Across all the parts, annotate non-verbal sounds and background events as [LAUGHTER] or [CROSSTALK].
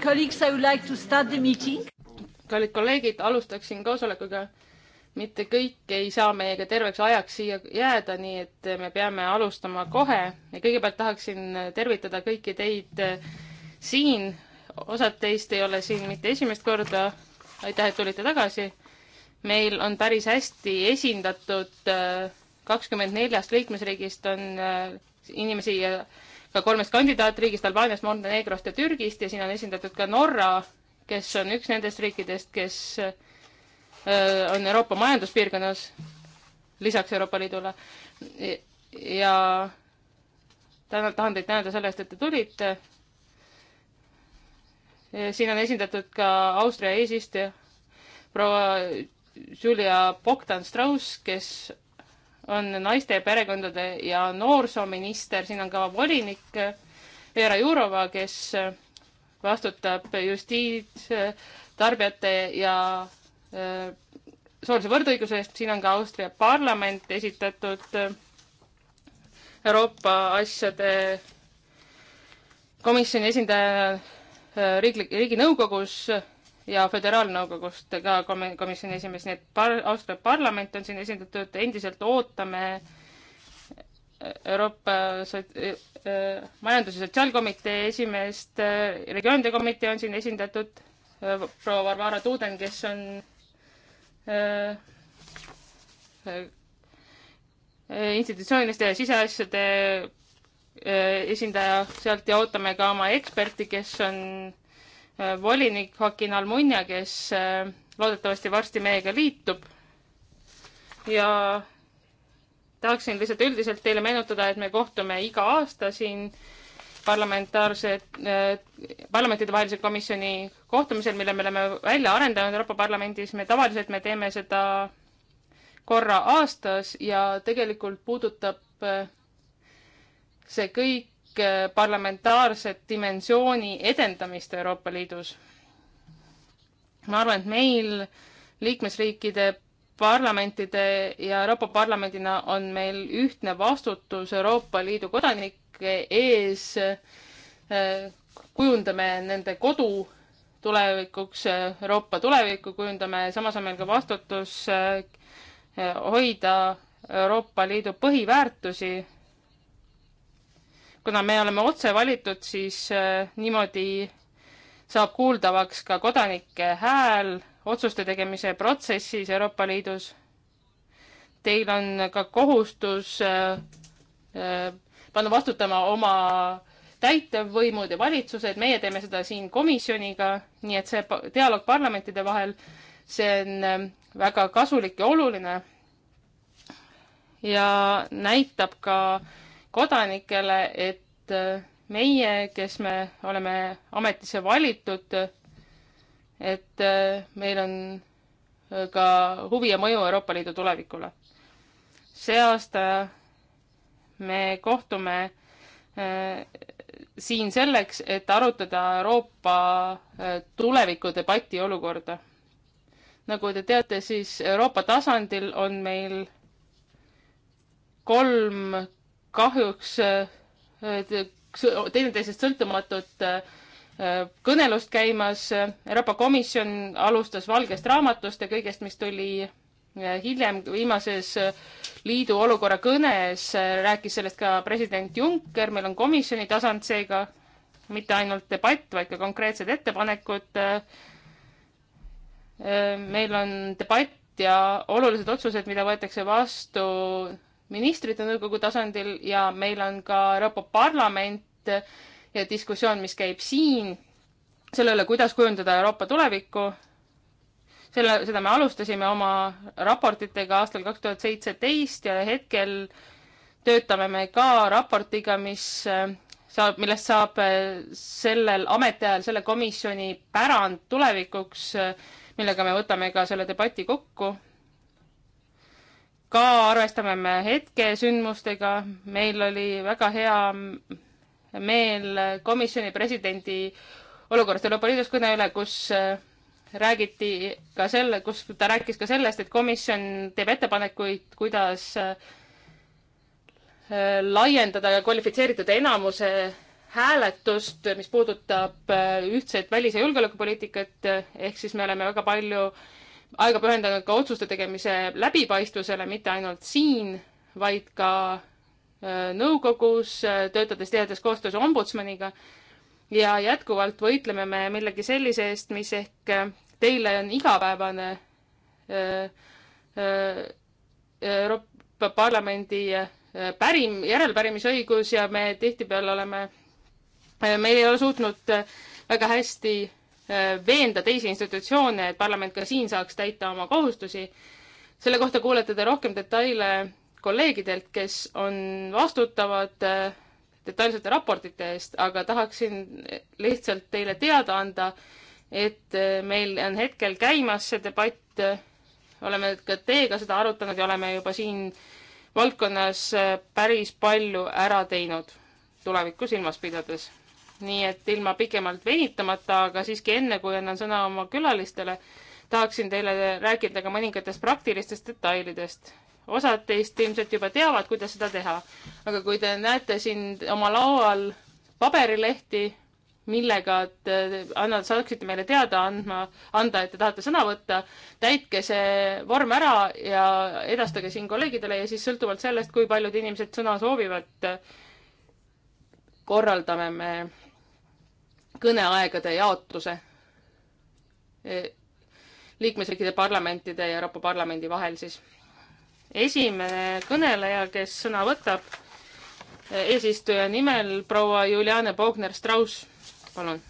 colleagues, I would like to start the meeting. kallid kolleegid, alustaksin koosolekuga. mitte kõik ei saa meiega terveks ajaks siia jääda, nii et me peame alustama kohe ja kõigepealt tahaksin tervitada kõiki teid eh, siin. osad teist ei ole siin mitte esimest korda. aitäh, et tulite tagasi. meil on päris hästi esindatud eh, kakskümmend neljast liikmesriigist on eh, inimesi ja ka kolmest kandidaatriigist, Albaaniast, Montenegrost ja Türgist ja siin on esindatud ka Norra, kes on üks nendest riikidest, kes äh, on Euroopa Majanduspiirkonnas, lisaks Euroopa Liidule. ja täna tahan teid tänada selle eest, et te tulite. siin on esindatud ka Austria eesistuja proua Julia Bogdan-Strauss, kes on naiste ja perekondade ja noorsoominister, siin on ka volinik eh, Vera Jurova, kes eh, vastutab justiits, tarbijate ja eh, soolise võrdõiguse eest, siin on ka Austria parlament esitatud Euroopa asjade komisjoni esindaja riiklik, riiginõukogus ja föderaalnõukogust ka komisjoni esimees, nii et par-, Austria parlament on siin esindatud, endiselt ootame Euroopa soot- äh,, eh, eh, Majandus- ja Sotsiaalkomitee esimeest äh,, regioonide komitee on siin esindatud äh,, proua Varvara Tuuden, kes on institutsiooniliste ja siseasjade esindaja sealt ja ootame ka oma eksperti, kes on Äh, volinik Joaquin Almunia, kes äh, loodetavasti varsti meiega liitub. ja tahaksin lihtsalt üldiselt teile meenutada, et me kohtume iga aasta siin parlamentaarse äh,, parlamentidevahelise komisjoni kohtumisel, mille me oleme välja arendanud Euroopa Parlamendis, me tavaliselt, me teeme seda korra aastas ja tegelikult puudutab äh, see kõik Äh, parlamentaarset dimensiooni edendamist Euroopa Liidus. ma arvan, et meil liikmesriikide parlamentide ja Euroopa Parlamendina on meil ühtne vastutus Euroopa Liidu kodanike ees. Äh, kujundame nende kodu tulevikuks, Euroopa tulevikku kujundame, samas on meil ka vastutus äh, hoida Euroopa Liidu põhiväärtusi kuna me oleme otse valitud, siis äh, niimoodi saab kuuldavaks ka kodanike hääl otsuste tegemise protsessis Euroopa Liidus. Teil on ka kohustus äh, äh, panna vastutama oma täitevvõimud ja valitsused, meie teeme seda siin komisjoniga, nii et see dialoog parlamentide vahel, see on väga kasulik ja oluline ja näitab ka äh, kodanikele, et äh, meie, kes me oleme ametisse valitud, et äh, meil on äh, ka huvi ja mõju Euroopa Liidu tulevikule. see aasta me kohtume siin selleks, et arutada Euroopa tulevikudebati olukorda. nagu te teate, siis Euroopa tasandil on meil kolm kahjuks teineteisest sõltumatut äh, kõnelust käimas. Euroopa Komisjon alustas valgest raamatust ja kõigest, mis tuli äh, hiljem viimases äh, liidu olukorra kõnes, rääkis sellest ka president Juncker, meil on komisjoni tasand seega mitte ainult debatt, vaid ka konkreetsed ettepanekud. meil on debatt ja olulised otsused, mida võetakse vastu ministrite nõukogu tasandil ja meil on ka Euroopa Parlament ja diskussioon, mis käib siin selle üle, kuidas kujundada Euroopa tulevikku. selle, seda me alustasime oma raportitega aastal kaks tuhat seitseteist ja hetkel töötame me ka raportiga, mis äh, saab, millest saab äh, sellel ametiajal selle komisjoni pärand tulevikuks, äh, millega me võtame ka selle debati kokku ka arvestame me hetkesündmustega, meil oli väga hea meel komisjoni presidendi olukorrast Euroopa Liidus kõne üle, kus äh, räägiti ka selle, kus ta rääkis ka sellest, et komisjon teeb ettepanekuid, kuidas äh, laiendada kvalifitseeritud enamuse hääletust, mis puudutab äh, ühtset välis- ja julgeolekupoliitikat, ehk siis me oleme väga palju äh, aega pühendanud ka otsuste tegemise läbipaistvusele, mitte ainult siin, vaid ka äh, nõukogus, äh, töötades tihedas koostöös ombudsmaniga. ja jätkuvalt võitleme me millegi sellise eest, mis ehk äh, teile on igapäevane Euroopa Parlamendi pärim, järelpärimisõigus ja me tihtipeale oleme, meil ei ole suutnud väga hästi veenda teisi institutsioone, et parlament ka siin saaks täita oma kohustusi. selle kohta kuulete te rohkem detaile kolleegidelt, kes on vastutavad äh, detailsete raportite eest, aga tahaksin lihtsalt teile teada anda, et äh, meil on hetkel käimas see debatt, oleme ka teiega seda arutanud ja oleme juba siin valdkonnas äh, päris palju ära teinud tulevikku silmas pidades nii et ilma pikemalt venitamata, aga siiski enne, kui annan sõna oma külalistele, tahaksin teile rääkida ka mõningatest praktilistest detailidest. osad teist ilmselt juba teavad, kuidas seda teha, aga kui te näete siin oma laual paberilehti, millega te annad, saaksite meile teada andma, anda, et te tahate sõna võtta, täitke see vorm ära ja edastage siin kolleegidele ja siis sõltuvalt sellest, kui paljud inimesed sõna soovivad, korraldame me kõneaegade jaotuse e, liikmesriikide parlamentide ja Euroopa Parlamendi vahel siis. esimene kõneleja, kes sõna võtab e, eesistuja nimel, proua Juliane Bogner-Strauss, palun.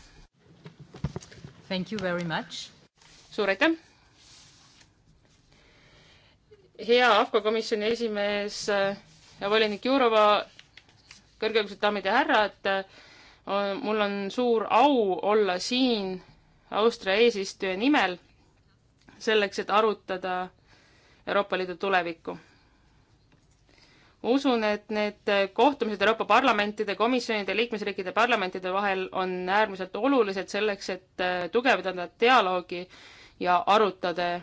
Thank you very much. suur aitäh. hea AFCO komisjoni esimees e, ja volinik Jurova, kõrgeõiguslikud daamid ja härrad mul on suur au olla siin Austria eesistuja nimel selleks, et arutada Euroopa Liidu tulevikku. usun, et need kohtumised Euroopa parlamentide, komisjonide, liikmesriikide parlamentide vahel on äärmiselt olulised selleks, et tugevdada dialoogi ja arutada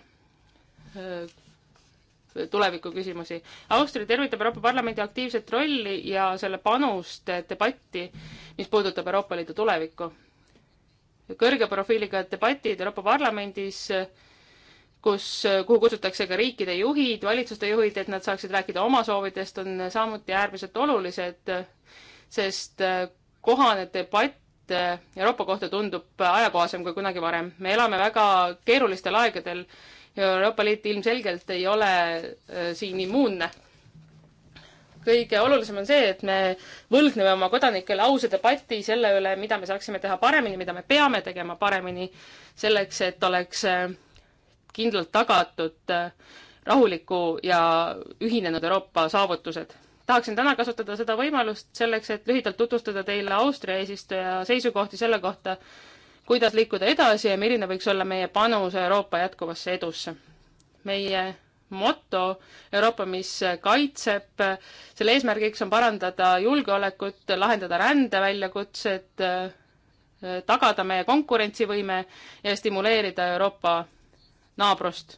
tulevikuküsimusi. Austria tervitab Euroopa Parlamendi aktiivset rolli ja selle panust debatti, mis puudutab Euroopa Liidu tulevikku. kõrge profiiliga debatid Euroopa Parlamendis, kus, kuhu kutsutakse ka riikide juhid, valitsuste juhid, et nad saaksid rääkida oma soovidest, on samuti äärmiselt olulised, sest kohane debatt Euroopa kohta tundub ajakohasem kui kunagi varem. me elame väga keerulistel aegadel Euroopa Liit ilmselgelt ei ole äh, siin immuunne. kõige olulisem on see, et me võlgneme oma kodanikele ausa debati selle üle, mida me saaksime teha paremini, mida me peame tegema paremini, selleks et oleks äh, kindlalt tagatud äh, rahuliku ja ühinenud Euroopa saavutused. tahaksin täna kasutada seda võimalust selleks, et lühidalt tutvustada teile Austria eesistuja seisukohti selle kohta, kuidas liikuda edasi ja milline võiks olla meie panus Euroopa jätkuvasse edusse. meie moto Euroopa, mis kaitseb, selle eesmärgiks on parandada julgeolekut, lahendada rändeväljakutsed, tagada meie konkurentsivõime ja stimuleerida Euroopa naabrust.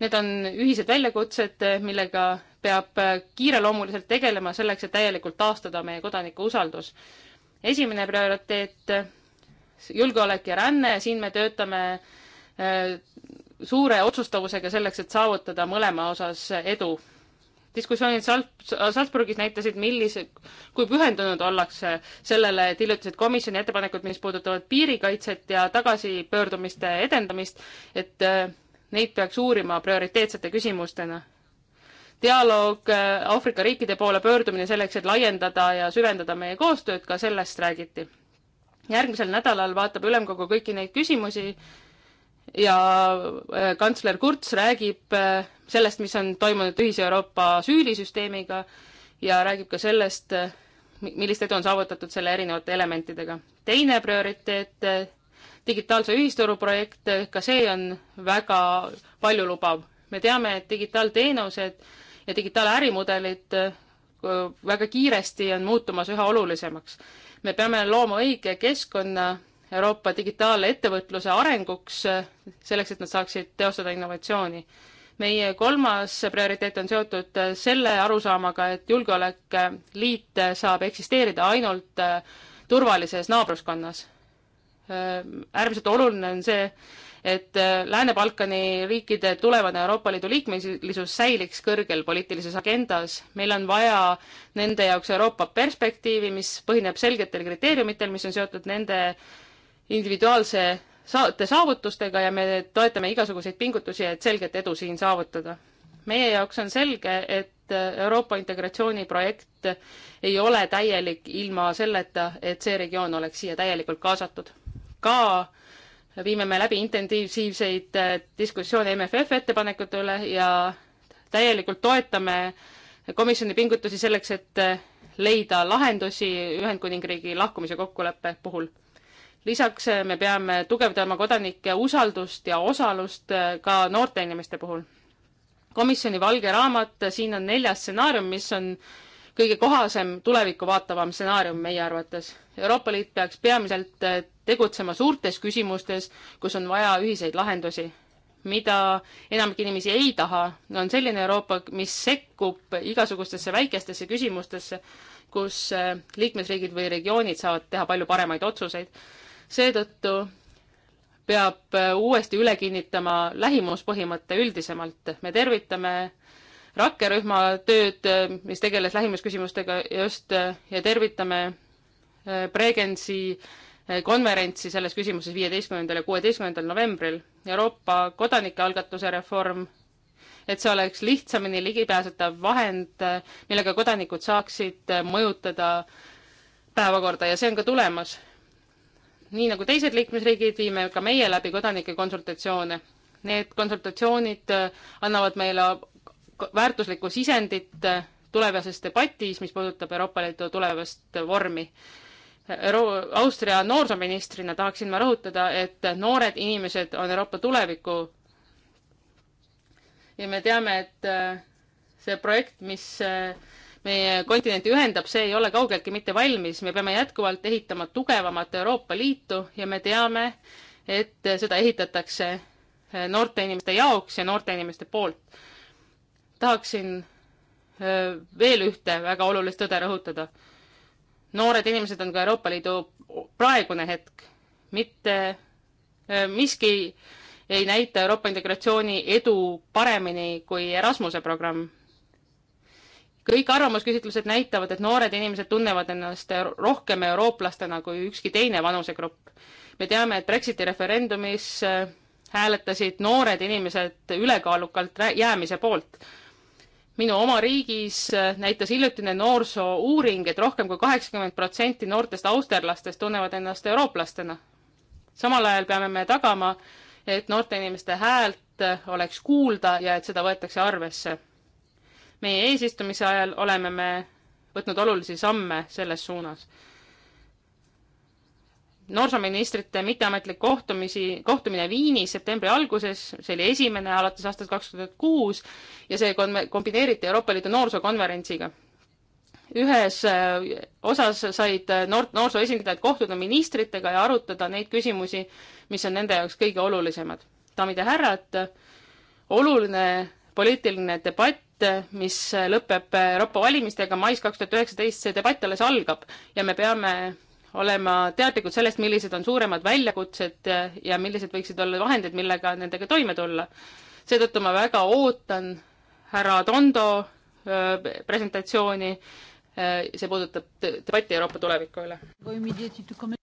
Need on ühised väljakutsed, millega peab kiireloomuliselt tegelema selleks, et täielikult taastada meie kodanike usaldus. esimene prioriteet julgeolek ja ränne, siin me töötame äh, suure otsustavusega selleks, et saavutada mõlema osas edu. diskussioonid Salt-, Salzburgis näitasid, millise, kui pühendunud ollakse sellele, et hiljutised komisjoni ettepanekud, mis puudutavad piirikaitset ja tagasipöördumiste edendamist, et äh, neid peaks uurima prioriteetsete küsimustena. dialoog äh, Aafrika riikide poole pöördumine selleks, et laiendada ja süvendada meie koostööd, ka sellest räägiti järgmisel nädalal vaatab ülemkogu kõiki neid küsimusi ja äh, kantsler Kurz räägib äh, sellest, mis on toimunud ühise Euroopa süülisüsteemiga ja räägib ka sellest, äh, millist edu on saavutatud selle erinevate elementidega. teine prioriteet, digitaalse ühisturu projekt, ka see on väga paljulubav. me teame, et digitaalteenused ja digitaalaärimudelid väga kiiresti on muutumas üha olulisemaks me peame looma õige keskkonna Euroopa digitaalettevõtluse arenguks, äh, selleks et nad saaksid teostada innovatsiooni. meie kolmas prioriteet on seotud äh, selle arusaamaga, et julgeolekuliit äh, saab eksisteerida ainult turvalises naabruskonnas. äärmiselt oluline on see, et äh, Lääne-Balkani riikide tulevane Euroopa Liidu liikmelisus säiliks kõrgel poliitilises agendas. meil on vaja nende jaoks Euroopa perspektiivi, mis põhineb selgetel kriteeriumitel, mis on seotud nende individuaalse saate saavutustega ja me toetame igasuguseid pingutusi, et selget edu siin saavutada. meie jaoks on selge, et äh, Euroopa integratsiooniprojekt ei ole täielik ilma selleta, et see regioon oleks siia täielikult kaasatud. ka viime me läbi intensiivseid äh, diskussioone MFF ettepanekute üle ja täielikult toetame komisjoni pingutusi selleks, et äh, leida lahendusi Ühendkuningriigi lahkumise kokkuleppe puhul. lisaks äh, me peame tugevdama kodanike usaldust ja osalust ka noorte inimeste puhul. komisjoni valge raamat, siin on neljas stsenaarium, mis on kõige kohasem tulevikku vaatavam stsenaarium meie arvates. Euroopa Liit peaks peamiselt eh, tegutsema suurtes küsimustes, kus on vaja ühiseid lahendusi. mida enamik inimesi ei taha, on selline Euroopa, mis sekkub igasugustesse väikestesse küsimustesse, kus eh, liikmesriigid või regioonid saavad teha palju paremaid otsuseid. seetõttu peab eh, uuesti üle kinnitama lähimuspõhimõtte üldisemalt. me tervitame äh, rakkerühma tööd, mis tegeles lähimusküsimustega just ja tervitame eh, Bregenzi eh, konverentsi selles küsimuses viieteistkümnendal ja kuueteistkümnendal novembril. Euroopa kodanikealgatuse reform, et see oleks lihtsamini ligipääsetav vahend, millega kodanikud saaksid eh, mõjutada päevakorda ja see on ka tulemas. nii nagu teised liikmesriigid, viime ka meie läbi kodanike konsultatsioone. Need konsultatsioonid annavad meile väärtuslikku sisendit äh, tulevases debatis, mis puudutab Euroopa Liidu tulevast vormi. Euro-, Austria noorsooministrina tahaksin ma rõhutada, et noored inimesed on Euroopa tuleviku ja me teame, et äh, see projekt, mis äh, meie kontinenti ühendab, see ei ole kaugeltki mitte valmis, me peame jätkuvalt ehitama tugevamat Euroopa Liitu ja me teame, et seda ehitatakse noorte inimeste jaoks ja noorte inimeste poolt tahaksin veel ühte väga olulist tõde rõhutada. noored inimesed on ka Euroopa Liidu praegune hetk, mitte miski ei näita Euroopa integratsiooni edu paremini kui Erasmuse programm. kõik arvamusküsitlused näitavad, et noored inimesed tunnevad ennast rohkem eurooplastena kui ükski teine vanusegrupp. me teame, et Brexiti referendumis hääletasid noored inimesed ülekaalukalt jäämise poolt minu oma riigis äh, näitas hiljutine noorsoouuring, et rohkem kui kaheksakümmend protsenti noortest austerlastest tunnevad ennast eurooplastena. samal ajal peame me tagama, et noorte inimeste häält äh, oleks kuulda ja et seda võetakse arvesse. meie eesistumise ajal oleme me võtnud olulisi samme selles suunas noorsooministrite mitteametlik kohtumisi, kohtumine Viinis septembri alguses, see oli esimene alates aastast kaks tuhat kuus ja see kombineeriti Euroopa Liidu noorsookonverentsiga. ühes äh, osas said noort noorsoo esindajad kohtuda ministritega ja arutada neid küsimusi, mis on nende jaoks kõige olulisemad. daamid ja härrad, oluline poliitiline debatt mis lõpeb Euroopa valimistega mais kaks tuhat üheksateist, see debatt alles algab ja me peame olema teadlikud sellest, millised on suuremad väljakutsed ja millised võiksid olla vahendid, millega nendega toime tulla. seetõttu ma väga ootan härra Tondo äh, presentatsiooni. Äh, see puudutab debatti Euroopa tuleviku üle.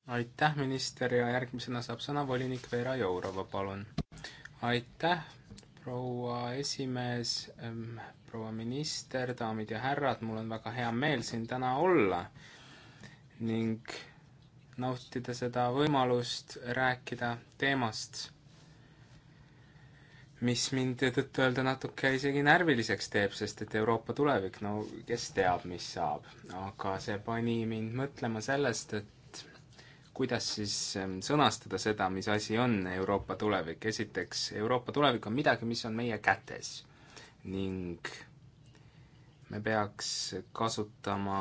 aitäh, minister ja järgmisena saab sõna volinik Vera Jourova, palun. aitäh, proua esimees, ehm, proua minister, daamid ja härrad, mul on väga hea meel siin täna olla ning nautida seda võimalust rääkida teemast, mis mind tõtt-öelda natuke isegi närviliseks teeb, sest et Euroopa tulevik, no kes teab, mis saab. aga see pani mind mõtlema sellest, et kuidas siis ähm, sõnastada seda, mis asi on Euroopa tulevik. esiteks, Euroopa tulevik on midagi, mis on meie kätes ning me peaks kasutama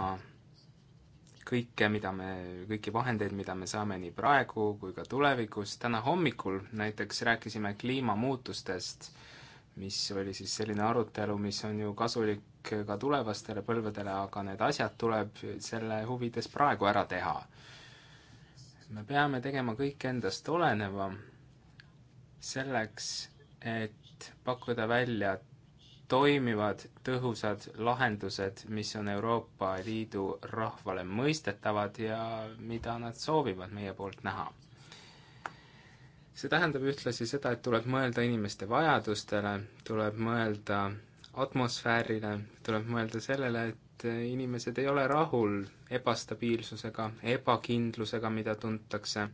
kõike, mida me, kõiki vahendeid, mida me saame nii praegu kui ka tulevikus. täna hommikul näiteks rääkisime kliimamuutustest, mis oli siis selline arutelu, mis on ju kasulik ka tulevastele põlvedele, aga need asjad tuleb selle huvides praegu ära teha. me peame tegema kõik endast oleneva selleks, et pakkuda välja toimivad tõhusad lahendused, mis on Euroopa Liidu rahvale mõistetavad ja mida nad soovivad meie poolt näha. see tähendab ühtlasi seda, et tuleb mõelda inimeste vajadustele, tuleb mõelda atmosfäärile, tuleb mõelda sellele, et inimesed ei ole rahul ebastabiilsusega, ebakindlusega, mida tuntakse,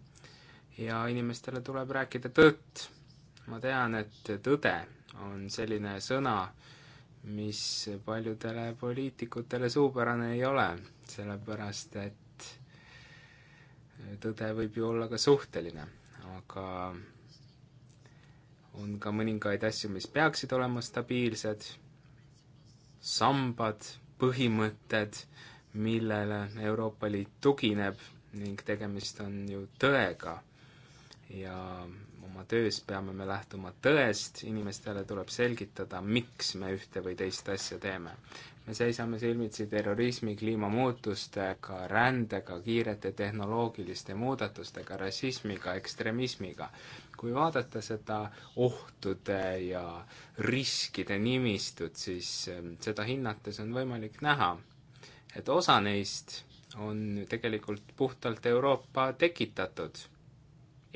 ja inimestele tuleb rääkida tõtt. ma tean, et tõde on selline sõna, mis paljudele poliitikutele suupärane ei ole, sellepärast et tõde võib ju olla ka suhteline, aga on ka mõningaid asju, mis peaksid olema stabiilsed, sambad, põhimõtted, millele Euroopa Liit tugineb ning tegemist on ju tõega ja oma töös peame me lähtuma tõest, inimestele tuleb selgitada, miks me ühte või teist asja teeme. me seisame silmitsi terrorismi, kliimamuutustega, rändega, kiirete tehnoloogiliste muudatustega, rassismiga, ekstremismiga. kui vaadata seda ohtude ja riskide nimistut, siis ähm, seda hinnates on võimalik näha, et osa neist on tegelikult puhtalt Euroopa tekitatud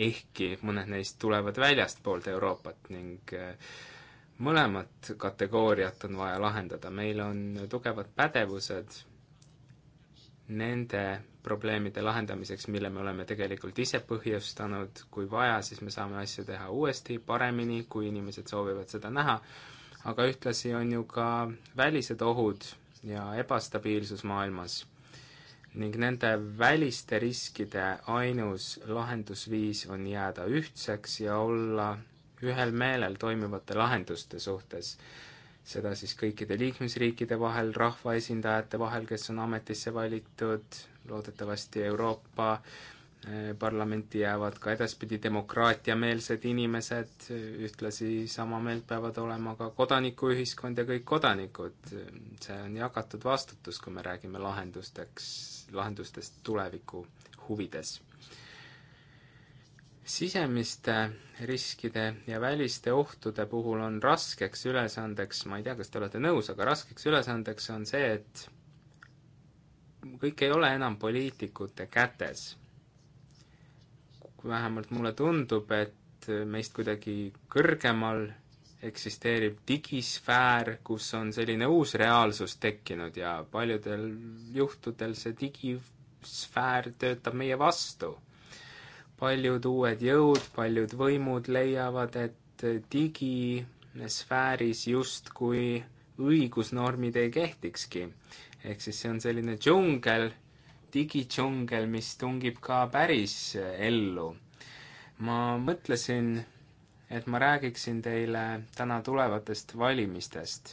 ehkki mõned neist tulevad väljastpoolt Euroopat ning äh, mõlemat kategooriat on vaja lahendada, meil on tugevad pädevused nende probleemide lahendamiseks, mille me oleme tegelikult ise põhjustanud, kui vaja, siis me saame asju teha uuesti, paremini, kui inimesed soovivad seda näha, aga ühtlasi on ju ka välised ohud ja ebastabiilsus maailmas ning nende väliste riskide ainus lahendusviis on jääda ühtseks ja olla ühel meelel toimivate lahenduste suhtes. seda siis kõikide liikmesriikide vahel, rahvaesindajate vahel, kes on ametisse valitud, loodetavasti Euroopa eh, parlamenti jäävad ka edaspidi demokraatiameelsed inimesed, ühtlasi sama meelt peavad olema ka kodanikuühiskond ja kõik kodanikud. see on jagatud vastutus, kui me räägime lahendusteks lahendustest tuleviku huvides. sisemiste riskide ja väliste ohtude puhul on raskeks ülesandeks, ma ei tea, kas te olete nõus, aga raskeks ülesandeks on see, et kõik ei ole enam poliitikute kätes. vähemalt mulle tundub, et meist kuidagi kõrgemal eksisteerib digisfäär, kus on selline uus reaalsus tekkinud ja paljudel juhtudel see digisfäär töötab meie vastu. paljud uued jõud, paljud võimud leiavad, et digisfääris justkui õigusnormid ei kehtikski. ehk siis see on selline džungel, digidžungel, mis tungib ka päris ellu. ma mõtlesin et ma räägiksin teile täna tulevatest valimistest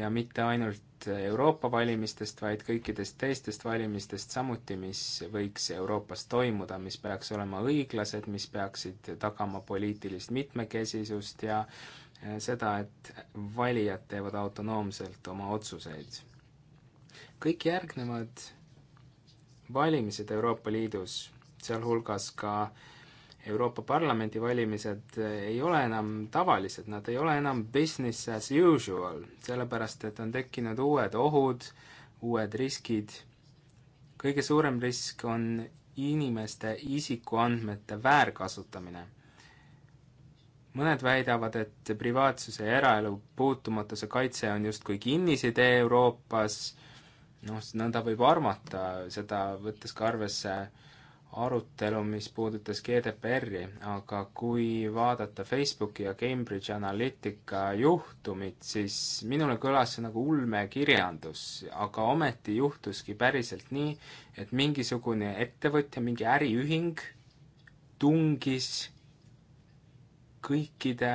ja mitte ainult Euroopa valimistest, vaid kõikidest teistest valimistest samuti, mis võiks Euroopas toimuda, mis peaks olema õiglased, mis peaksid tagama poliitilist mitmekesisust ja eh, seda, et valijad teevad autonoomselt oma otsuseid. kõik järgnevad valimised Euroopa Liidus, sealhulgas ka äh, Euroopa Parlamendi valimised eh, ei ole enam tavalised, nad ei ole enam business as usual, sellepärast et on tekkinud uued ohud, uued riskid. kõige suurem risk on inimeste isikuandmete väärkasutamine. mõned väidavad, et privaatsuse ja eraelu puutumatuse kaitse on justkui kinnisidee Euroopas, noh, nõnda võib armata, seda võttes ka arvesse äh, arutelu, mis puudutas GDPR-i, aga kui vaadata Facebooki ja Cambridge Analytica juhtumit, siis minule kõlas see nagu ulmekirjandus, aga ometi juhtuski päriselt nii, et mingisugune ettevõtja, mingi äriühing tungis kõikide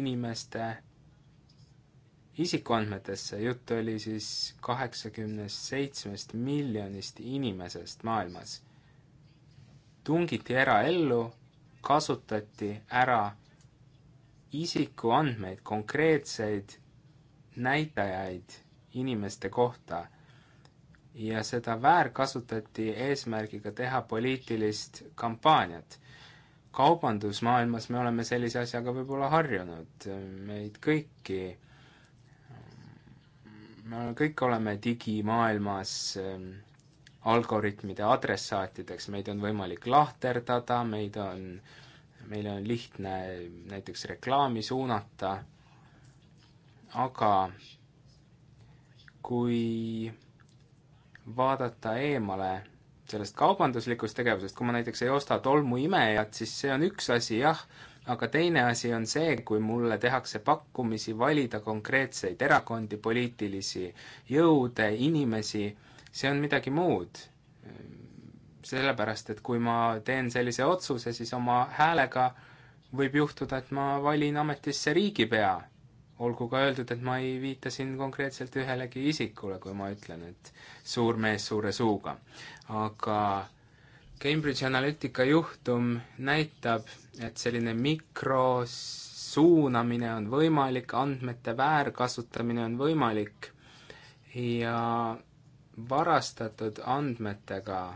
inimeste isikuandmetesse, jutt oli siis kaheksakümnest seitsmest miljonist inimesest maailmas tungiti eraellu, kasutati ära isikuandmeid, konkreetseid näitajaid inimeste kohta ja seda väärkasutati eesmärgiga teha poliitilist kampaaniat. kaubandusmaailmas me oleme sellise asjaga võib-olla harjunud, meid kõiki, me kõik oleme digimaailmas äh, algoritmide adressaatideks, meid on võimalik lahterdada, meid on, meile on lihtne näiteks reklaami suunata, aga kui vaadata eemale sellest kaubanduslikust tegevusest, kui ma näiteks ei osta tolmuimejat, siis see on üks asi jah, aga teine asi on see, kui mulle tehakse pakkumisi valida konkreetseid erakondi, poliitilisi jõude, inimesi see on midagi muud. sellepärast, et kui ma teen sellise otsuse, siis oma häälega võib juhtuda, et ma valin ametisse riigipea. olgu ka öeldud, et ma ei viita siin konkreetselt ühelegi isikule, kui ma ütlen, et suur mees suure suuga. aga Cambridge Analytica juhtum näitab, et selline mikrosuunamine on võimalik, andmete väärkasutamine on võimalik ja varastatud andmetega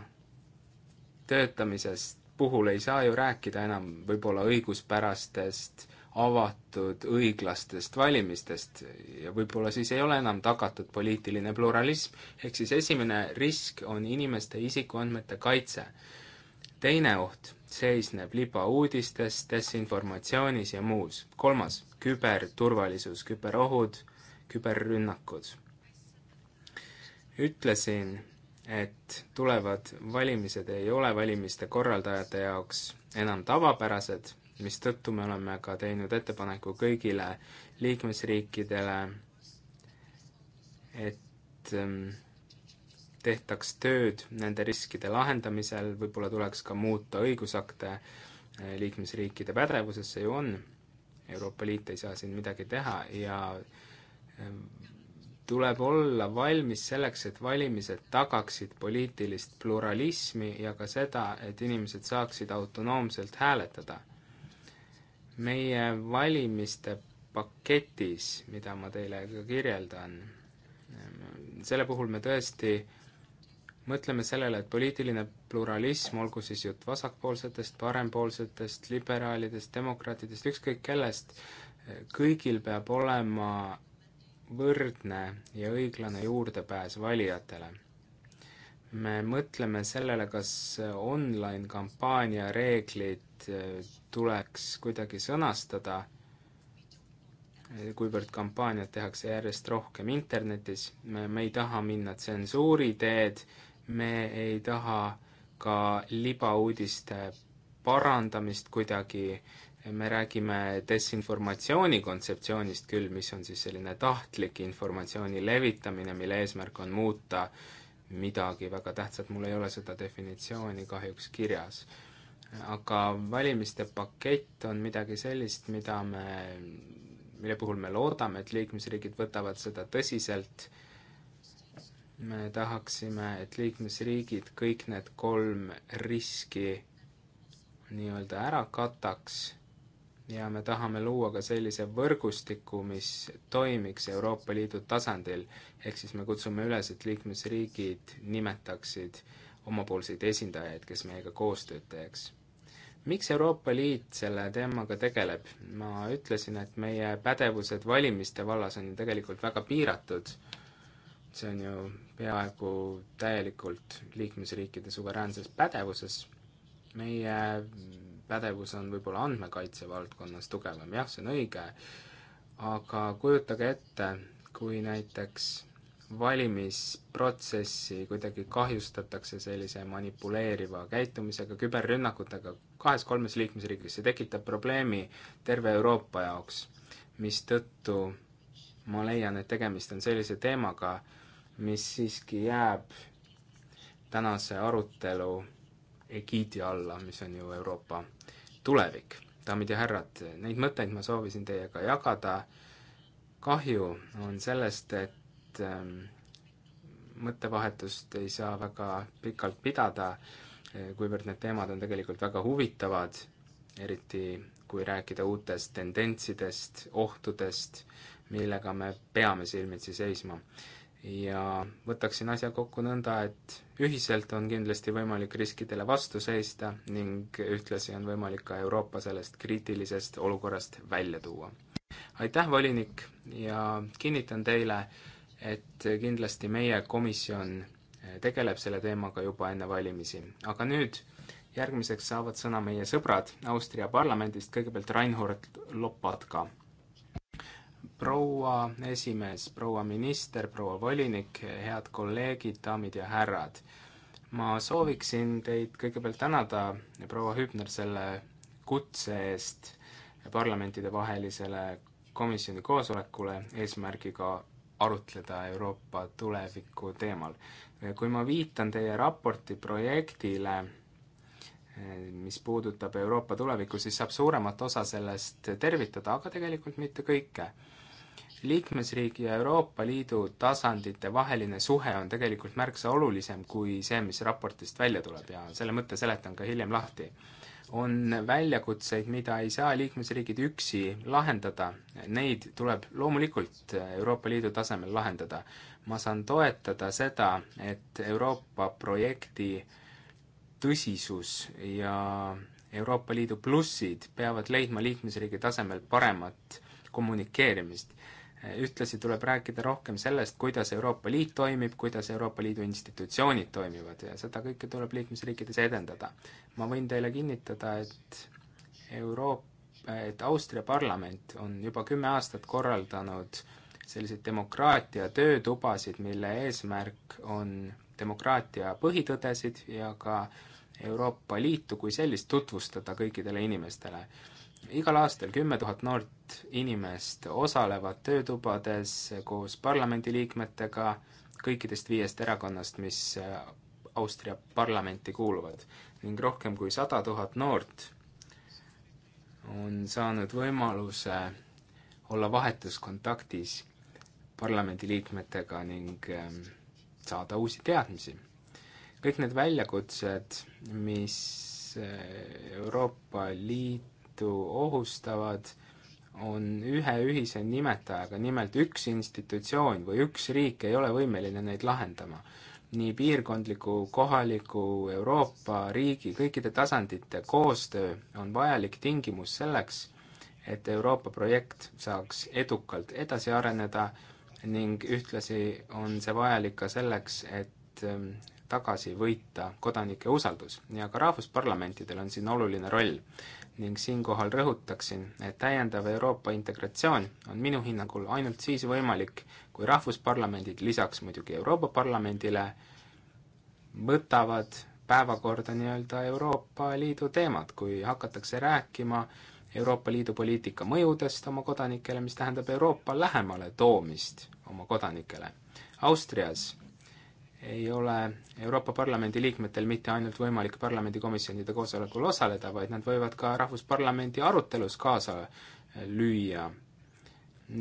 töötamisest puhul ei saa ju rääkida enam võib-olla õiguspärastest, avatud, õiglastest valimistest ja võib-olla siis ei ole enam tagatud poliitiline pluralism, ehk siis esimene risk on inimeste isikuandmete kaitse. teine oht seisneb libauudistes, desinformatsioonis ja muus. kolmas, küberturvalisus, küberohud, küberrünnakud ütlesin, et tulevad valimised ei ole valimiste korraldajate jaoks enam tavapärased, mistõttu me oleme ka teinud ettepaneku kõigile liikmesriikidele, et ähm, tehtaks tööd nende riskide lahendamisel, võib-olla tuleks ka muuta õigusakte, äh, liikmesriikide pädevuses see ju on, Euroopa Liit ei saa siin midagi teha ja ähm, tuleb olla valmis selleks, et valimised tagaksid poliitilist pluralismi ja ka seda, et inimesed saaksid autonoomselt hääletada. meie valimiste paketis, mida ma teile ka kirjeldan, selle puhul me tõesti mõtleme sellele, et poliitiline pluralism, olgu siis jutt vasakpoolsetest, parempoolsetest, liberaalidest, demokraatidest, ükskõik kellest, kõigil peab olema võrdne ja õiglane juurdepääs valijatele. me mõtleme sellele, kas online kampaania reeglid eh, tuleks kuidagi sõnastada, kuivõrd kampaaniat tehakse järjest rohkem internetis, me, me ei taha minna tsensuuri teed, me ei taha ka libauudiste parandamist kuidagi äh, me räägime desinformatsiooni kontseptsioonist küll, mis on siis selline tahtlik informatsiooni levitamine, mille eesmärk on muuta midagi väga tähtsat, mul ei ole seda definitsiooni kahjuks kirjas. aga valimiste pakett on midagi sellist, mida me, mille puhul me loodame, et liikmesriigid võtavad seda tõsiselt, me tahaksime, et liikmesriigid kõik need kolm riski nii-öelda ära kataks ja me tahame luua ka sellise võrgustiku, mis toimiks Euroopa Liidu tasandil, ehk siis me kutsume üles, et liikmesriigid nimetaksid omapoolseid esindajaid, kes meiega koostööd teeks. miks Euroopa Liit selle teemaga tegeleb? ma ütlesin, et meie pädevused valimiste vallas on ju tegelikult väga piiratud, see on ju peaaegu täielikult liikmesriikide suveräänses pädevuses, meie pädevus on võib-olla andmekaitse valdkonnas tugevam, jah, see on õige, aga kujutage ette, kui näiteks valimisprotsessi kuidagi kahjustatakse sellise manipuleeriva käitumisega, küberrünnakutega kahes-kolmes liikmesriigis, see tekitab probleemi terve Euroopa jaoks, mistõttu ma leian, et tegemist on sellise teemaga, mis siiski jääb tänase arutelu egiidi alla, mis on ju Euroopa tulevik. daamid ja härrad, neid mõtteid ma soovisin teiega jagada, kahju on sellest, et ähm, mõttevahetust ei saa väga pikalt pidada, äh, kuivõrd need teemad on tegelikult väga huvitavad, eriti kui rääkida uutest tendentsidest, ohtudest, millega me peame silmitsi seisma ja võtaksin asja kokku nõnda, et ühiselt on kindlasti võimalik riskidele vastu seista ning ühtlasi on võimalik ka Euroopa sellest kriitilisest olukorrast välja tuua. aitäh, volinik, ja kinnitan teile, et kindlasti meie komisjon tegeleb selle teemaga juba enne valimisi, aga nüüd järgmiseks saavad sõna meie sõbrad Austria parlamendist, kõigepealt Reinhold Lopatka proua esimees, proua minister, proua volinik, head kolleegid, daamid ja härrad. ma sooviksin teid kõigepealt tänada, proua Hübner, selle kutse eest parlamentidevahelisele komisjoni koosolekule eesmärgiga arutleda Euroopa tuleviku teemal. kui ma viitan teie raporti projektile Eh, mis puudutab Euroopa tulevikku, siis saab suuremat osa sellest tervitada, aga tegelikult mitte kõike. liikmesriigi ja Euroopa Liidu tasandite vaheline suhe on tegelikult märksa olulisem kui see, mis raportist välja tuleb ja selle mõtte seletan ka hiljem lahti. on väljakutseid, mida ei saa liikmesriigid üksi lahendada, neid tuleb loomulikult Euroopa Liidu tasemel lahendada. ma saan toetada seda, et Euroopa projekti äh, tõsisus ja Euroopa Liidu plussid peavad leidma liikmesriigi tasemel paremat kommunikeerimist. ühtlasi tuleb rääkida rohkem sellest, kuidas Euroopa Liit toimib, kuidas Euroopa Liidu institutsioonid toimivad ja seda kõike tuleb liikmesriikides edendada. ma võin teile kinnitada, et Euroop-, et Austria parlament on juba kümme aastat korraldanud selliseid demokraatia töötubasid, mille eesmärk on demokraatia põhitõdesid ja ka Euroopa Liitu kui sellist tutvustada kõikidele inimestele. igal aastal kümme tuhat noort inimest osalevad töötubades koos parlamendiliikmetega kõikidest viiest erakonnast, mis Austria parlamenti kuuluvad ning rohkem kui sada tuhat noort on saanud võimaluse olla vahetuskontaktis parlamendiliikmetega ning ähm, saada uusi teadmisi. kõik need väljakutsed, mis eh, Euroopa Liitu ohustavad, on ühe ühise nimetajaga, nimelt üks institutsioon või üks riik ei ole võimeline neid lahendama. nii piirkondliku, kohaliku, Euroopa, riigi, kõikide tasandite koostöö on vajalik tingimus selleks, et Euroopa projekt saaks edukalt edasi areneda ning ühtlasi on see vajalik ka selleks, et ähm, tagasi võita kodanike usaldus ja ka rahvusparlamentidel on siin oluline roll. ning siinkohal rõhutaksin, et täiendav Euroopa integratsioon on minu hinnangul ainult siis võimalik, kui rahvusparlamendid lisaks muidugi Euroopa Parlamendile võtavad päevakorda nii-öelda Euroopa Liidu teemad, kui hakatakse rääkima äh, Euroopa Liidu poliitika mõjudest oma kodanikele, mis tähendab Euroopa lähemale toomist oma kodanikele. Austrias ei ole Euroopa Parlamendi liikmetel mitte ainult võimalik parlamendikomisjonide koosolekul osaleda, vaid nad võivad ka Rahvusparlamendi arutelus kaasa lüüa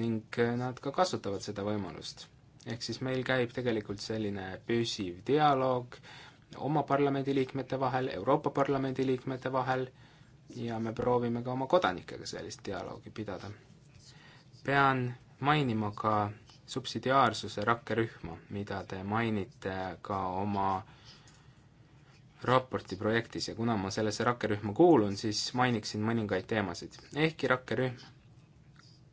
ning nad ka kasutavad seda võimalust. ehk siis meil käib tegelikult selline püsiv dialoog oma parlamendiliikmete vahel, Euroopa Parlamendi liikmete vahel ja me proovime ka oma kodanikega sellist dialoogi pidada. pean mainima ka subsidiaarsuse rakkerühma, mida te mainite ka oma raporti projektis ja kuna ma sellesse rakkerühma kuulun, siis mainiksin mõningaid teemasid. ehkki rakkerühm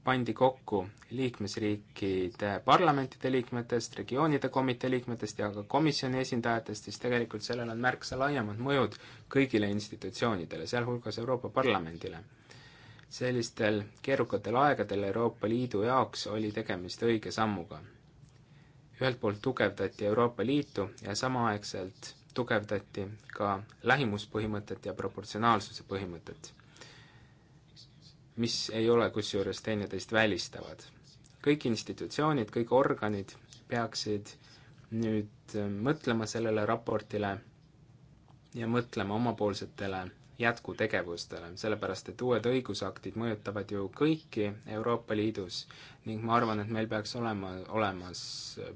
pandi kokku liikmesriikide parlamentide liikmetest, regioonide komitee liikmetest ja ka komisjoni esindajatest, siis tegelikult sellel on märksa laiemad mõjud kõigile institutsioonidele, sealhulgas Euroopa Parlamendile. sellistel keerukatel aegadel Euroopa Liidu jaoks oli tegemist õige sammuga. ühelt poolt tugevdati Euroopa Liitu ja samaaegselt tugevdati ka lähimuspõhimõtet ja proportsionaalsuse põhimõtet mis ei ole kusjuures teineteist välistavad. kõik institutsioonid, kõik organid peaksid nüüd äh, mõtlema sellele raportile ja mõtlema omapoolsetele jätkutegevustele, sellepärast et uued õigusaktid mõjutavad ju kõiki Euroopa Liidus ning ma arvan, et meil peaks olema olemas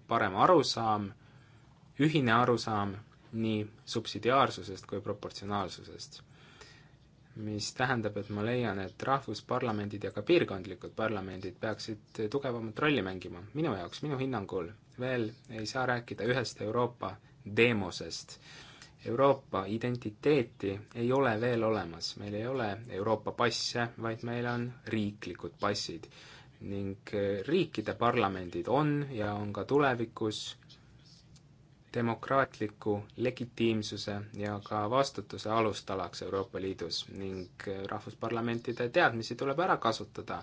parem arusaam, ühine arusaam nii subsidiaarsusest kui proportsionaalsusest mis tähendab, et ma leian, et rahvusparlamendid ja ka piirkondlikud parlamendid peaksid tugevamat rolli mängima. minu jaoks, minu hinnangul veel ei saa rääkida ühest Euroopa demosest. Euroopa identiteeti ei ole veel olemas, meil ei ole Euroopa passe, vaid meil on riiklikud passid. ning riikide parlamendid on ja on ka tulevikus demokraatliku legitiimsuse ja ka vastutuse alustalaks Euroopa Liidus ning rahvusparlamentide teadmisi tuleb ära kasutada.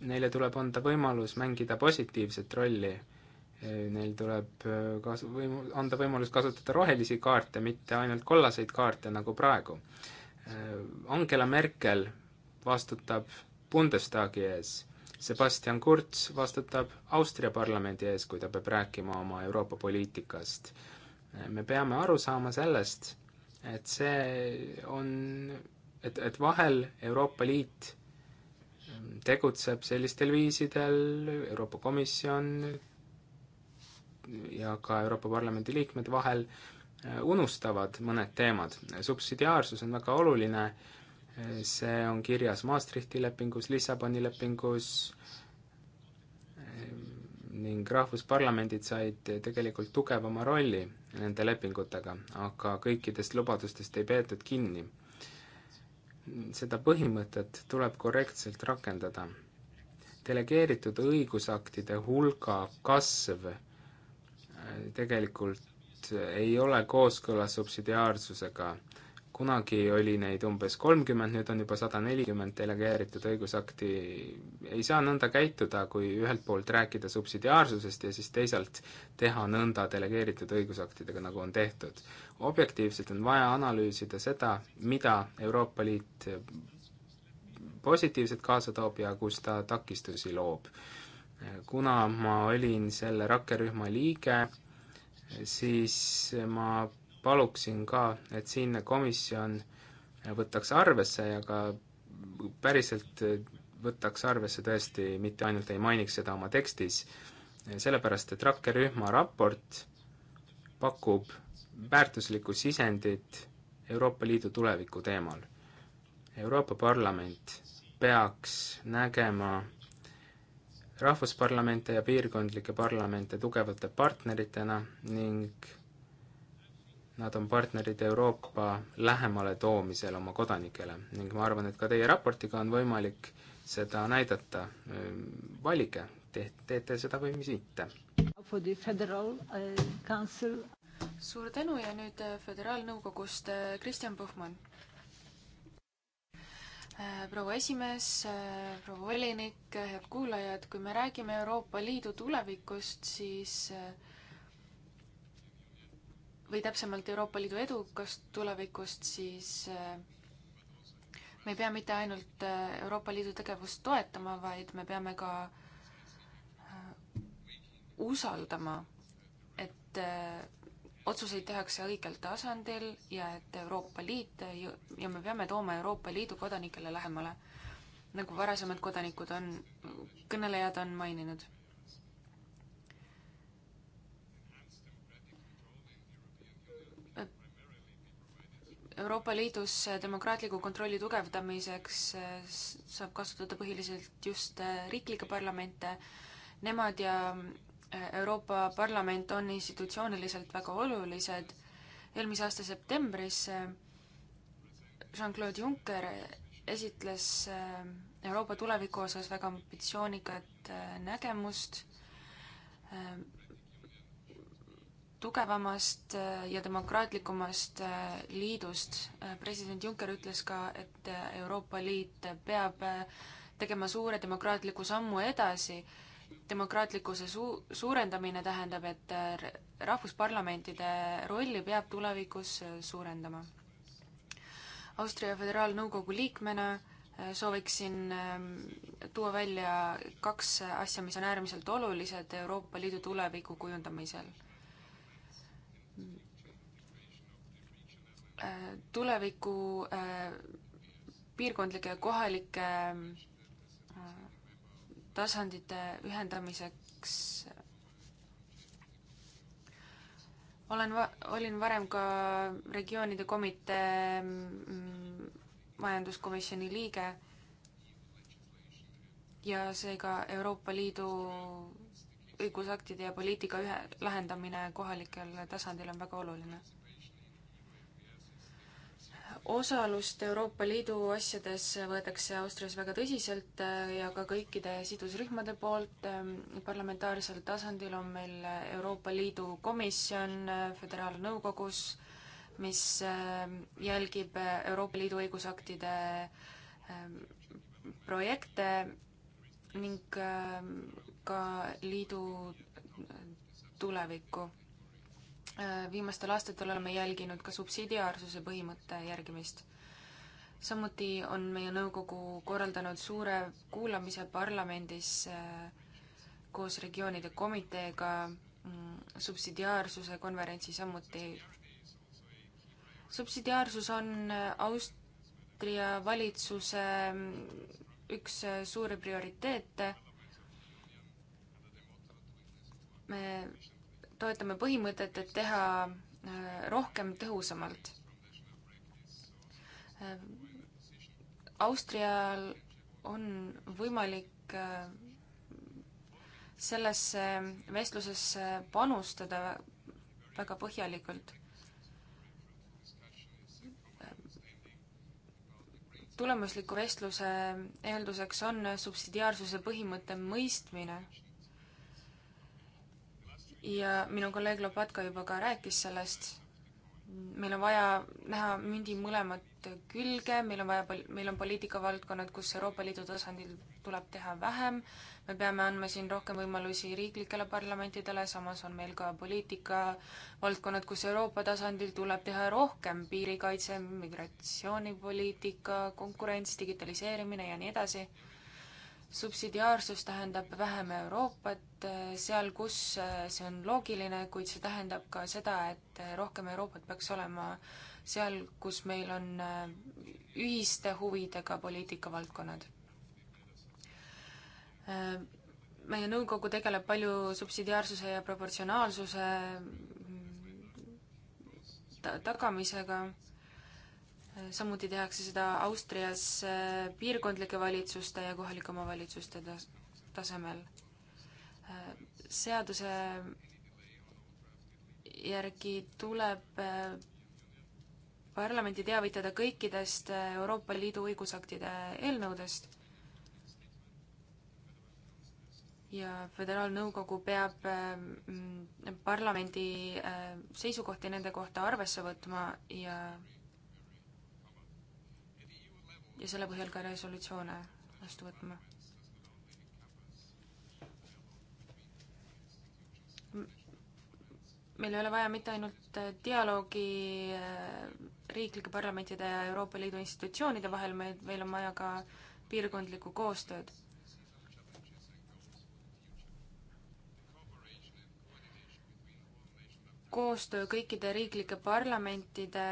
Neile tuleb anda võimalus mängida positiivset rolli, neil tuleb äh, kas-, võim-, anda võimalus kasutada rohelisi kaarte, mitte ainult kollaseid kaarte, nagu praegu. Äh, Angela Merkel vastutab Bundestagi ees Sebastian Kurz vastutab Austria parlamendi ees, kui ta peab rääkima oma Euroopa poliitikast. me peame aru saama sellest, et see on, et, et vahel Euroopa Liit tegutseb sellistel viisidel, Euroopa Komisjon ja ka Euroopa Parlamendi liikmed vahel unustavad mõned teemad. subsidiaarsus on väga oluline äh, see on kirjas Maastrichti lepingus, Lissaboni lepingus ehm, ning rahvusparlamendid said tegelikult tugevama rolli nende lepingutega, aga kõikidest lubadustest ei peetud kinni. seda põhimõtet tuleb korrektselt rakendada. delegeeritud õigusaktide hulga kasv eh, tegelikult ei ole kooskõlas subsidiaarsusega kunagi oli neid umbes kolmkümmend, nüüd on juba sada nelikümmend delegeeritud õigusakti, ei saa nõnda käituda, kui ühelt poolt rääkida subsidiaarsusest ja siis teisalt teha nõnda delegeeritud õigusaktidega, nagu on tehtud. objektiivselt on vaja analüüsida seda, mida Euroopa Liit positiivset kaasa toob ja kus ta takistusi loob. kuna ma olin selle rakkerühma liige, siis ma paluksin ka, et siinne komisjon võtaks arvesse ja ka päriselt võtaks arvesse tõesti, mitte ainult ei mainiks seda oma tekstis, sellepärast et rakkerühma raport pakub väärtuslikku sisendit Euroopa Liidu tuleviku teemal. Euroopa Parlament peaks nägema rahvusparlamente ja piirkondlikke parlamente tugevate partneritena ning nad on partnerid Euroopa lähemale toomisel oma kodanikele ning ma arvan, et ka teie raportiga on võimalik seda näidata. valige, te teete seda või mis mitte. Eh, suur tänu ja nüüd eh, Föderaalnõukogust eh, Kristjan Puhman. proua esimees, proua volinik, head kuulajad, kui me räägime Euroopa Liidu tulevikust, siis äh, või täpsemalt Euroopa Liidu edukast tulevikust, siis äh, me ei pea mitte ainult äh, Euroopa Liidu tegevust toetama, vaid me peame ka äh, usaldama, et otsuseid tehakse õigel tasandil ja et Euroopa Liit ja me peame tooma Euroopa Liidu kodanikele lähemale, nagu varasemad kodanikud on, kõnelejad on maininud Euroopa Liidus demokraatliku kontrolli tugevdamiseks eh, saab kasutada põhiliselt just eh, riiklikke parlamente. Nemad ja eh, Euroopa Parlament on institutsiooniliselt väga olulised. eelmise aasta septembris Jean-Claude Juncker esitles Euroopa tuleviku osas väga ambitsioonikat nägemust tugevamast äh, ja demokraatlikumast äh, liidust. Äh, president Juncker ütles ka, et Euroopa Liit peab tegema suure demokraatliku sammu edasi. demokraatlikkuse su-, suurendamine tähendab, et rahvusparlamentide rolli peab tulevikus suurendama. Austria Föderaalnõukogu liikmena sooviksin ähm, tuua välja kaks asja, mis on äärmiselt olulised Euroopa Liidu tuleviku kujundamisel Äh, tuleviku äh, piirkondlike ja kohalike äh, tasandite ühendamiseks olen va-, olin varem ka regioonide komitee mm, majanduskomisjoni liige ja seega Euroopa Liidu õigusaktide ja poliitika ühe, lahendamine kohalikul tasandil on väga oluline osalust Euroopa Liidu asjades võetakse Austrias väga tõsiselt äh, ja ka kõikide sidusrühmade poolt. Äh, parlamentaarsel tasandil on meil Euroopa Liidu komisjon äh, föderaalnõukogus, mis jälgib Euroopa Liidu õigusaktide projekte ning ka liidu tulevikku Äh, viimastel aastatel oleme jälginud ka subsidiaarsuse põhimõtte järgimist. samuti on meie nõukogu korraldanud suure kuulamise parlamendis äh, koos regioonide komiteega mm, subsidiaarsuse konverentsi samuti. subsidiaarsus on äh, Austria valitsuse mm, üks suuri prioriteete. me toetame põhimõtet, et teha äh, rohkem tõhusamalt. Äh, Austrial on võimalik äh, sellesse vestlusesse panustada väga põhjalikult. tulemusliku vestluse eelduseks on subsidiaarsuse põhimõtte mõistmine ja minu kolleeg Lopatka juba ka rääkis sellest, meil on vaja näha mündi mõlemat külge, meil on vaja, meil on poliitikavaldkonnad, kus Euroopa Liidu tasandil tuleb teha vähem, me peame andma siin rohkem võimalusi riiklikele parlamentidele, samas on meil ka poliitikavaldkonnad, kus Euroopa tasandil tuleb teha rohkem, piirikaitse, migratsioonipoliitika, konkurents, digitaliseerimine ja nii edasi subsidiaarsus tähendab vähem Euroopat äh, seal, kus äh, see on loogiline, kuid see tähendab ka seda, et äh, rohkem Euroopat peaks olema seal, kus meil on ühiste huvidega poliitikavaldkonnad. meie nõukogu tegeleb palju subsidiaarsuse ja proportsionaalsuse mm, tagamisega samuti tehakse seda Austrias äh, piirkondlike valitsuste ja kohalike omavalitsuste tas-, tasemel. Äh, seaduse järgi tuleb äh, parlamenti teavitada kõikidest Euroopa Liidu õigusaktide eelnõudest ja Föderaalnõukogu peab parlamendi seisukohti nende kohta arvesse võtma ja ja selle põhjal ka resolutsioone vastu võtma. meil ei ole vaja mitte ainult äh, dialoogi äh, riiklike parlamentide ja Euroopa Liidu institutsioonide vahel, vaid meil on vaja ka piirkondlikku koostööd koostöö kõikide riiklike parlamentide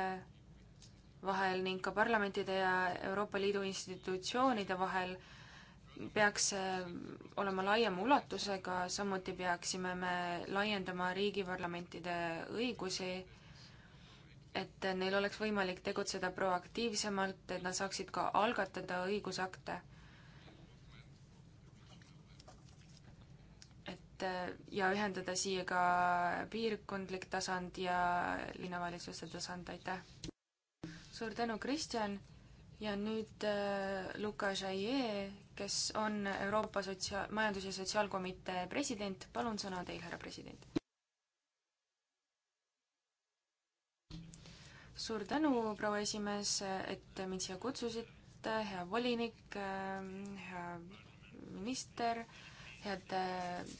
vahel ning ka parlamentide ja Euroopa Liidu institutsioonide vahel peaks olema laiema ulatusega, samuti peaksime me laiendama riigiparlamentide õigusi, et neil oleks võimalik tegutseda proaktiivsemalt, et nad saaksid ka algatada õigusakte. et ja ühendada siia ka piirkondlik tasand ja linnavalitsuste tasand, aitäh! suur tänu, Kristjan! ja nüüd äh, Luka Jaie, kes on Euroopa sotsia-, majandus- ja sotsiaalkomitee president, palun sõna teil, härra president. suur tänu, proua esimees, et mind siia kutsusite, hea volinik äh,, hea minister, head äh,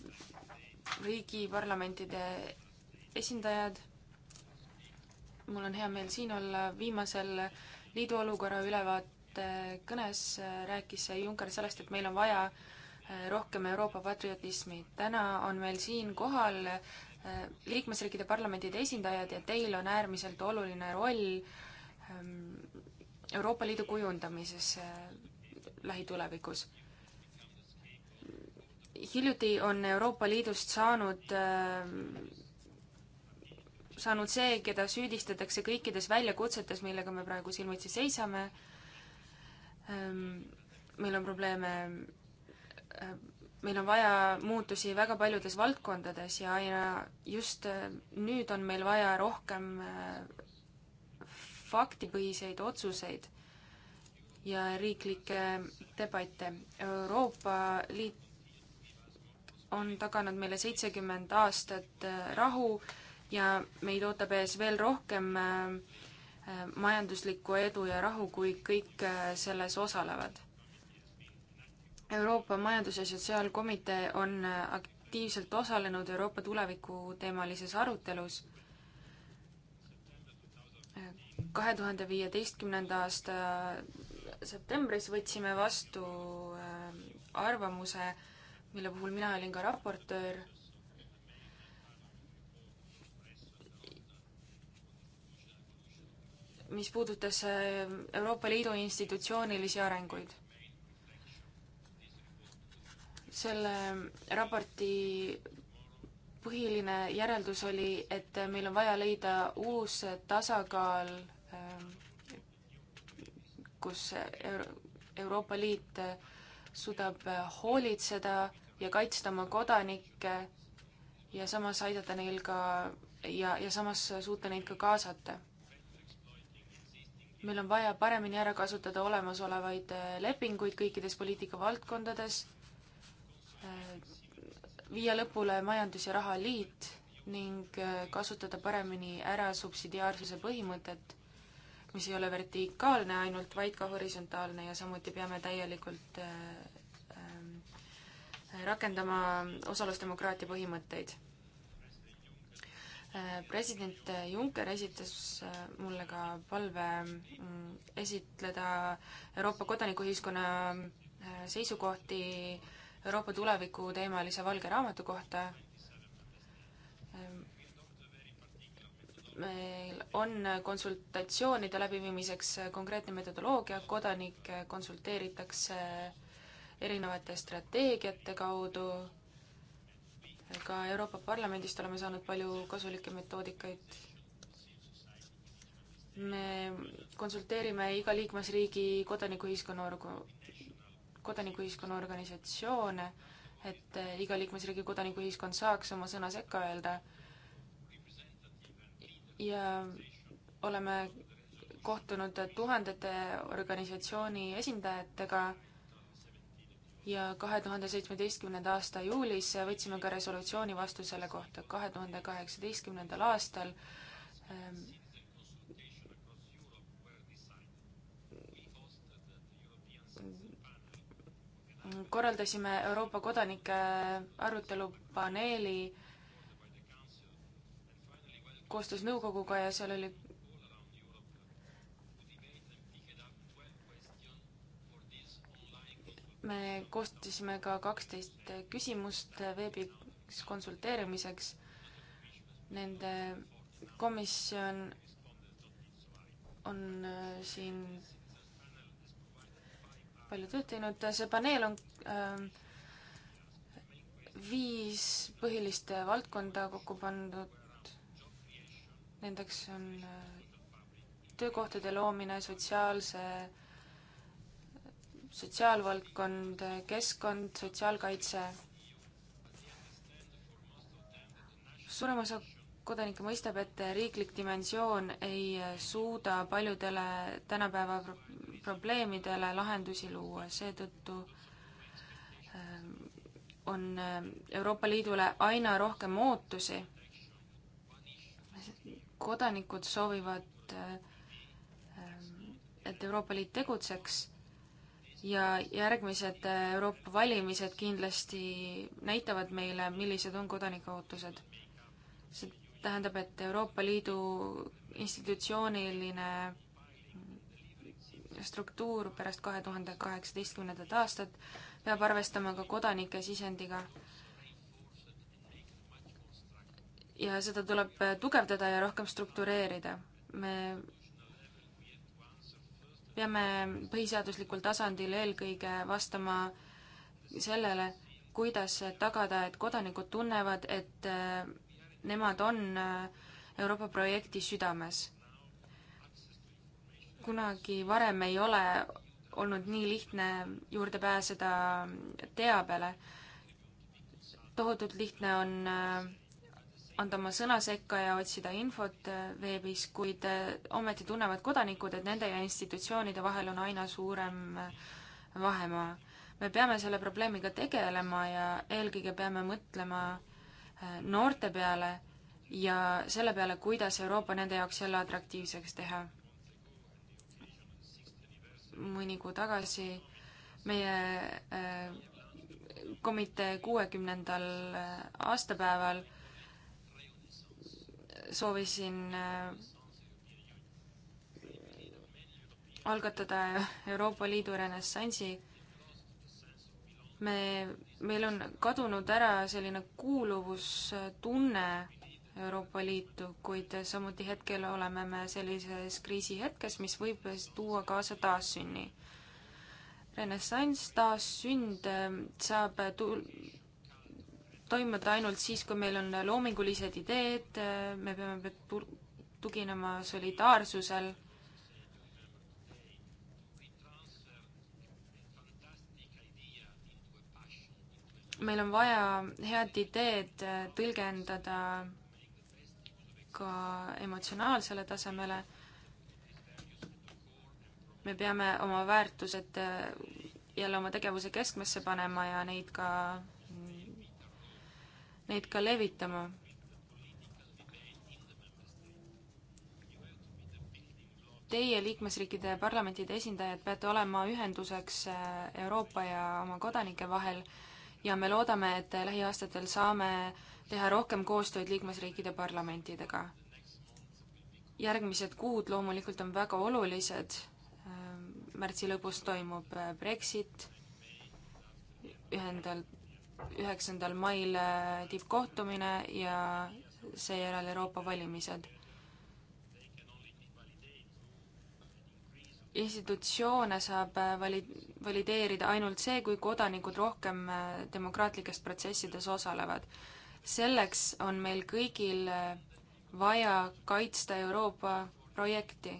riigiparlamentide esindajad mul on hea meel siin olla, viimasel liidu olukorra ülevaate kõnes äh, rääkis Juncker sellest, et meil on vaja äh, rohkem Euroopa patriotismi. täna on meil siin kohal äh, liikmesriikide parlamentide esindajad ja teil on äärmiselt oluline roll ähm, Euroopa Liidu kujundamises lähitulevikus. hiljuti on Euroopa Liidust saanud saanud see, keda süüdistatakse kõikides väljakutsetes, millega me praegu silmitsi seisame. Ehm, meil on probleeme, ehm, meil on vaja muutusi väga paljudes valdkondades ja aina just ehm, nüüd on meil vaja rohkem faktipõhiseid otsuseid ja riiklikke debatte. Euroopa Liit on taganud meile seitsekümmend aastat rahu ja meid ootab ees veel rohkem äh, äh, majanduslikku edu ja rahu, kui kõik äh, selles osalevad. Euroopa Majandus- ja Sotsiaalkomitee on aktiivselt osalenud Euroopa tuleviku teemalises arutelus kahe tuhande viieteistkümnenda aasta septembris võtsime vastu arvamuse, mille puhul mina olin ka raportöör mis puudutas äh, Euroopa Liidu institutsioonilisi arenguid. selle raporti põhiline järeldus oli, et meil on vaja leida uus tasakaal, äh, kus Euroopa Liit suudab hoolitseda ja kaitsta oma kodanikke ja samas aidata neil ka ja, ja samas suuta neid ka kaasata meil on vaja paremini ära kasutada olemasolevaid äh, lepinguid kõikides poliitikavaldkondades, äh, viia lõpule majandus- ja rahaliit ning äh, kasutada paremini ära subsidiaarsuse põhimõtet, mis ei ole vertikaalne ainult, vaid ka horisontaalne ja samuti peame täielikult ähm, rakendama osalusdemokraatia põhimõtteid Äh, president äh, Juncker esitas äh, mulle ka palve mm, esitleda Euroopa kodanikuühiskonna seisukohti Euroopa tuleviku teemalise valge raamatu kohta. meil on konsultatsioonide läbiviimiseks konkreetne metodoloogia, kodanikke konsulteeritakse erinevate strateegiate kaudu ka Euroopa Parlamendist oleme saanud palju kasulikke metoodikaid. me konsulteerime iga liikmesriigi kodanikuühiskonna orgu-, kodanikuühiskonna organisatsioone, et eh, iga liikmesriigi kodanikuühiskond saaks oma sõna sekka öelda ja oleme kohtunud tuhandete organisatsiooni esindajatega ja kahe tuhande seitsmeteistkümnenda aasta juulis võtsime ka resolutsiooni vastu selle kohta. kahe tuhande kaheksateistkümnendal aastal ähm, korraldasime Euroopa kodanike arutelupaneeli koostöös nõukoguga ja seal oli me koostasime ka kaksteist küsimust veebis konsulteerimiseks. Nende komisjon on äh, siin palju tööd teinud, see paneel on äh, viis põhilist valdkonda kokku pandud. Nendeks on äh, töökohtade loomine, sotsiaalse äh, sotsiaalvaldkond, keskkond, sotsiaalkaitse. suurem osa kodanikke mõistab, et riiklik dimensioon ei suuda paljudele tänapäeva pro probleemidele lahendusi luua, seetõttu ähm, on ähm, Euroopa Liidule aina rohkem ootusi. kodanikud soovivad, äh, ähm, et Euroopa Liit tegutseks ja järgmised äh, Euroopa valimised kindlasti näitavad meile, millised on kodanike ootused. see tähendab, et Euroopa Liidu institutsiooniline struktuur pärast kahe tuhande kaheksateistkümnendat aastat peab arvestama ka kodanike sisendiga. ja seda tuleb tugevdada ja rohkem struktureerida. me peame põhiseaduslikul tasandil eelkõige vastama sellele, kuidas tagada, et kodanikud tunnevad, et äh, nemad on äh, Euroopa projekti südames. kunagi varem ei ole olnud nii lihtne juurde pääseda teabele. tohutult lihtne on äh, anda oma sõna sekka ja otsida infot äh, veebis, kuid äh, ometi tunnevad kodanikud, et nende ja institutsioonide vahel on aina suurem äh, vahemaa. me peame selle probleemiga tegelema ja eelkõige peame mõtlema noorte peale ja selle peale, kuidas Euroopa nende jaoks jälle atraktiivseks teha. mõni kuu tagasi meie komitee kuuekümnendal aastapäeval soovisin äh, algatada Euroopa Liidu renessansi. me, meil on kadunud ära selline kuuluvustunne Euroopa Liitu, kuid samuti hetkel oleme me sellises kriisihetkes, mis võib tuua kaasa taassünni. renessanss, taassünd äh, saab tu-, toimuda ainult siis, kui meil on loomingulised ideed, me peame tuginema solidaarsusel. meil on vaja head ideed tõlgendada ka emotsionaalsele tasemele. me peame oma väärtused jälle oma tegevuse keskmesse panema ja neid ka neid ka levitama. Teie liikmesriikide parlamentide esindajad peate olema ühenduseks äh, Euroopa ja oma kodanike vahel ja me loodame, et lähiaastatel saame teha rohkem koostööd liikmesriikide parlamentidega. järgmised kuud loomulikult on väga olulised, äh, märtsi lõpus toimub äh, Brexit, ühendal-, üheksandal mail äh, tippkohtumine ja seejärel Euroopa valimised. institutsioone saab äh, vali-, valideerida ainult see, kui kodanikud rohkem äh, demokraatlikes protsessides osalevad. selleks on meil kõigil vaja kaitsta Euroopa projekti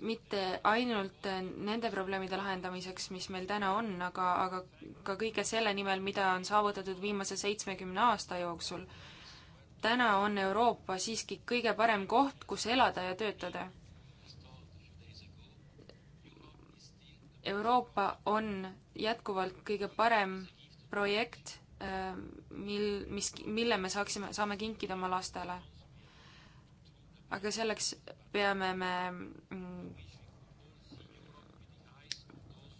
mitte ainult nende probleemide lahendamiseks, mis meil täna on, aga, aga ka kõige selle nimel, mida on saavutatud viimase seitsmekümne aasta jooksul. täna on Euroopa siiski kõige parem koht, kus elada ja töötada. Euroopa on jätkuvalt kõige parem projekt, äh, mil, mis, mille me saaksime, saame kinkida oma lastele aga selleks peame me mm,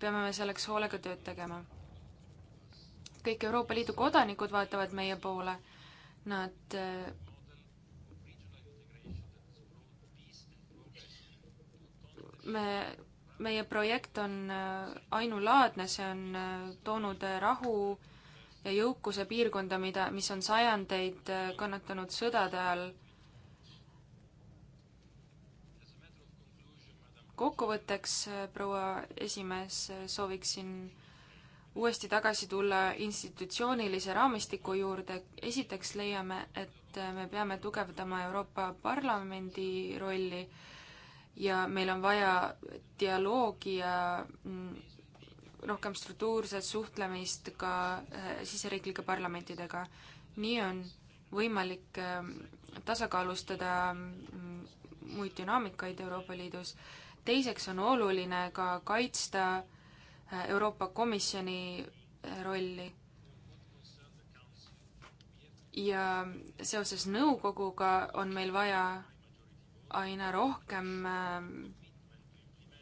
peame me selleks hoolega tööd tegema. kõik Euroopa Liidu kodanikud vaatavad meie poole, nad äh, me, meie projekt on äh, ainulaadne, see on äh, toonud rahu ja jõukuse piirkonda, mida, mis on sajandeid kannatanud sõdade all kokkuvõtteks, äh, proua esimees, äh, sooviksin uuesti tagasi tulla institutsioonilise raamistiku juurde. esiteks leiame, et äh, me peame tugevdama Euroopa Parlamendi rolli ja meil on vaja dialoogi ja mm, rohkem struktuurset suhtlemist ka siseriiklike parlamentidega. nii on võimalik ähm, tasakaalustada mm, muid dünaamikaid Euroopa Liidus teiseks on oluline ka kaitsta äh, Euroopa Komisjoni äh, rolli. ja seoses nõukoguga on meil vaja aina rohkem ähm,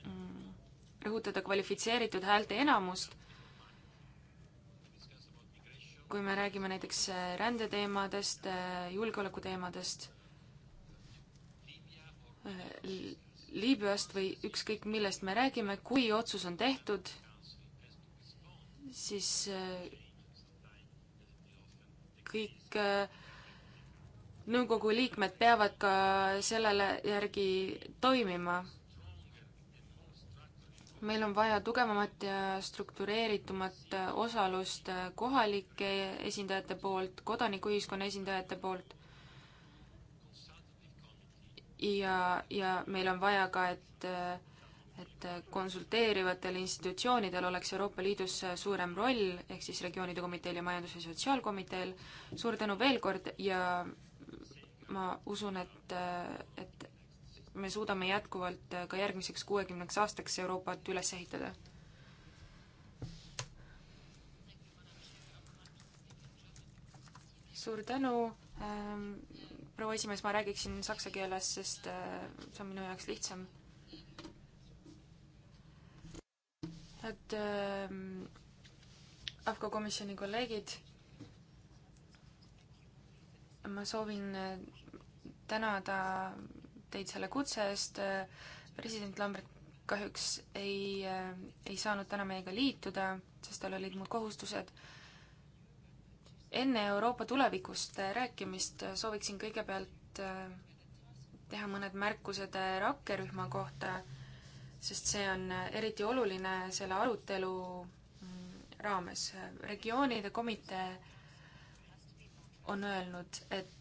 mm, rõhutada kvalifitseeritud häälte enamust. kui me räägime näiteks äh, rändeteemadest, julgeolekuteemadest, Liibüast või ükskõik millest me räägime, kui otsus on tehtud, siis äh, kõik äh, nõukogu liikmed peavad ka sellele järgi toimima. meil on vaja tugevamat ja struktureeritumat äh, osalust kohalike esindajate poolt, kodanikuühiskonna esindajate poolt ja, ja meil on vaja ka, et et konsulteerivatel institutsioonidel oleks Euroopa Liidus suurem roll, ehk siis regioonide komiteel ja majandus- ja sotsiaalkomiteel. suur tänu veel kord ja ma usun, et, et me suudame jätkuvalt ka järgmiseks kuuekümneks aastaks Euroopat üles ehitada. suur tänu ähm, proua esimees, ma räägiksin saksa keeles, sest äh, see on minu jaoks lihtsam. et äh, AFCO komisjoni kolleegid, ma soovin äh, tänada teid selle kutse eest, äh, president Lambert kahjuks ei äh,, ei saanud täna meiega liituda, sest tal olid muud kohustused äh,, enne Euroopa tulevikust rääkimist sooviksin kõigepealt äh, teha mõned märkused äh, rakkerühma kohta, sest see on äh, eriti oluline selle arutelu mm, raames. regioonide komitee on öelnud, et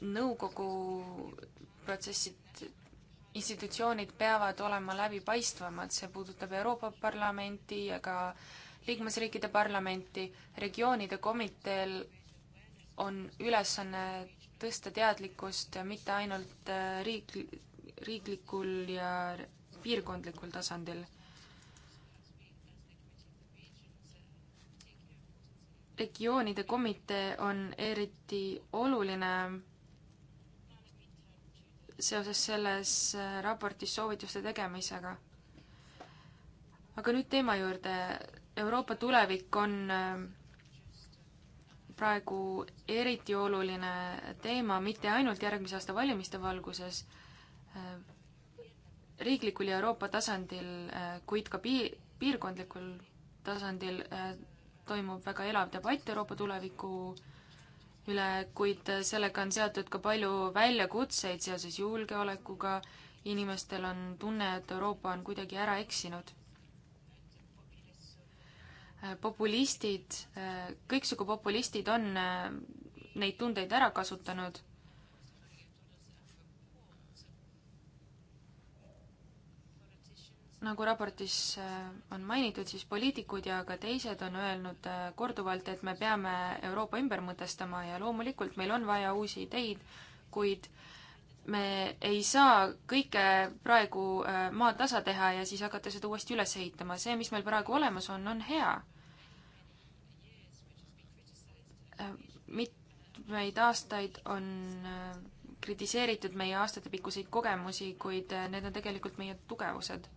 nõukogu protsessid, institutsioonid peavad olema läbipaistvamad, see puudutab Euroopa Parlamenti ja ka äh, liikmesriikide parlamenti. regioonide komiteel on ülesanne tõsta teadlikkust mitte ainult äh, riik, riiklikul ja piirkondlikul tasandil. regioonide komitee on eriti oluline seoses selles äh, raportis soovituste tegemisega. aga nüüd teema juurde, Euroopa tulevik on ähm, praegu eriti oluline teema mitte ainult järgmise aasta valimiste valguses, äh, riiklikul ja Euroopa tasandil, äh, kuid ka pii-, piirkondlikul tasandil äh, toimub väga elav debatt Euroopa tuleviku üle, kuid sellega on seotud ka palju väljakutseid seoses julgeolekuga, inimestel on tunne, et Euroopa on kuidagi ära eksinud Äh, populistid, äh, kõiksugu populistid on äh, neid tundeid ära kasutanud. nagu raportis on mainitud, siis poliitikud ja ka teised on öelnud korduvalt, et me peame Euroopa ümber mõtestama ja loomulikult meil on vaja uusi ideid, kuid me ei saa kõike praegu äh, maatasa teha ja siis hakata seda uuesti üles ehitama. see, mis meil praegu olemas on, on hea. Äh, mitmeid aastaid on äh, kritiseeritud meie aastatepikkuseid kogemusi, kuid need on tegelikult meie tugevused.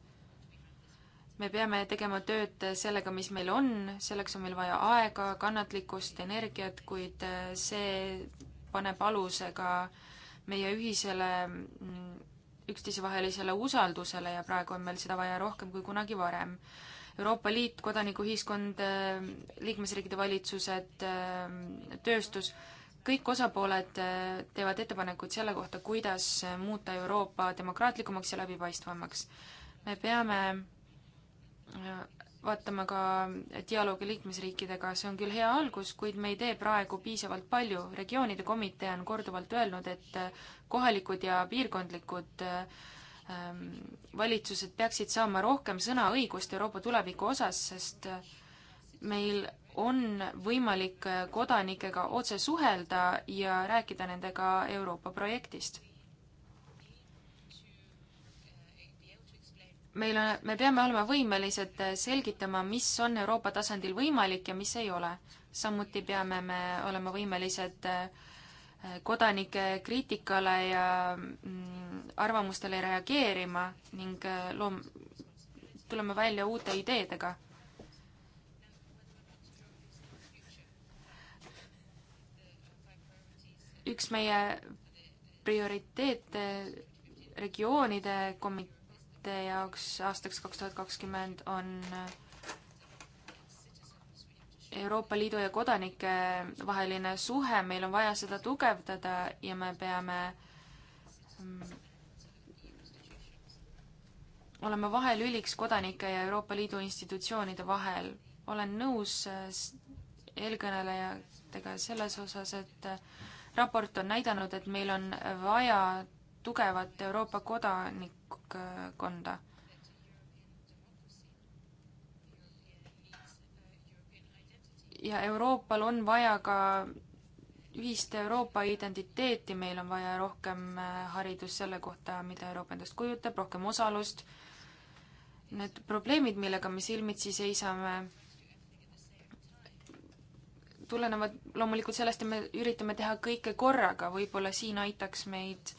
me peame tegema tööd sellega, mis meil on, selleks on meil vaja aega, kannatlikkust, energiat, kuid see paneb aluse ka äh, meie ühisele mm, üksteisevahelisele usaldusele ja praegu on meil seda vaja rohkem kui kunagi varem. Euroopa Liit, kodanikuühiskond, eh, liikmesriikide valitsused, eh, tööstus, kõik osapooled eh, teevad ettepanekuid selle kohta, kuidas muuta Euroopa demokraatlikumaks ja läbipaistvamaks. me peame vaatama ka dialoogi liikmesriikidega, see on küll hea algus, kuid me ei tee praegu piisavalt palju. regioonide komitee on korduvalt öelnud, et kohalikud ja piirkondlikud ähm, valitsused peaksid saama rohkem sõnaõigust Euroopa tuleviku osas, sest meil on võimalik kodanikega otse suhelda ja rääkida nendega Euroopa projektist meil on, me peame olema võimelised selgitama, mis on Euroopa tasandil võimalik ja mis ei ole. samuti peame me olema võimelised eh, kodanike kriitikale ja mm, arvamustele reageerima ning eh, loom-, tulema välja uute ideedega. üks meie prioriteete regioonide komitee kodanike jaoks aastaks kaks tuhat kakskümmend on Euroopa Liidu ja kodanike vaheline suhe, meil on vaja seda tugevdada ja me peame mm, olema vahelüliks kodanike ja Euroopa Liidu institutsioonide vahel. olen nõus äh, eelkõnelejatega selles osas, et äh, raport on näidanud, et meil on vaja tugevat Euroopa kodanik-, kodanikkonda. ja Euroopal on vaja ka ühist Euroopa identiteeti, meil on vaja rohkem äh, haridust selle kohta, mida Euroopa endast kujutab, rohkem osalust. Need probleemid, millega me silmitsi seisame, tulenevad loomulikult sellest, et me üritame teha kõike korraga, võib-olla siin aitaks meid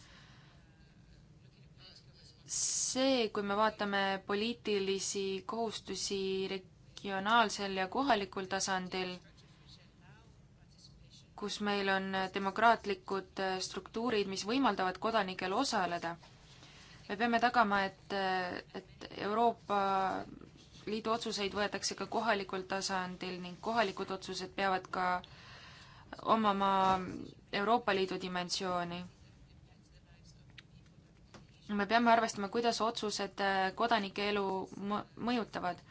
see, kui me vaatame poliitilisi kohustusi regionaalsel ja kohalikul tasandil, kus meil on demokraatlikud struktuurid, mis võimaldavad kodanikel osaleda. me peame tagama, et, et Euroopa Liidu otsuseid võetakse ka kohalikul tasandil ning kohalikud otsused peavad ka omama Euroopa Liidu dimensiooni me peame arvestama, kuidas otsused äh, kodanike elu mõjutavad.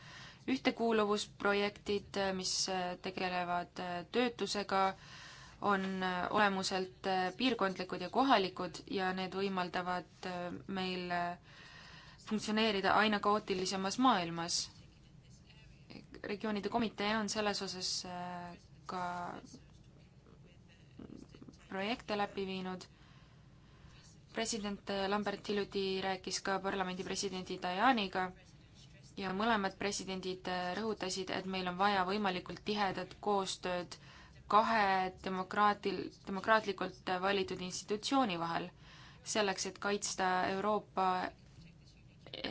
ühtekuuluvusprojektid, äh, mis äh, tegelevad töötusega, on olemuselt piirkondlikud ja kohalikud ja need võimaldavad meil funktsioneerida aina kaootilisemas maailmas. regioonide komitee on selles osas ka projekte läbi viinud president Lambert hiljuti rääkis ka parlamendi presidendi Tajaniga ja mõlemad presidendid rõhutasid, et meil on vaja võimalikult tihedat koostööd kahe demokraatil, demokraatlikult valitud institutsiooni vahel, selleks et kaitsta Euroopa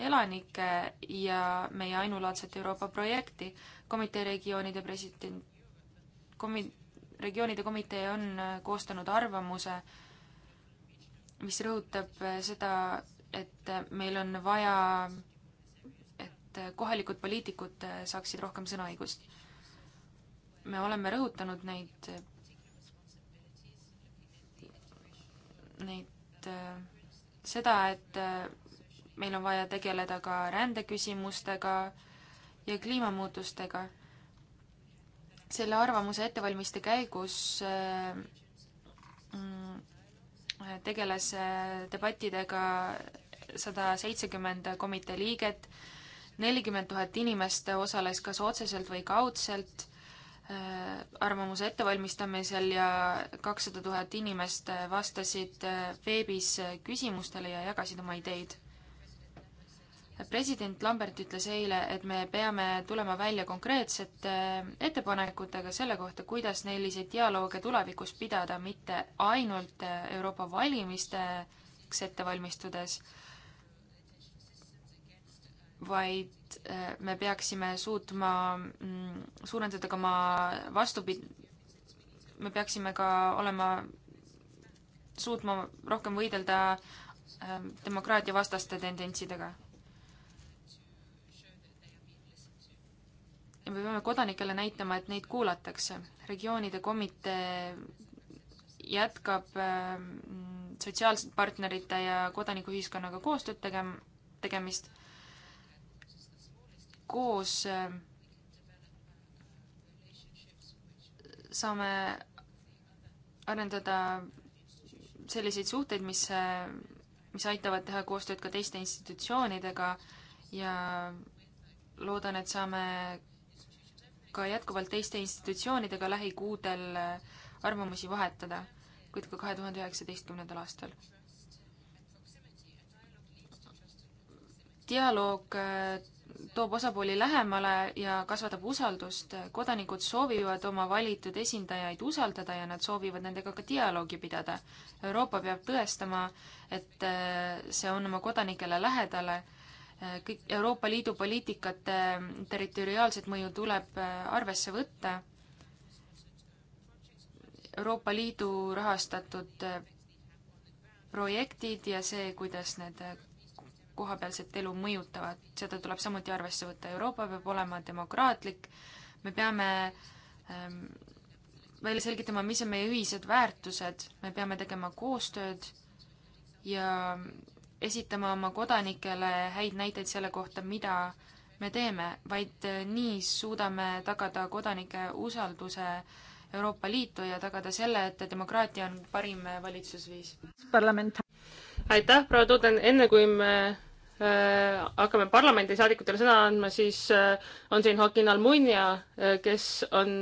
elanikke ja meie ainulaadset Euroopa projekti. komitee regioonide president, komi-, regioonide komitee on koostanud arvamuse, mis rõhutab äh, seda, et äh, meil on vaja, et äh, kohalikud poliitikud saaksid rohkem sõnaõigust. me oleme rõhutanud neid, neid, seda, et meil on vaja tegeleda ka rändeküsimustega ja kliimamuutustega. selle arvamuse ettevalmiste käigus äh, tegeles äh, debattidega sada seitsekümmend komitee liiget, nelikümmend tuhat inimest osales kas otseselt või kaudselt äh, arvamuse ettevalmistamisel ja kakssada tuhat inimest vastasid äh, veebis küsimustele ja jagasid oma ideid president Lambert ütles eile, et me peame tulema välja konkreetsete eh, ettepanekutega selle kohta, kuidas selliseid dialoog tulevikus pidada, mitte ainult eh, Euroopa valimisteks ette valmistudes, vaid eh, me peaksime suutma mm, suurendada ka oma vastupid-, me peaksime ka olema, suutma rohkem võidelda demokraatia vastaste tendentsidega ja me peame kodanikele näitama, et neid kuulatakse. regioonide komitee jätkab ähm, sotsiaalsete partnerite ja kodanikuühiskonnaga koostööd tegem-, tegemist koos ähm, saame arendada selliseid suhteid, mis, äh, mis aitavad teha koostööd ka teiste institutsioonidega ja loodan, et saame ka jätkuvalt teiste institutsioonidega lähikuudel äh, arvamusi vahetada, kuid ka kahe tuhande üheksateistkümnendal aastal. dialoog äh, toob osapooli lähemale ja kasvatab usaldust. kodanikud soovivad oma valitud esindajaid usaldada ja nad soovivad nendega ka dialoogi pidada. Euroopa peab tõestama, et äh, see on oma kodanikele lähedale kõik Euroopa Liidu poliitikate territoriaalset mõju tuleb äh, arvesse võtta. Euroopa Liidu rahastatud äh, projektid ja see, kuidas need äh, kohapealset elu mõjutavad, seda tuleb samuti arvesse võtta. Euroopa peab olema demokraatlik, me peame ähm, välja selgitama, mis on meie ühised väärtused, me peame tegema koostööd ja esitama oma kodanikele häid näiteid selle kohta, mida me teeme, vaid eh, nii suudame tagada kodanike usalduse Euroopa Liitu ja tagada selle, et demokraatia on parim eh, valitsusviis. aitäh, proua Tuuden, enne kui me äh, hakkame parlamendisaadikutele sõna andma, siis äh, on siin Joaquin Almunia äh,, kes on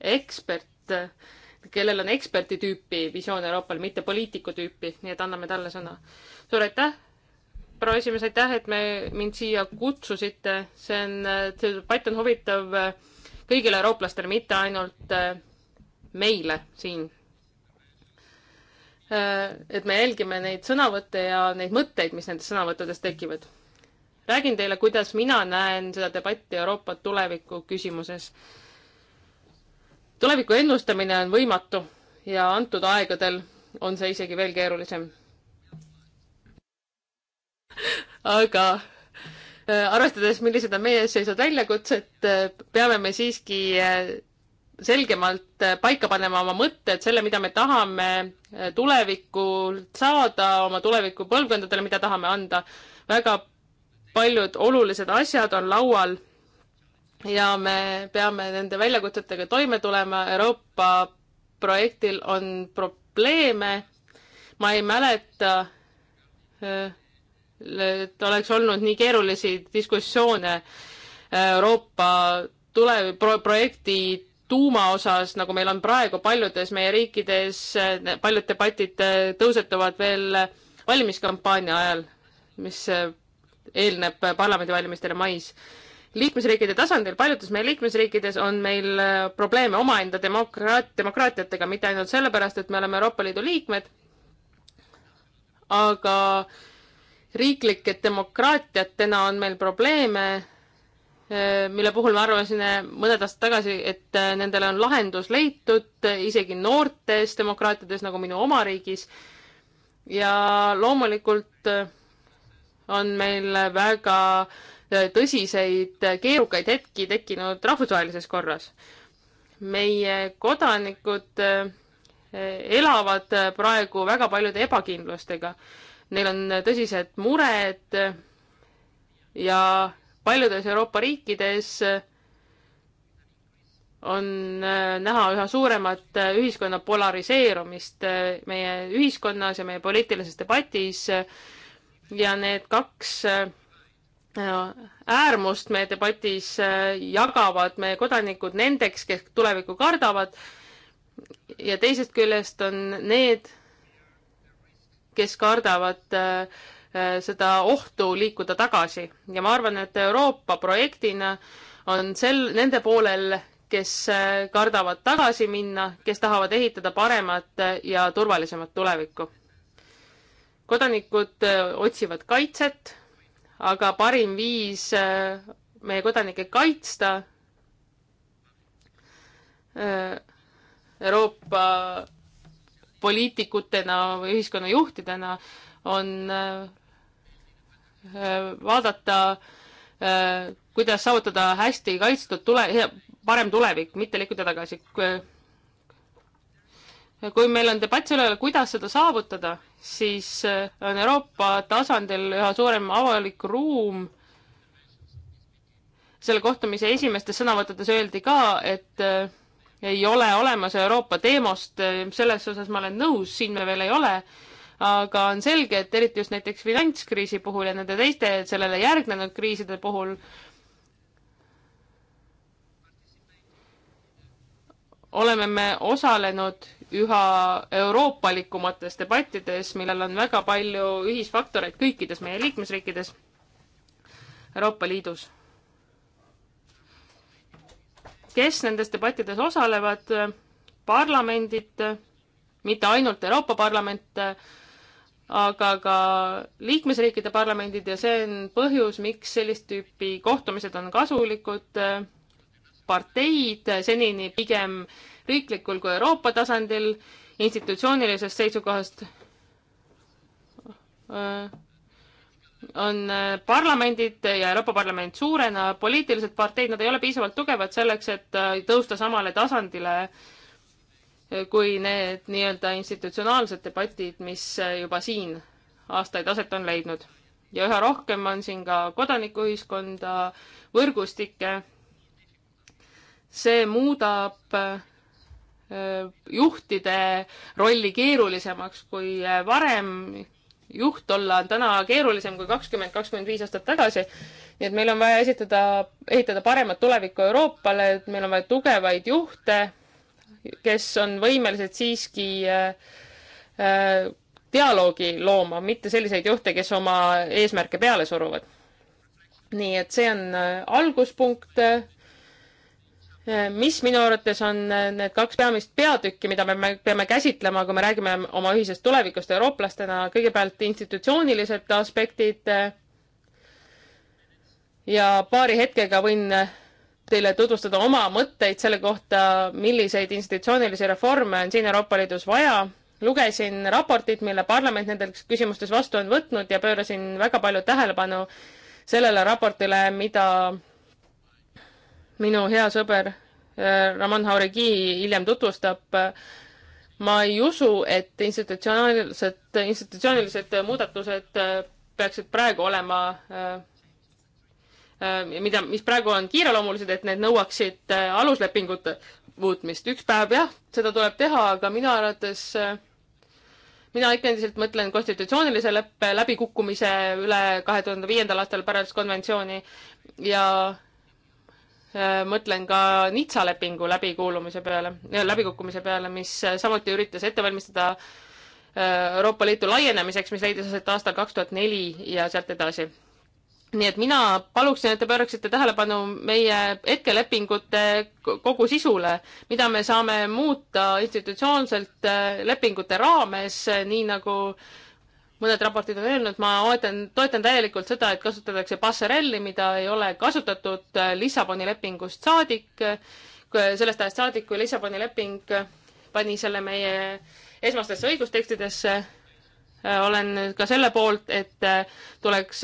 ekspert äh, kellel on eksperti tüüpi visioon Euroopale, mitte poliitiku tüüpi, nii et anname talle sõna. suur aitäh, proua esimees, aitäh, et me mind siia kutsusite, see on, see debatt on huvitav äh, kõigile eurooplastele, mitte ainult äh, meile siin. Äh, et me jälgime neid sõnavõtte ja neid mõtteid, mis nendest sõnavõttudest tekivad. räägin teile, kuidas mina näen seda debatti Euroopa tuleviku küsimuses tuleviku ennustamine on võimatu ja antud aegadel on see isegi veel keerulisem. aga äh, arvestades, millised on meie ees seisvad väljakutsed, äh, peame me siiski äh, selgemalt paika panema oma mõtted, selle, mida me tahame tulevikult saada, oma tuleviku põlvkondadele, mida tahame anda. väga paljud olulised asjad on laual ja me peame nende väljakutsetega toime tulema, Euroopa projektil on probleeme, ma ei mäleta, äh, et oleks olnud nii keerulisi diskussioone Euroopa tule-, pro-, projekti tuuma osas, nagu meil on praegu paljudes meie riikides, äh, paljud debatid äh, tõusetuvad veel valimiskampaania ajal, mis eelneb parlamendivalimistele mais liikmesriikide tasandil, paljudes meie liikmesriikides on meil äh, probleeme omaenda demokraat-, demokraatiatega, mitte ainult sellepärast, et me oleme Euroopa Liidu liikmed, aga riiklike demokraatiatena on meil probleeme, äh, mille puhul me arvasime mõned aastad tagasi, et äh, nendele on lahendus leitud isegi noortes demokraatiades, nagu minu oma riigis. ja loomulikult on meil väga äh, tõsiseid keerukaid hetki tekkinud rahvusvahelises korras. meie kodanikud eh, elavad praegu väga paljude ebakindlustega. Neil on tõsised mured ja paljudes Euroopa riikides on eh, näha üha suuremat eh, ühiskonna polariseerumist meie ühiskonnas ja meie poliitilises debatis ja need kaks äärmust meie debatis äh, jagavad meie kodanikud nendeks, kes tulevikku kardavad. ja teisest küljest on need, kes kardavad äh, äh, seda ohtu liikuda tagasi ja ma arvan, et Euroopa projektina on sel, nende poolel, kes kardavad tagasi minna, kes tahavad ehitada paremat ja turvalisemat tulevikku. kodanikud otsivad kaitset aga parim viis äh, meie kodanikke kaitsta äh, Euroopa poliitikutena või ühiskonnajuhtidena on äh, vaadata, kuidas saavutada hästi kaitstud tule, parem tulevik, mitte liikuda tagasi kui meil on debatt selle üle, kuidas seda saavutada, siis äh, on Euroopa tasandil üha suurem avalik ruum selle kohtumise esimestes sõnavõttudes öeldi ka, et äh, ei ole olemas Euroopa teemost, äh, selles osas ma olen nõus, siin me veel ei ole, aga on selge, et eriti just näiteks finantskriisi puhul ja nende teiste sellele järgnenud kriiside puhul oleme me osalenud üha euroopalikumates debattides, millel on väga palju ühisfaktoreid kõikides meie liikmesriikides Euroopa Liidus. kes nendes debattides osalevad, parlamendid, mitte ainult Euroopa Parlament, aga ka liikmesriikide parlamendid ja see on põhjus, miks sellist tüüpi kohtumised on kasulikud. parteid senini pigem äh, riiklikul kui Euroopa tasandil, institutsioonilisest seisukohast äh, on äh, parlamendid ja Euroopa Parlament suurena, poliitilised parteid, nad ei ole piisavalt tugevad selleks, et äh, tõusta samale tasandile kui need nii-öelda institutsionaalsed debatid, mis juba siin aastaid aset on leidnud. ja üha rohkem on siin ka kodanikuühiskonda, võrgustikke. see muudab Äh, juhtide rolli keerulisemaks kui äh, varem. juht olla on täna keerulisem kui kakskümmend, kakskümmend viis aastat tagasi. nii et meil on vaja esitada, ehitada paremat tulevikku Euroopale, et meil on vaja tugevaid juhte, kes on võimelised siiski äh, dialoogi looma, mitte selliseid juhte, kes oma eesmärke peale suruvad. nii et see on alguspunkt mis minu arvates on äh, need kaks peamist peatükki, mida me peame käsitlema, kui me räägime oma ühisest tulevikust eurooplastena, kõigepealt institutsioonilised aspektid. Äh, ja paari hetkega võin äh, teile tutvustada oma mõtteid selle kohta, milliseid institutsioonilisi reforme on siin Euroopa Liidus vaja. lugesin raportit, mille parlament nendes küsimustes vastu on võtnud ja pöörasin väga palju tähelepanu sellele raportile, mida minu hea sõber äh, Raman Hauregi hiljem tutvustab, äh, ma ei usu, et institutsionaalsed, institutsioonilised muudatused äh, peaksid praegu olema mida, mis praegu on kiireloomulised, et need nõuaksid aluslepingute muutmist. üks päev jah, seda tuleb teha, aga minu arvates, mina ikka endiselt mõtlen konstitutsioonilise leppe läbikukkumise üle kahe tuhande viiendal aastal pärast konventsiooni ja Äh, mõtlen ka Nitsa lepingu läbikuulumise peale, äh, läbikukkumise peale, mis äh, samuti üritas ette valmistada Euroopa Liitu laienemiseks, mis leidis aset aastal kaks tuhat neli ja sealt edasi. nii et mina paluksin, et te pööraksite tähelepanu meie hetkelepingute kogu sisule, mida me saame muuta institutsioonselt lepingute raames, nii nagu äh, mõned raportid on öelnud, ma ootan, toetan täielikult seda, et kasutatakse passerelli, mida ei ole kasutatud äh, Lissaboni lepingust saadik, äh, sellest ajast saadik, kui Lissaboni leping äh, pani selle meie esmastesse õigustekstidesse. olen ka selle poolt, et tuleks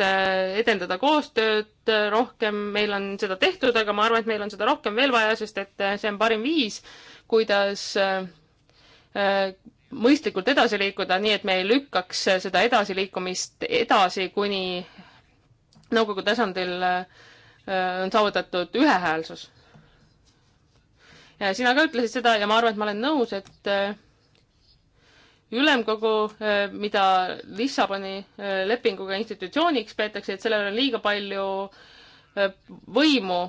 edendada koostööd rohkem, meil on seda tehtud, aga ma arvan, et meil on seda rohkem veel vaja, sest et see on parim viis, kuidas mõistlikult edasi liikuda, nii et me ei lükkaks seda edasiliikumist edasi, kuni nõukogu tasandil äh, on saavutatud ühehäälsus. sina ka ütlesid seda ja ma arvan, et ma olen nõus, et äh, ülemkogu, äh, mida Lissaboni lepinguga institutsiooniks peetakse, et sellel on liiga palju võimu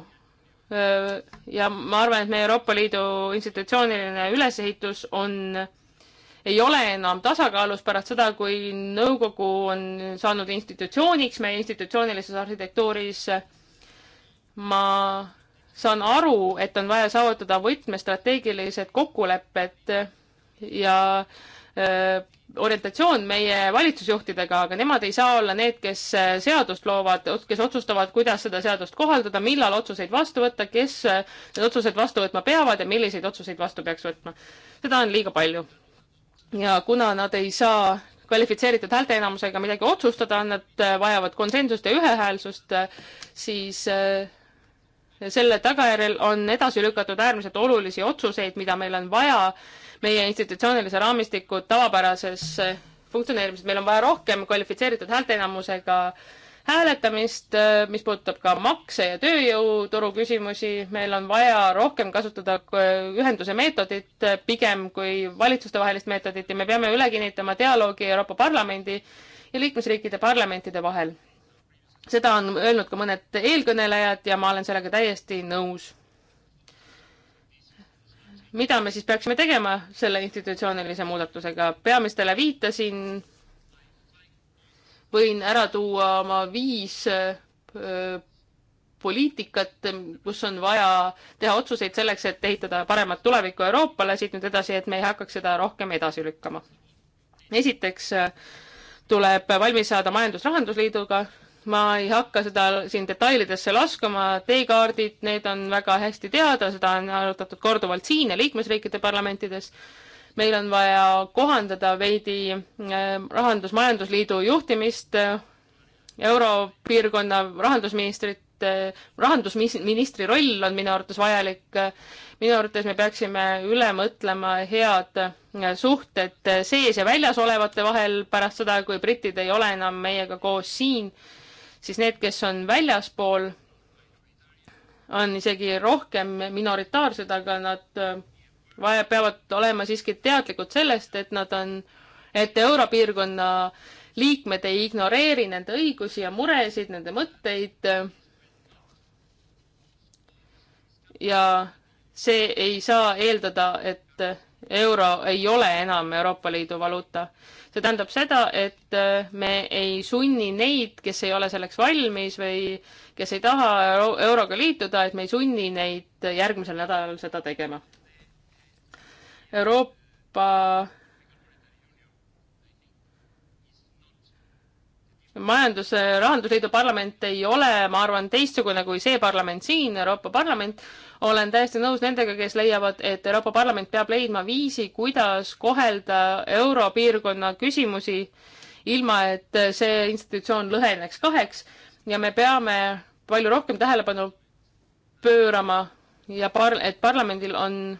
ja ma arvan, et meie Euroopa Liidu institutsiooniline ülesehitus on ei ole enam tasakaalus pärast seda, kui nõukogu on saanud institutsiooniks meie institutsioonilises arhitektuuris. ma saan aru, et on vaja saavutada võtmestrateegilised kokkulepped ja öö, äh, orientatsioon meie valitsusjuhtidega, aga nemad ei saa olla need, kes äh, seadust loovad, kes otsustavad, kuidas seda seadust kohaldada, millal otsuseid vastu võtta, kes äh, need otsused vastu võtma peavad ja milliseid otsuseid vastu peaks võtma. seda on liiga palju ja kuna nad ei saa kvalifitseeritud häälteenamusega midagi otsustada, nad äh, vajavad konsensust ja ühehäälsust, äh, siis äh, selle tagajärjel on edasi lükatud äärmiselt olulisi otsuseid, mida meil on vaja meie institutsioonilise raamistiku tavapärases funktsioneerimises, meil on vaja rohkem kvalifitseeritud häälteenamusega äh, hääletamist, äh, mis puudutab ka makse ja tööjõuturu küsimusi. meil on vaja rohkem kasutada äh, ühenduse meetodit äh, pigem kui valitsustevahelist meetodit ja me peame üle kinnitama dialoogi Euroopa Parlamendi ja liikmesriikide parlamentide vahel. seda on öelnud ka mõned eelkõnelejad ja ma olen sellega täiesti nõus mida me siis peaksime tegema selle institutsioonilise muudatusega? peamistele viitasin võin ära tuua oma viis poliitikat, kus on vaja teha otsuseid selleks, et ehitada paremat tulevikku Euroopale, siit nüüd edasi, et me ei hakkaks seda rohkem edasi lükkama. esiteks tuleb valmis saada majandus-rahandusliiduga, ma ei hakka seda siin detailidesse laskuma, teekaardid, need on väga hästi teada, seda on arutatud korduvalt siin ja liikmesriikide parlamentides meil on vaja kohandada veidi äh, rahandus-majandusliidu juhtimist, äh, europiirkonna rahandusministrit, äh, rahandusministri roll on minu arvates vajalik. minu arvates me peaksime üle mõtlema head suhted sees ja väljas olevate vahel pärast seda, kui britid ei ole enam meiega koos siin, siis need, kes on väljaspool, on isegi rohkem minoritaarsed, aga nad vaja, peavad olema siiski teadlikud sellest, et nad on, et Europiirkonna liikmed ei ignoreeri nende õigusi ja muresid, nende mõtteid. ja see ei saa eeldada, et euro ei ole enam Euroopa Liidu valuuta. see tähendab seda, et me ei sunni neid, kes ei ole selleks valmis või kes ei taha euro euroga liituda, et me ei sunni neid järgmisel nädalal seda tegema. Euroopa majandus, Rahandusliidu parlament ei ole, ma arvan, teistsugune kui see parlament siin, Euroopa Parlament. olen täiesti nõus nendega, kes leiavad, et Euroopa Parlament peab leidma viisi, kuidas kohelda europiirkonna küsimusi, ilma et see institutsioon lõheneks kaheks ja me peame palju rohkem tähelepanu pöörama ja par-, et parlamendil on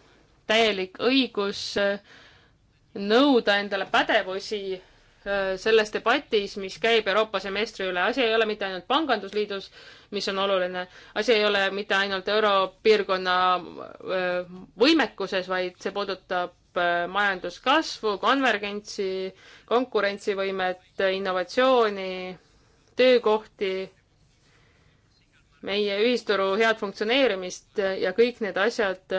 täielik õigus äh, nõuda endale pädevusi äh, selles debatis, mis käib Euroopa semestri üle. asi ei ole mitte ainult pangandusliidus, mis on oluline, asi ei ole mitte ainult europiirkonna äh, võimekuses, vaid see puudutab majanduskasvu, konvergentsi, konkurentsivõimet, innovatsiooni, töökohti, meie ühisturu head funktsioneerimist ja kõik need asjad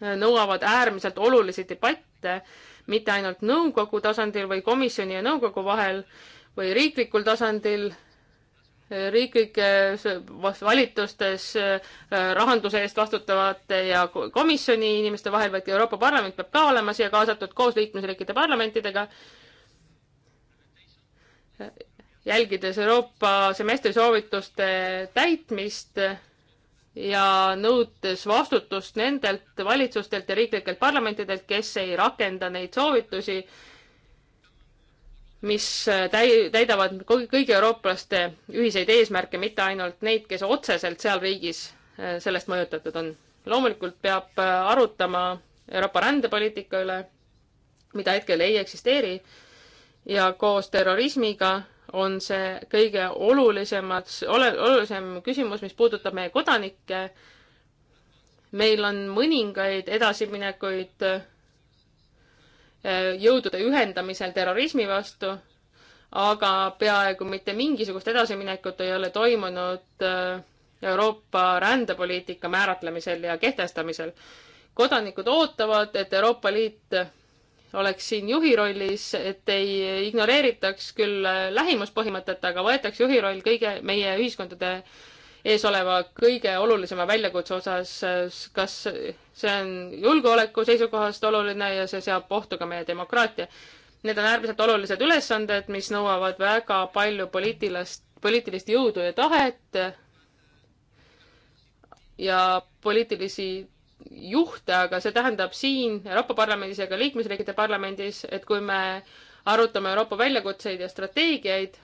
nõuavad äärmiselt olulisi debatte, mitte ainult nõukogu tasandil või komisjoni ja nõukogu vahel või riiklikul tasandil, riiklikes valitustes äh, rahanduse eest vastutavate ja komisjoni inimeste vahel, vaid Euroopa Parlament peab ka olema siia kaasatud koos liikmesriikide parlamentidega, jälgides Euroopa semestri soovituste täitmist ja nõudes vastutust nendelt valitsustelt ja riiklikelt parlamentidelt, kes ei rakenda neid soovitusi, mis täi-, täidavad kõigi eurooplaste ühiseid eesmärke, mitte ainult neid, kes otseselt seal riigis äh, sellest mõjutatud on. loomulikult peab äh, arutama Euroopa rändepoliitika üle, mida hetkel ei eksisteeri, ja koos terrorismiga on see kõige olulisemaks, ole-, olulisem küsimus, mis puudutab meie kodanikke. meil on mõningaid edasiminekuid äh, jõudude ühendamisel terrorismi vastu, aga peaaegu mitte mingisugust edasiminekut ei ole toimunud äh, Euroopa rändepoliitika määratlemisel ja kehtestamisel. kodanikud ootavad, et Euroopa Liit oleks siin juhi rollis, et ei ignoreeritaks küll lähimuspõhimõtet, aga võetaks juhi roll kõige meie ühiskondade ees oleva kõige olulisema väljakutse osas, kas see on julgeoleku seisukohast oluline ja see seab ohtu ka meie demokraatia. Need on äärmiselt olulised ülesanded, mis nõuavad väga palju poliitilist, poliitilist jõudu ja tahet ja poliitilisi juhte, aga see tähendab siin Euroopa Parlamendis ja ka liikmesriikide parlamendis, et kui me arutame Euroopa väljakutseid ja strateegiaid,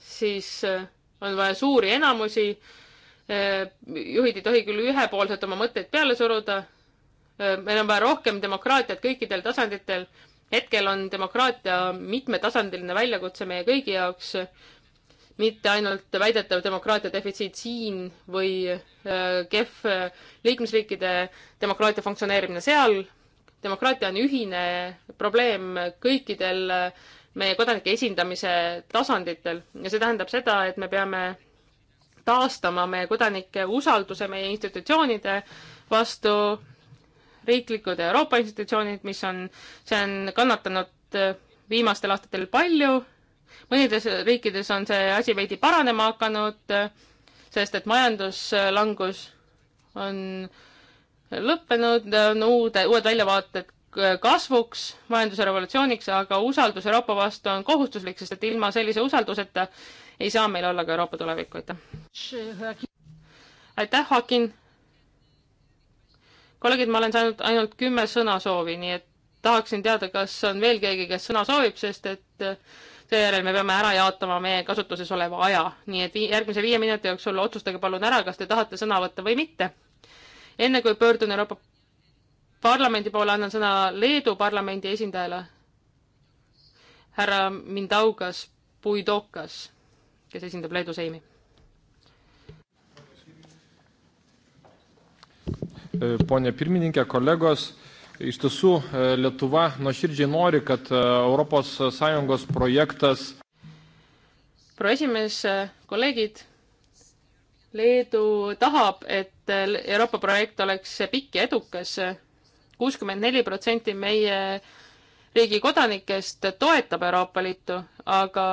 siis äh, on vaja suuri enamusi. Äh, juhid ei tohi küll ühepoolselt oma mõtteid peale suruda. Äh, meil on vaja rohkem demokraatiat kõikidel tasanditel. hetkel on demokraatia mitmetasandiline väljakutse meie kõigi jaoks mitte ainult väidetav demokraatia defitsiit siin või äh, kehv äh, liikmesriikide demokraatia funktsioneerimine seal. demokraatia on ühine probleem kõikidel äh, meie kodanike esindamise tasanditel ja see tähendab seda, et me peame taastama meie kodanike usalduse meie institutsioonide vastu, riiklikud ja Euroopa institutsioonid, mis on, see on kannatanud viimastel aastatel palju mõnides riikides on see asi veidi paranema hakanud, sest et majanduslangus on lõppenud, on uude, uued väljavaated kasvuks, majandusrevolutsiooniks, aga usaldus Euroopa vastu on kohustuslik, sest et ilma sellise usalduseta ei saa meil olla ka Euroopa tulevikku, aitäh. aitäh, Hakin. kolleegid, ma olen saanud ainult kümme sõnasoovi, nii et tahaksin teada, kas on veel keegi, kes sõna soovib, sest et seejärel me peame ära jaotama meie kasutuses oleva aja, nii et vii, järgmise viie minuti jooksul otsustage palun ära, kas te tahate sõna võtta või mitte. enne kui pöördun Euroopa Parlamendi poole, annan sõna Leedu parlamendi esindajale, härra Mindaugas Puidokas, kes esindab Leedu Seimi Pone pirmininkė, kolegos, Iš tiesų, e, Lietuva nuoširdžiai nori, kad ES projektas. proua esimees, e, kolleegid, Leedu tahab, et e, Euroopa projekt oleks pikk ja edukas. kuuskümmend neli protsenti meie riigi kodanikest toetab Euroopa Liitu, aga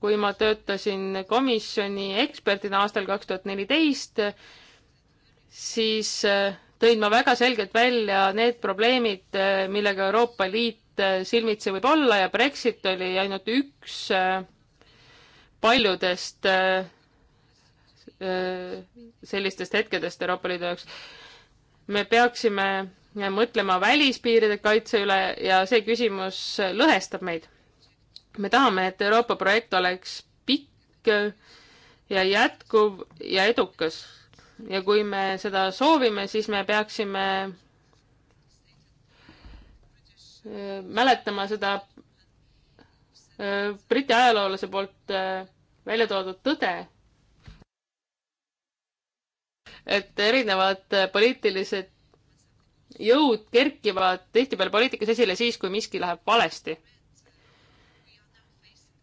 kui ma töötasin komisjoni eksperdina aastal kaks tuhat neliteist, siis tõin ma väga selgelt välja need probleemid, millega Euroopa Liit äh, silmitsi võib olla ja Brexit oli ainult üks äh, paljudest äh, sellistest hetkedest Euroopa Liidu jaoks. me peaksime mõtlema välispiiride kaitse üle ja see küsimus lõhestab meid. me tahame, et Euroopa projekt oleks pikk ja jätkuv ja edukas ja kui me seda soovime, siis me peaksime äh, mäletama seda äh, Briti ajaloolase poolt äh, välja toodud tõde, et erinevad poliitilised jõud kerkivad tihtipeale poliitikas esile siis, kui miski läheb valesti.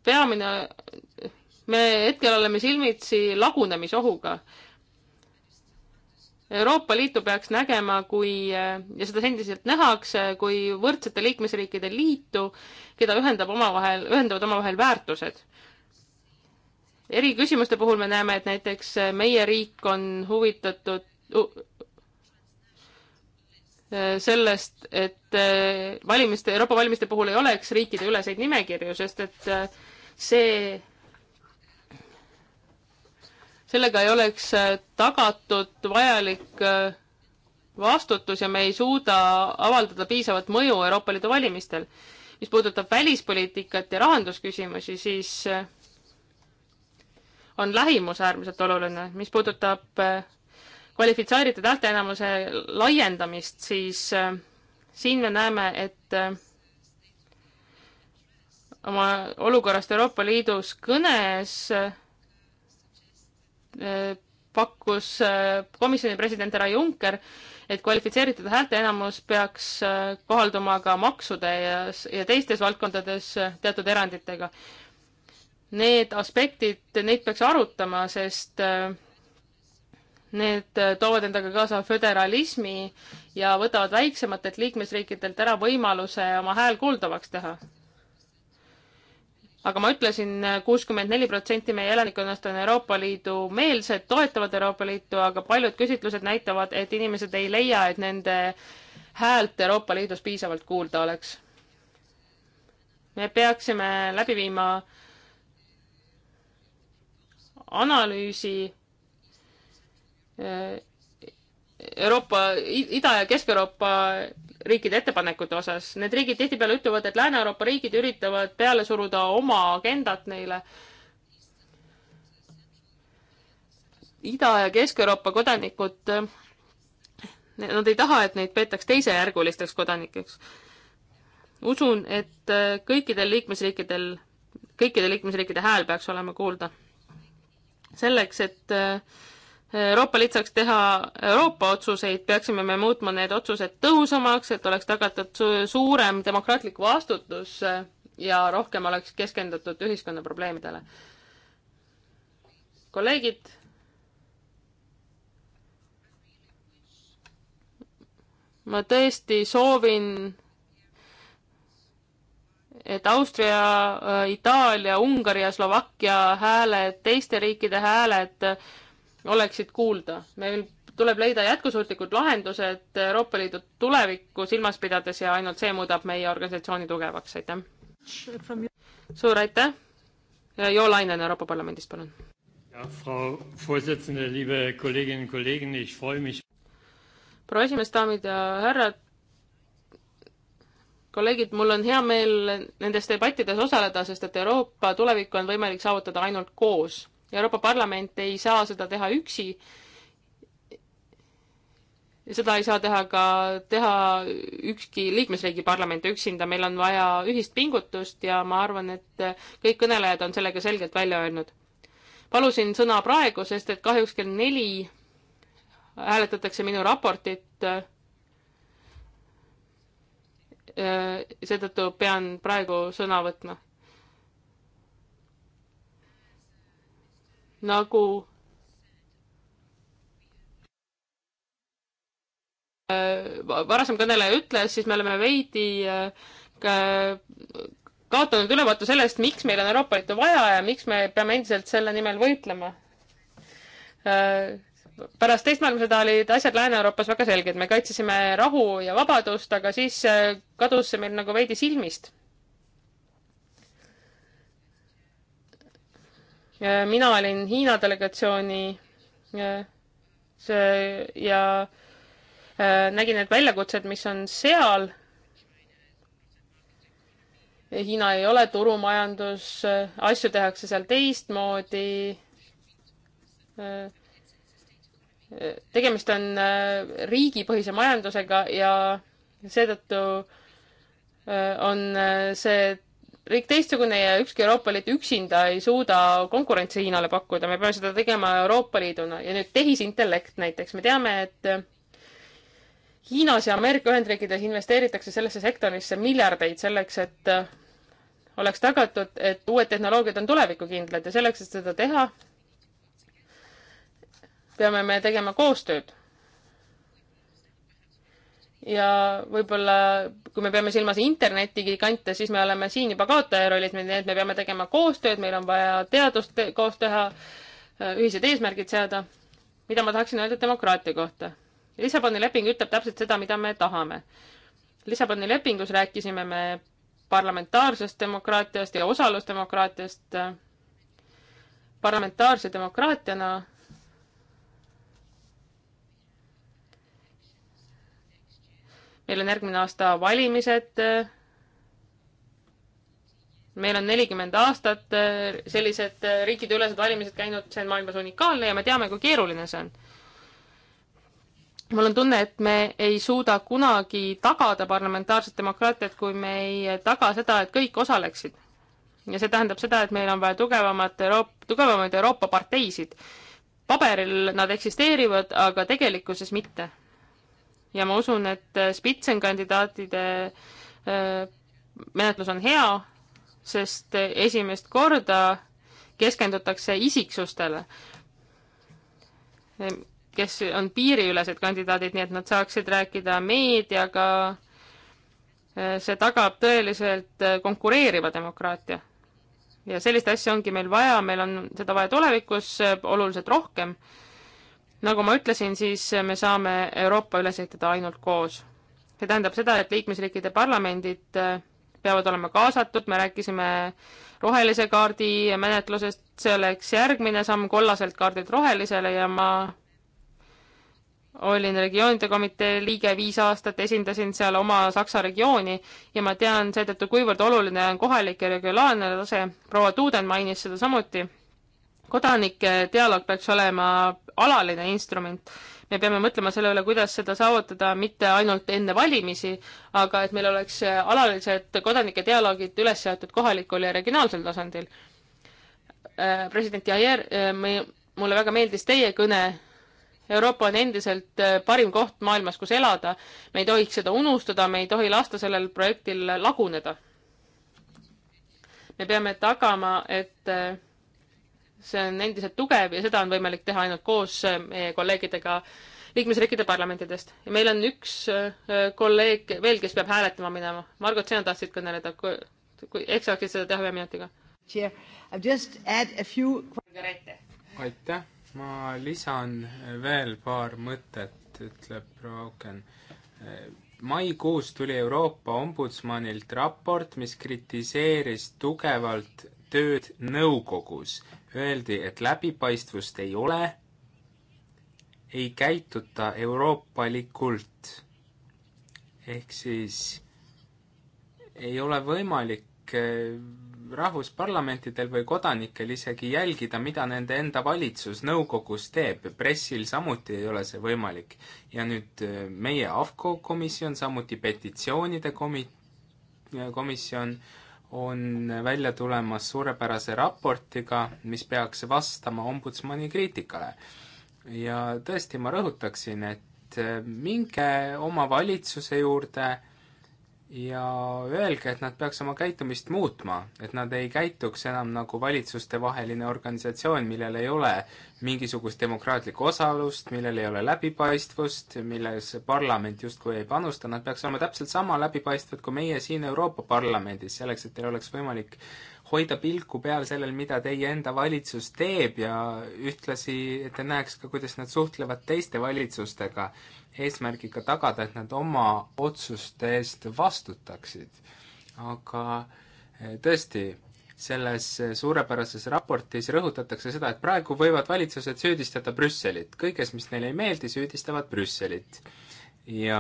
peamine, me hetkel oleme silmitsi lagunemisohuga Euroopa Liitu peaks nägema kui, ja seda endiselt nähakse, kui võrdsete liikmesriikide liitu, keda ühendab omavahel, ühendavad omavahel väärtused. eriküsimuste puhul me näeme, et näiteks meie riik on huvitatud sellest, et valimiste, Euroopa valimiste puhul ei oleks riikide üleseid nimekirju, sest et see sellega ei oleks äh, tagatud vajalik äh, vastutus ja me ei suuda avaldada piisavat mõju Euroopa Liidu valimistel. mis puudutab välispoliitikat ja rahandusküsimusi, siis äh, on lähimus äärmiselt oluline. mis puudutab kvalifitseeritud häälteenamuse laiendamist, siis siin me näeme, et oma olukorrast Euroopa Liidus kõnes Äh, pakkus äh, komisjoni president härra Juncker, et kvalifitseeritud häälteenamus peaks äh, kohalduma ka maksude ja, ja teistes valdkondades teatud eranditega. Need aspektid, neid peaks arutama, sest need toovad endaga kaasa föderalismi ja võtavad väiksematelt liikmesriikidelt ära võimaluse oma hääl kuuldavaks teha aga ma ütlesin, äh, kuuskümmend neli protsenti meie elanikkonnast on Euroopa Liidu meelsed, toetavad Euroopa Liitu, aga paljud küsitlused näitavad, et inimesed ei leia, et nende häält Euroopa Liidus piisavalt kuulda oleks. me peaksime läbi viima analüüsi äh, Euroopa, Ida- ja Kesk-Euroopa riikide ettepanekute osas. Need riigid tihtipeale ütlevad, et Lääne-Euroopa riigid üritavad peale suruda oma agendat neile. Ida- ja Kesk-Euroopa kodanikud, nad ei taha, et neid peetaks teisejärgulisteks kodanikeks. usun, et kõikidel liikmesriikidel, kõikide liikmesriikide hääl peaks olema kuulda. selleks, et äh, Euroopa Liit saaks teha Euroopa otsuseid, peaksime me muutma need otsused tõhusamaks, et oleks tagatud su suurem demokraatlik vastutus ja rohkem oleks keskendutud ühiskonna probleemidele. kolleegid. ma tõesti soovin, et Austria, Itaalia, Ungari ja Slovakkia hääled, teiste riikide hääled oleksid kuulda. meil tuleb leida jätkusuutlikud lahendused Euroopa Liidu tulevikku silmas pidades ja ainult see muudab meie organisatsiooni tugevaks, aitäh! suur aitäh! Jo Lainen Euroopa Parlamendist, palun! proua esimees, daamid ja härrad, kolleegid, mul on hea meel nendes debattides osaleda, sest et Euroopa tulevikku on võimalik saavutada ainult koos Euroopa Parlament ei saa seda teha üksi. seda ei saa teha ka, teha ükski liikmesriigi parlament üksinda, meil on vaja ühist pingutust ja ma arvan, et kõik kõnelejad on sellega selgelt välja öelnud. palusin sõna praegu, sest et kahjuks kell neli hääletatakse minu raportit äh, seetõttu pean praegu sõna võtma. nagu varasem kõneleja ütles, siis me oleme veidi äh, kaotanud ülevaate sellest, miks meil on Euroopa Liitu vaja ja miks me peame endiselt selle nimel võitlema. Äh, pärast teist maailmasõda olid asjad Lääne-Euroopas väga selged, me kaitsesime rahu ja vabadust, aga siis äh, kadus see meil nagu veidi silmist Äh, mina olin Hiina delegatsiooni äh, ja äh, nägin need väljakutsed, mis on seal. Hiina ei ole turumajandus, asju tehakse seal teistmoodi. tegemist on riigipõhise majandusega ja seetõttu on see riik teistsugune ja ükski Euroopa Liit üksinda ei suuda konkurentsi Hiinale pakkuda, me peame seda tegema Euroopa Liiduna ja nüüd tehisintellekt näiteks, me teame, et Hiinas ja Ameerika Ühendriikides investeeritakse sellesse sektorisse miljardeid selleks, et oleks tagatud, et uued tehnoloogiad on tulevikukindlad ja selleks, et seda teha, peame me tegema koostööd ja võib-olla kui me peame silmas internetigigante, siis me oleme siin juba kaotaja rollis, nii et me peame tegema koostööd, meil on vaja teadust koos teha, ühised eesmärgid seada. mida ma tahaksin öelda demokraatia kohta? Lissaboni leping ütleb täpselt seda, mida me tahame. Lissaboni lepingus rääkisime me parlamentaarsest demokraatiast ja osalusdemokraatiast. parlamentaarse demokraatiana meil on järgmine aasta valimised. meil on nelikümmend aastat eh, sellised eh, riikideülesed valimised käinud, see on maailmas unikaalne ja me teame, kui keeruline see on. mul on tunne, et me ei suuda kunagi tagada parlamentaarset demokraatiat, kui me ei taga seda, et kõik osaleksid. ja see tähendab seda, et meil on vaja tugevamat Euroopa, tugevamaid Euroopa parteisid paberil nad eksisteerivad, aga tegelikkuses mitte ja ma usun, et äh, spitsenkandidaatide äh, menetlus on hea, sest äh, esimest korda keskendutakse isiksustele, kes on piiriülesed kandidaadid, nii et nad saaksid rääkida meediaga, see tagab tõeliselt konkureeriva demokraatia. ja sellist asja ongi meil vaja, meil on seda vaja tulevikus oluliselt rohkem nagu ma ütlesin, siis me saame Euroopa üles ehitada ainult koos. see tähendab seda, et liikmesriikide parlamendid äh, peavad olema kaasatud, me rääkisime rohelise kaardi menetlusest, see oleks järgmine samm kollaselt kaardilt rohelisele ja ma olin regioonide komitee liige viis aastat, esindasin seal oma Saksa regiooni ja ma tean seetõttu, kuivõrd oluline on kohalik ja regulaarne tase, proua Tuuden mainis seda samuti kodanike dialoog peaks olema alaline instrument. me peame mõtlema selle üle, kuidas seda saavutada mitte ainult enne valimisi, aga et meil oleks alalised kodanike dialoogid üles seatud kohalikul ja regionaalsel tasandil. Äh, president Jair, äh, mulle väga meeldis teie kõne Euroopa on endiselt äh, parim koht maailmas, kus elada. me ei tohiks seda unustada, me ei tohi lasta sellel projektil laguneda. me peame tagama, et see on endiselt tugev ja seda on võimalik teha ainult koos äh, meie kolleegidega liikmesriikide parlamentidest. ja meil on üks äh, kolleeg veel, kes peab hääletama minema. Margot, sina tahtsid kõneleda, kui, kui, eks saaksid seda teha ühe minutiga? aitäh, ma lisan veel paar mõtet, ütleb proua Auken maikuus tuli Euroopa ombudsmanilt raport, mis kritiseeris tugevalt tööd nõukogus öeldi, et läbipaistvust ei ole, ei käituta euroopalikult. ehk siis ei ole võimalik eh, rahvusparlamentidel või kodanikel isegi jälgida, mida nende enda valitsus nõukogus teeb, pressil samuti ei ole see võimalik. ja nüüd eh, meie AFCO komisjon, samuti petitsioonide komi-, eh, komisjon äh, on välja tulemas suurepärase raportiga, mis peaks vastama ombudsmani kriitikale. ja tõesti, ma rõhutaksin, et minge oma valitsuse juurde ja öelge, et nad peaks oma käitumist muutma, et nad ei käituks enam nagu valitsustevaheline organisatsioon, millel ei ole mingisugust demokraatlikku osalust, millel ei ole läbipaistvust, milles parlament justkui ei panusta, nad peaks olema täpselt sama läbipaistvad kui meie siin Euroopa Parlamendis, selleks et teil oleks võimalik hoida pilku peal sellel, mida teie enda valitsus teeb ja ühtlasi, et te näeks ka, kuidas nad suhtlevad teiste valitsustega, eesmärgiga tagada, et nad oma otsuste eest vastutaksid. aga eh, tõesti, selles suurepärases raportis rõhutatakse seda, et praegu võivad valitsused süüdistada Brüsselit, kõiges, mis neile ei meeldi, süüdistavad Brüsselit. ja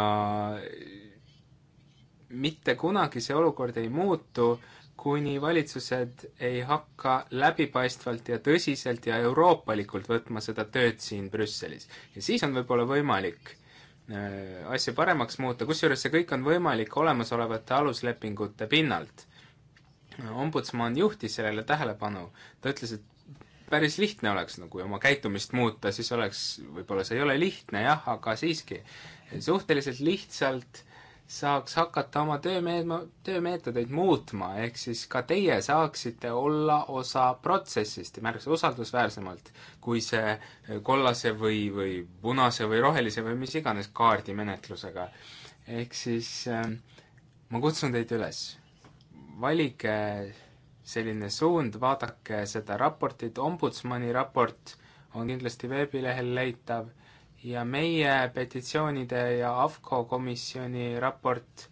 mitte kunagi see olukord ei muutu, kuni valitsused ei hakka läbipaistvalt ja tõsiselt ja euroopalikult võtma seda tööd siin Brüsselis. ja siis on võib-olla võimalik äh, asja paremaks muuta, kusjuures see kõik on võimalik olemasolevate aluslepingute pinnalt. ombudsman juhtis sellele tähelepanu, ta ütles, et päris lihtne oleks nagu oma käitumist muuta, siis oleks, võib-olla see ei ole lihtne jah, aga siiski, suhteliselt lihtsalt saaks hakata oma töömeetma, töömeetodeid muutma, ehk siis ka teie saaksite olla osa protsessist ja märksa usaldusväärsemalt, kui see kollase või, või punase või rohelise või mis iganes kaardi menetlusega. ehk siis ähm, ma kutsun teid üles, valige selline suund, vaadake seda raportit, ombudsmani raport on kindlasti veebilehel leitav ja meie petitsioonide ja AFCO komisjoni raport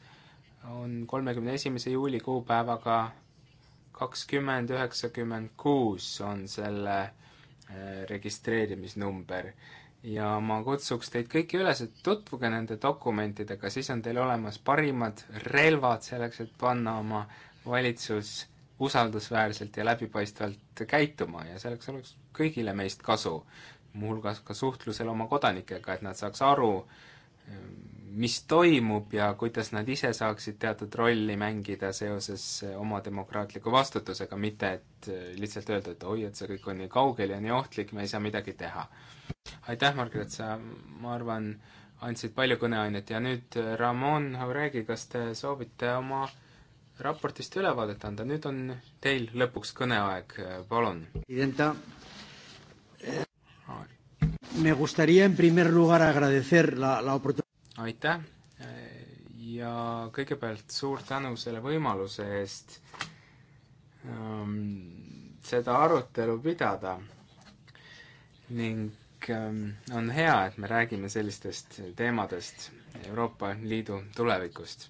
on kolmekümne esimese juuli kuupäevaga kakskümmend üheksakümmend kuus on selle äh, registreerimisnumber ja ma kutsuks teid kõiki üles, et tutvuge nende dokumentidega, siis on teil olemas parimad relvad selleks, et panna oma valitsus usaldusväärselt ja läbipaistvalt käituma ja selleks oleks kõigile meist kasu muuhulgas ka suhtlusel oma kodanikega, et nad saaks aru, mis toimub ja kuidas nad ise saaksid teatud rolli mängida seoses oma demokraatliku vastutusega, mitte et lihtsalt öelda, et oi, et see kõik on nii kaugel ja nii ohtlik, me ei saa midagi teha. aitäh, Margaret, sa, ma arvan, andsid palju kõneainet ja nüüd Ramon Hauregi, kas te soovite oma raportist ülevaadet anda, nüüd on teil lõpuks kõneaeg, palun aitäh eh, ja kõigepealt suur tänu selle võimaluse eest ähm, seda arutelu pidada ning ehm, on hea, et me räägime sellistest teemadest Euroopa Liidu tulevikust.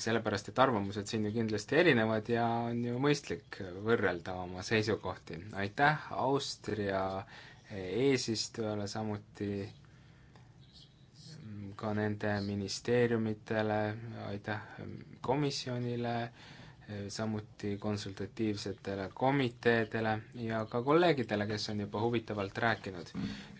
sellepärast, et arvamused siin ju kindlasti erinevad ja on ju mõistlik võrrelda oma seisukohti. aitäh Austria eesistujale, samuti ka nende ministeeriumitele, aitäh komisjonile, samuti konsultatiivsetele komiteedele ja ka kolleegidele, kes on juba huvitavalt rääkinud.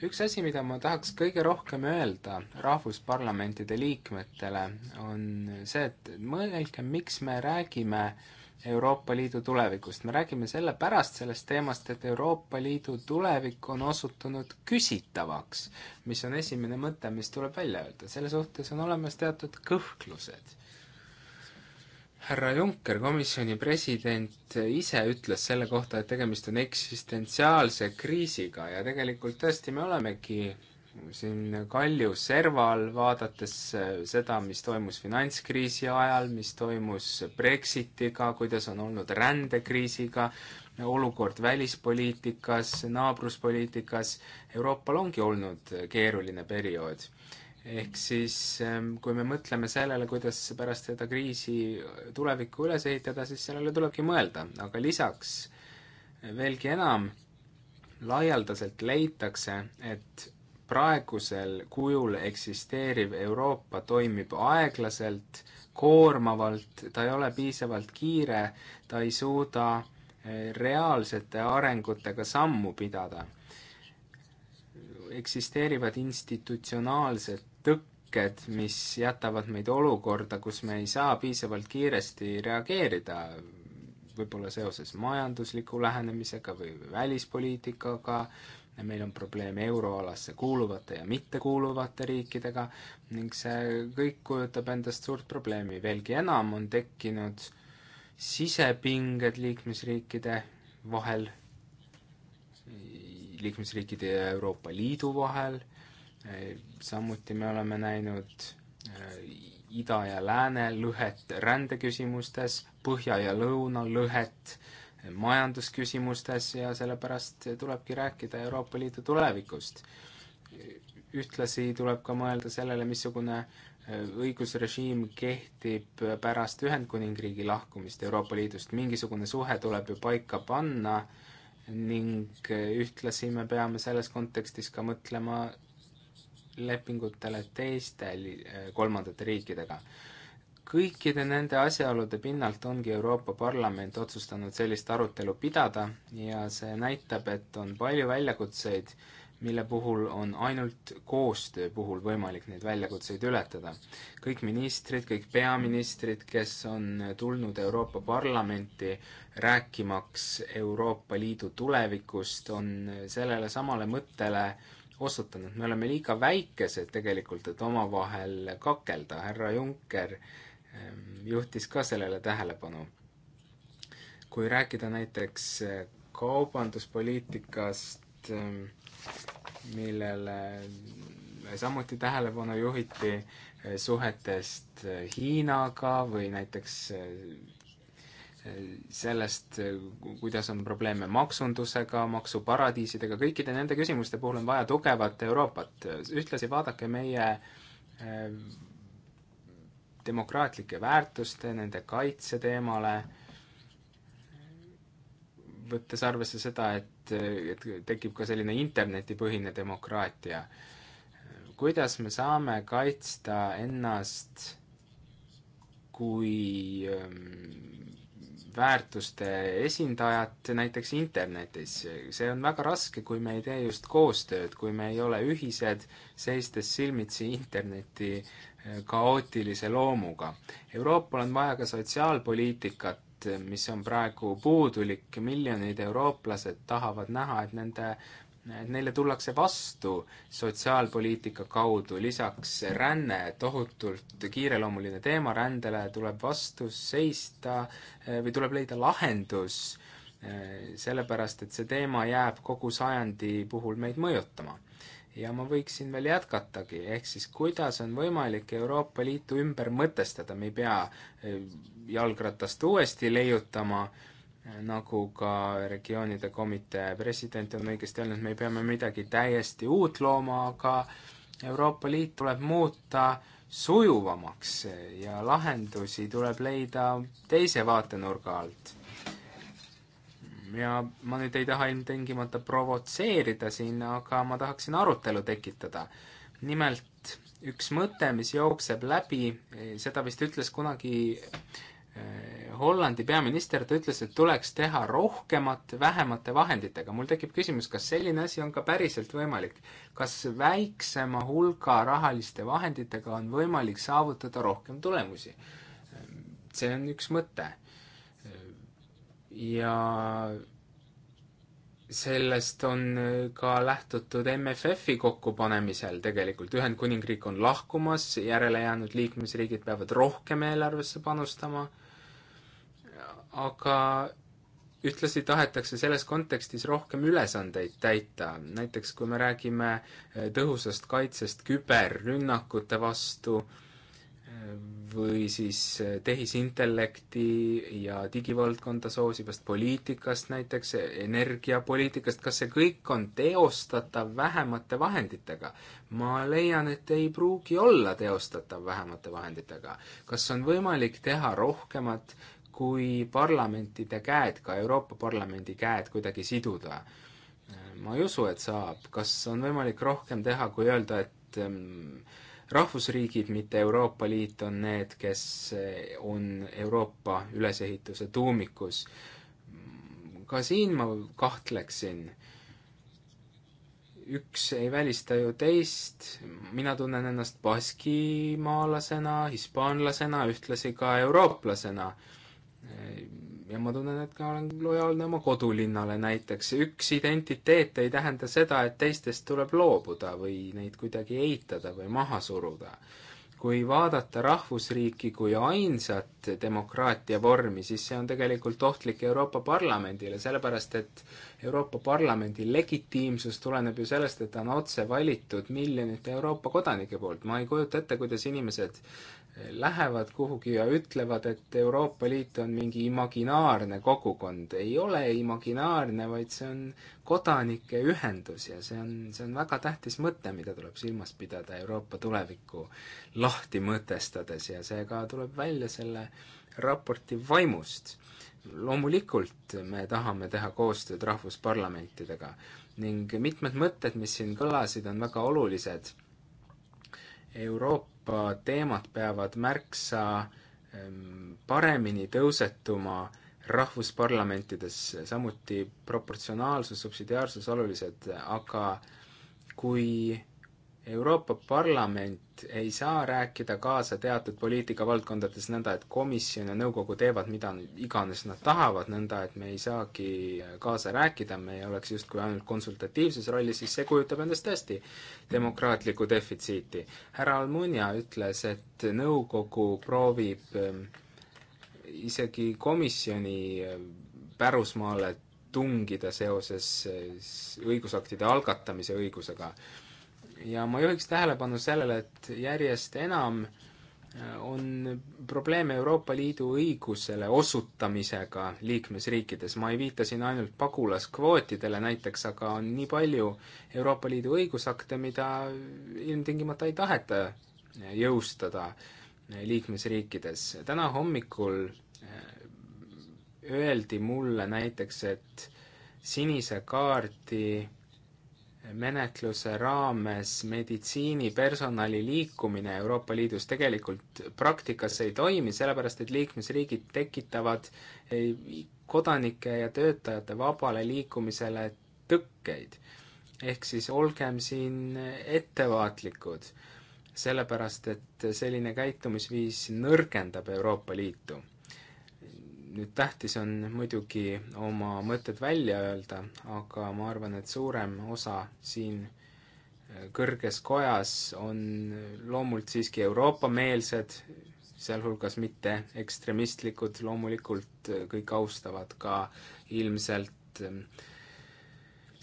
üks asi, mida ma tahaks kõige rohkem öelda rahvusparlamentide liikmetele, on see, et mõelge, miks me räägime äh, Euroopa Liidu tulevikust. me räägime sellepärast sellest teemast, et Euroopa Liidu tulevik on osutunud küsitavaks, mis on esimene mõte, mis tuleb välja öelda. selle suhtes on olemas teatud kõhklused. härra Juncker, komisjoni president, ise ütles selle kohta, et tegemist on eksistentsiaalse kriisiga ja tegelikult tõesti, me olemegi siin Kalju serval, vaadates äh, seda, mis toimus finantskriisi ajal, mis toimus Brexitiga, kuidas on olnud rändekriisiga, olukord välispoliitikas, naabruspoliitikas, Euroopal ongi olnud keeruline periood. ehk siis, ähm, kui me mõtleme sellele, kuidas pärast seda kriisi tulevikku üles ehitada, siis sellele tulebki mõelda, aga lisaks äh, veelgi enam, laialdaselt leitakse, et praegusel kujul eksisteeriv Euroopa toimib aeglaselt, koormavalt, ta ei ole piisavalt kiire, ta ei suuda eh, reaalsete arengutega sammu pidada. eksisteerivad institutsionaalsed tõkked, mis jätavad meid olukorda, kus me ei saa piisavalt kiiresti reageerida, võib-olla seoses majandusliku lähenemisega või välispoliitikaga, meil on probleem euroalasse kuuluvate ja mittekuuluvate riikidega ning see kõik kujutab endast suurt probleemi, veelgi enam on tekkinud sisepinged liikmesriikide vahel, liikmesriikide ja Euroopa Liidu vahel, samuti me oleme näinud äh, ida ja lääne lõhet rändeküsimustes, põhja ja lõuna lõhet äh, majandusküsimustes ja sellepärast tulebki rääkida Euroopa Liidu tulevikust. ühtlasi tuleb ka mõelda sellele, missugune äh, õigusrežiim kehtib pärast Ühendkuningriigi lahkumist Euroopa Liidust, mingisugune suhe tuleb ju paika panna ning äh, ühtlasi me peame selles kontekstis ka mõtlema lepingutele teiste kolmandate riikidega kõikide nende asjaolude pinnalt ongi Euroopa Parlament otsustanud sellist arutelu pidada ja see näitab, et on palju väljakutseid, mille puhul on ainult koostöö puhul võimalik neid väljakutseid ületada. kõik ministrid, kõik peaministrid, kes on tulnud Euroopa Parlamenti rääkimaks Euroopa Liidu tulevikust, on sellele samale mõttele osutanud, me oleme liiga väikesed tegelikult, et omavahel kakelda, härra Juncker äh, Ehm, juhtis ka sellele tähelepanu. kui rääkida näiteks eh, kaubanduspoliitikast, ehm, millele samuti tähelepanu juhiti eh, suhetest eh, Hiinaga või näiteks sellest, kuidas on probleeme maksundusega, maksuparadiisidega, kõikide nende küsimuste puhul on vaja tugevat Euroopat. ühtlasi vaadake meie demokraatlike väärtuste, nende kaitse teemale, võttes arvesse seda, et, et tekib ka selline internetipõhine demokraatia. kuidas me saame kaitsta ennast kui ähm, väärtuste esindajat näiteks internetis. see on väga raske, kui me ei tee just koostööd, kui me ei ole ühised, seistes silmitsi interneti kaootilise loomuga. Euroopal on vaja ka sotsiaalpoliitikat, mis on praegu puudulik, miljonid eurooplased tahavad näha, et nende, et neile tullakse vastu sotsiaalpoliitika kaudu, lisaks ränne, tohutult kiireloomuline teema, rändele tuleb vastu seista eh, või tuleb leida lahendus, eh, sellepärast et see teema jääb kogu sajandi puhul meid mõjutama ja ma võiksin veel jätkatagi, ehk siis kuidas on võimalik Euroopa Liitu ümber mõtestada, me ei pea e, jalgratast uuesti leiutama, e, nagu ka regioonide komitee president on õigesti öelnud, me peame midagi täiesti uut looma, aga Euroopa Liit tuleb muuta sujuvamaks e, ja lahendusi tuleb leida teise vaatenurga alt ja ma nüüd ei taha ilmtingimata provotseerida siin, aga ma tahaksin arutelu tekitada. nimelt üks mõte, mis jookseb läbi, eh, seda vist ütles kunagi eh, Hollandi peaminister, ta ütles, et tuleks teha rohkemat vähemate vahenditega. mul tekib küsimus, kas selline asi on ka päriselt võimalik? kas väiksema hulga rahaliste vahenditega on võimalik saavutada rohkem tulemusi? Eh, see on üks mõte ja sellest on äh, ka lähtutud MFF-i kokkupanemisel tegelikult, Ühendkuningriik on lahkumas, järelejäänud liikmesriigid peavad rohkem eelarvesse panustama, aga ühtlasi tahetakse selles kontekstis rohkem ülesandeid täita, näiteks kui me räägime äh, tõhusast kaitsest küberrünnakute vastu, või siis eh, tehisintellekti ja digivaldkonda soosivast poliitikast näiteks, energiapoliitikast, kas see kõik on teostatav vähemate vahenditega? ma leian, et ei pruugi olla teostatav vähemate vahenditega. kas on võimalik teha rohkemat, kui parlamentide käed, ka Euroopa Parlamendi käed kuidagi siduda? Eh, ma ei usu, et saab. kas on võimalik rohkem teha, kui öelda, et ähm, rahvusriigid, mitte Euroopa Liit on need, kes eh, on Euroopa ülesehituse tuumikus. ka siin ma kahtleksin. üks ei välista ju teist, mina tunnen ennast baskimaalasena, hispaanlasena, ühtlasi ka eurooplasena eh, ja ma tunnen, et ka olen lojaalne oma kodulinnale näiteks. üks identiteet ei tähenda seda, et teistest tuleb loobuda või neid kuidagi eitada või maha suruda. kui vaadata rahvusriiki kui ainsat demokraatia vormi, siis see on tegelikult ohtlik Euroopa Parlamendile, sellepärast et Euroopa Parlamendi legitiimsus tuleneb ju sellest, et ta on otse valitud miljonite Euroopa kodanike poolt. ma ei kujuta ette, kuidas inimesed lähevad kuhugi ja ütlevad, et Euroopa Liit on mingi imaginaarne kogukond. ei ole imaginaarne, vaid see on kodanike ühendus ja see on, see on väga tähtis mõte, mida tuleb silmas pidada Euroopa tulevikku lahti mõtestades ja see ka tuleb välja selle raporti vaimust. loomulikult me tahame teha koostööd rahvusparlamentidega ning mitmed mõtted, mis siin kõlasid, on väga olulised Euroopa teemad peavad märksa ehm, paremini tõusetuma rahvusparlamentides, samuti proportsionaalsus, subsidiaarsus olulised, aga kui Euroopa Parlament ei saa rääkida kaasa teatud poliitikavaldkondades nõnda, et komisjon ja nõukogu teevad, mida iganes nad tahavad, nõnda et me ei saagi kaasa rääkida, me ei oleks justkui ainult konsultatiivses rollis, siis see kujutab endast tõesti demokraatlikku defitsiiti. härra Almunia ütles, et nõukogu proovib ähm, isegi komisjoni ähm, pärusmaale tungida seoses äh, õigusaktide algatamise õigusega ja ma juhiks tähelepanu sellele, et järjest enam äh, on probleeme Euroopa Liidu õigusele osutamisega liikmesriikides. ma ei viita siin ainult pagulaskvootidele näiteks, aga on nii palju Euroopa Liidu õigusakte, mida ilmtingimata ei taheta jõustada liikmesriikides. täna hommikul äh, öeldi mulle näiteks, et sinise kaardi menetluse raames meditsiinipersonali liikumine Euroopa Liidus tegelikult praktikas ei toimi, sellepärast et liikmesriigid tekitavad kodanike ja töötajate vabale liikumisele tõkkeid. ehk siis olgem siin ettevaatlikud, sellepärast et selline käitumisviis nõrgendab Euroopa Liitu nüüd tähtis on muidugi oma mõtted välja öelda, aga ma arvan, et suurem osa siin äh, kõrges kojas on loomult siiski Euroopa-meelsed, sealhulgas mitte ekstremistlikud, loomulikult äh, kõik austavad ka ilmselt äh,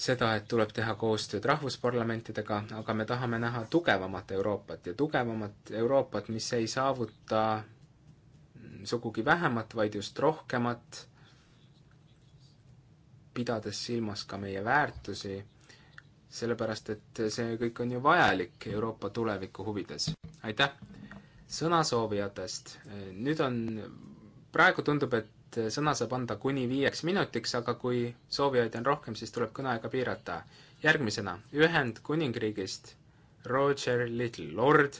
seda, et tuleb teha koostööd rahvusparlamentidega, aga me tahame näha tugevamat Euroopat ja tugevamat Euroopat, mis ei saavuta sugugi vähemat, vaid just rohkemat, pidades silmas ka meie väärtusi, sellepärast et see kõik on ju vajalik Euroopa tuleviku huvides. aitäh! sõnasoovijatest, nüüd on, praegu tundub, et sõna saab anda kuni viieks minutiks, aga kui soovijaid on rohkem, siis tuleb kõneaega piirata. järgmisena Ühendkuningriigist Roger Little, lord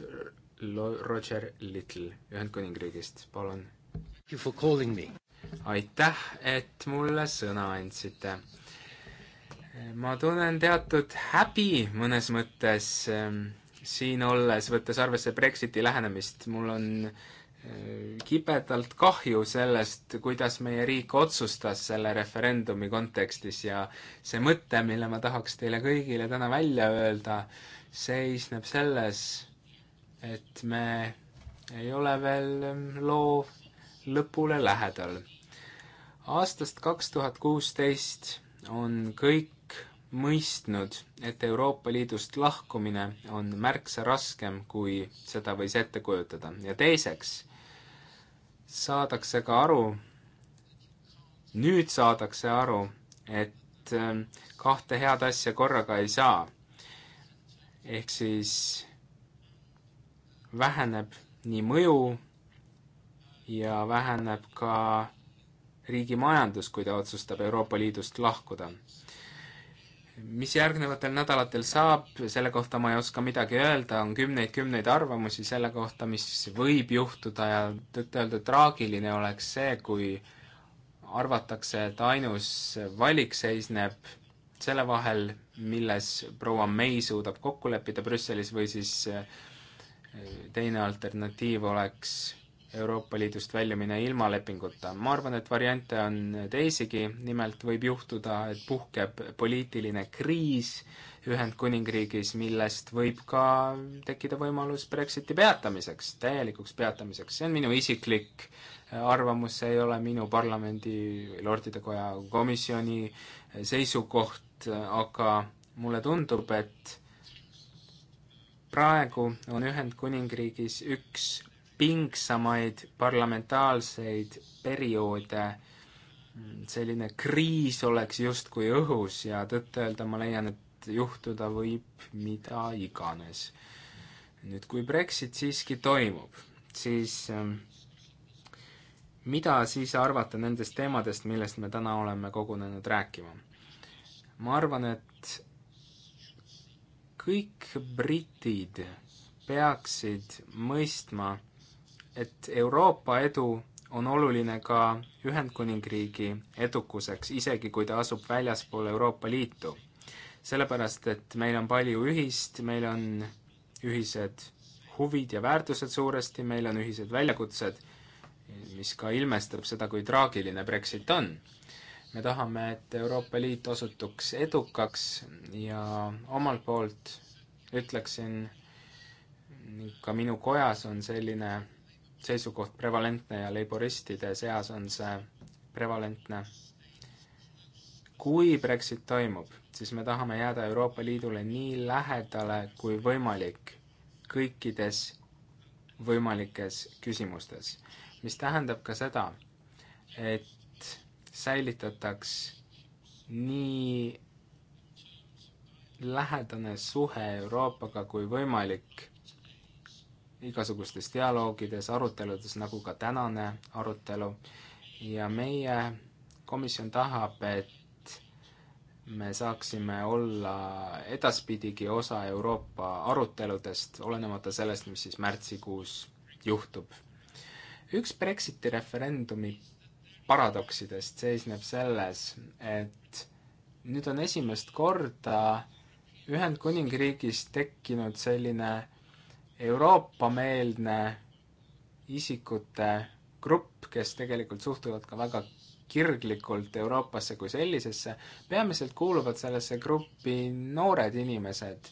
Roger Little Ühendkuningriigist, palun. aitäh, et mulle sõna andsite. ma tunnen teatud häbi mõnes mõttes ehm, siin olles, võttes arvesse Brexiti lähenemist, mul on ehm, kibedalt kahju sellest, kuidas meie riik otsustas selle referendumi kontekstis ja see mõte, mille ma tahaks teile kõigile täna välja öelda, seisneb selles, et me ei ole veel ähm, loo lõpule lähedal. aastast kaks tuhat kuusteist on kõik mõistnud, et Euroopa Liidust lahkumine on märksa raskem, kui seda võis ette kujutada ja teiseks saadakse ka aru, nüüd saadakse aru, et ähm, kahte head asja korraga ei saa. ehk siis väheneb nii mõju ja väheneb ka riigi majandus, kui ta otsustab Euroopa Liidust lahkuda. mis järgnevatel nädalatel saab, selle kohta ma ei oska midagi öelda, on kümneid-kümneid arvamusi selle kohta, mis võib juhtuda ja tõtt-öelda traagiline oleks see, kui arvatakse, et ainus valik seisneb selle vahel, milles proua May suudab kokku leppida Brüsselis või siis teine alternatiiv oleks Euroopa Liidust väljumine ilma lepinguta. ma arvan, et variante on teisigi, nimelt võib juhtuda, et puhkeb poliitiline kriis Ühendkuningriigis, millest võib ka tekkida võimalus Brexiti peatamiseks, täielikuks peatamiseks, see on minu isiklik äh, arvamus, see ei ole minu parlamendi või Lordide Koja komisjoni seisukoht, äh, aga mulle tundub, et praegu on Ühendkuningriigis üks pingsamaid parlamentaarseid perioode, selline kriis oleks justkui õhus ja tõtt-öelda ma leian, et juhtuda võib mida iganes. nüüd, kui Brexit siiski toimub, siis ähm, mida siis arvata nendest teemadest, millest me täna oleme kogunenud rääkima? ma arvan, et kõik britid peaksid mõistma, et Euroopa edu on oluline ka Ühendkuningriigi edukuseks, isegi kui ta asub väljaspool Euroopa Liitu. sellepärast, et meil on palju ühist, meil on ühised huvid ja väärtused suuresti, meil on ühised väljakutsed, mis ka ilmestab seda, kui traagiline Brexit on me tahame, et Euroopa Liit osutuks edukaks ja omalt poolt ütleksin, ka minu kojas on selline seisukoht prevalentne ja laboristide seas on see prevalentne. kui Brexit toimub, siis me tahame jääda Euroopa Liidule nii lähedale kui võimalik kõikides võimalikes küsimustes, mis tähendab ka seda, et säilitataks nii lähedane suhe Euroopaga kui võimalik igasugustes dialoogides, aruteludes, nagu ka tänane arutelu. ja meie komisjon tahab, et me saaksime olla edaspidigi osa Euroopa aruteludest, olenemata sellest, mis siis märtsikuus juhtub. üks Brexiti referendumi paradoksidest seisneb selles, et nüüd on esimest korda Ühendkuningriigis tekkinud selline Euroopa-meelne isikute grupp, kes tegelikult suhtuvad ka väga kirglikult Euroopasse kui sellisesse. peamiselt kuuluvad sellesse gruppi noored inimesed.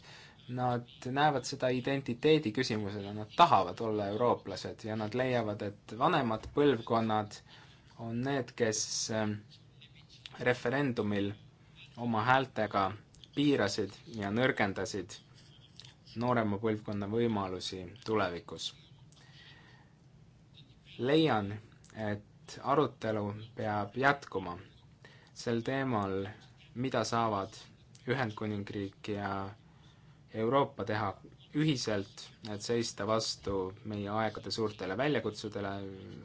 Nad näevad seda identiteedi küsimusena, nad tahavad olla eurooplased ja nad leiavad, et vanemad põlvkonnad äh, on need, kes ähm, referendumil oma häältega piirasid ja nõrgendasid noorema põlvkonna võimalusi tulevikus. leian, et arutelu peab jätkuma sel teemal, mida saavad Ühendkuningriik ja Euroopa teha ühiselt, et seista vastu meie aegade suurtele väljakutsudele,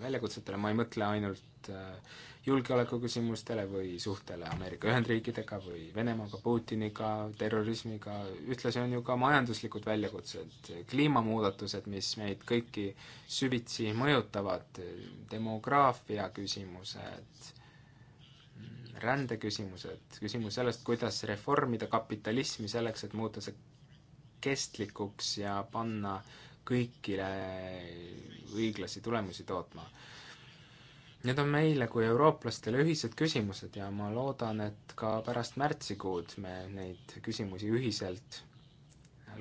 väljakutsetele, ma ei mõtle ainult äh, julgeolekuküsimustele või suhtele Ameerika Ühendriikidega või Venemaaga, Putiniga, terrorismiga, ühtlasi on ju ka majanduslikud väljakutsed, kliimamuudatused, mis meid kõiki süvitsi mõjutavad, demograafia küsimused, rändeküsimused, küsimus sellest, kuidas reformida kapitalismi selleks, et muuta see kestlikuks ja panna kõigile õiglasi tulemusi tootma. Need on meile kui eurooplastele ühised küsimused ja ma loodan, et ka pärast märtsikuud me neid küsimusi ühiselt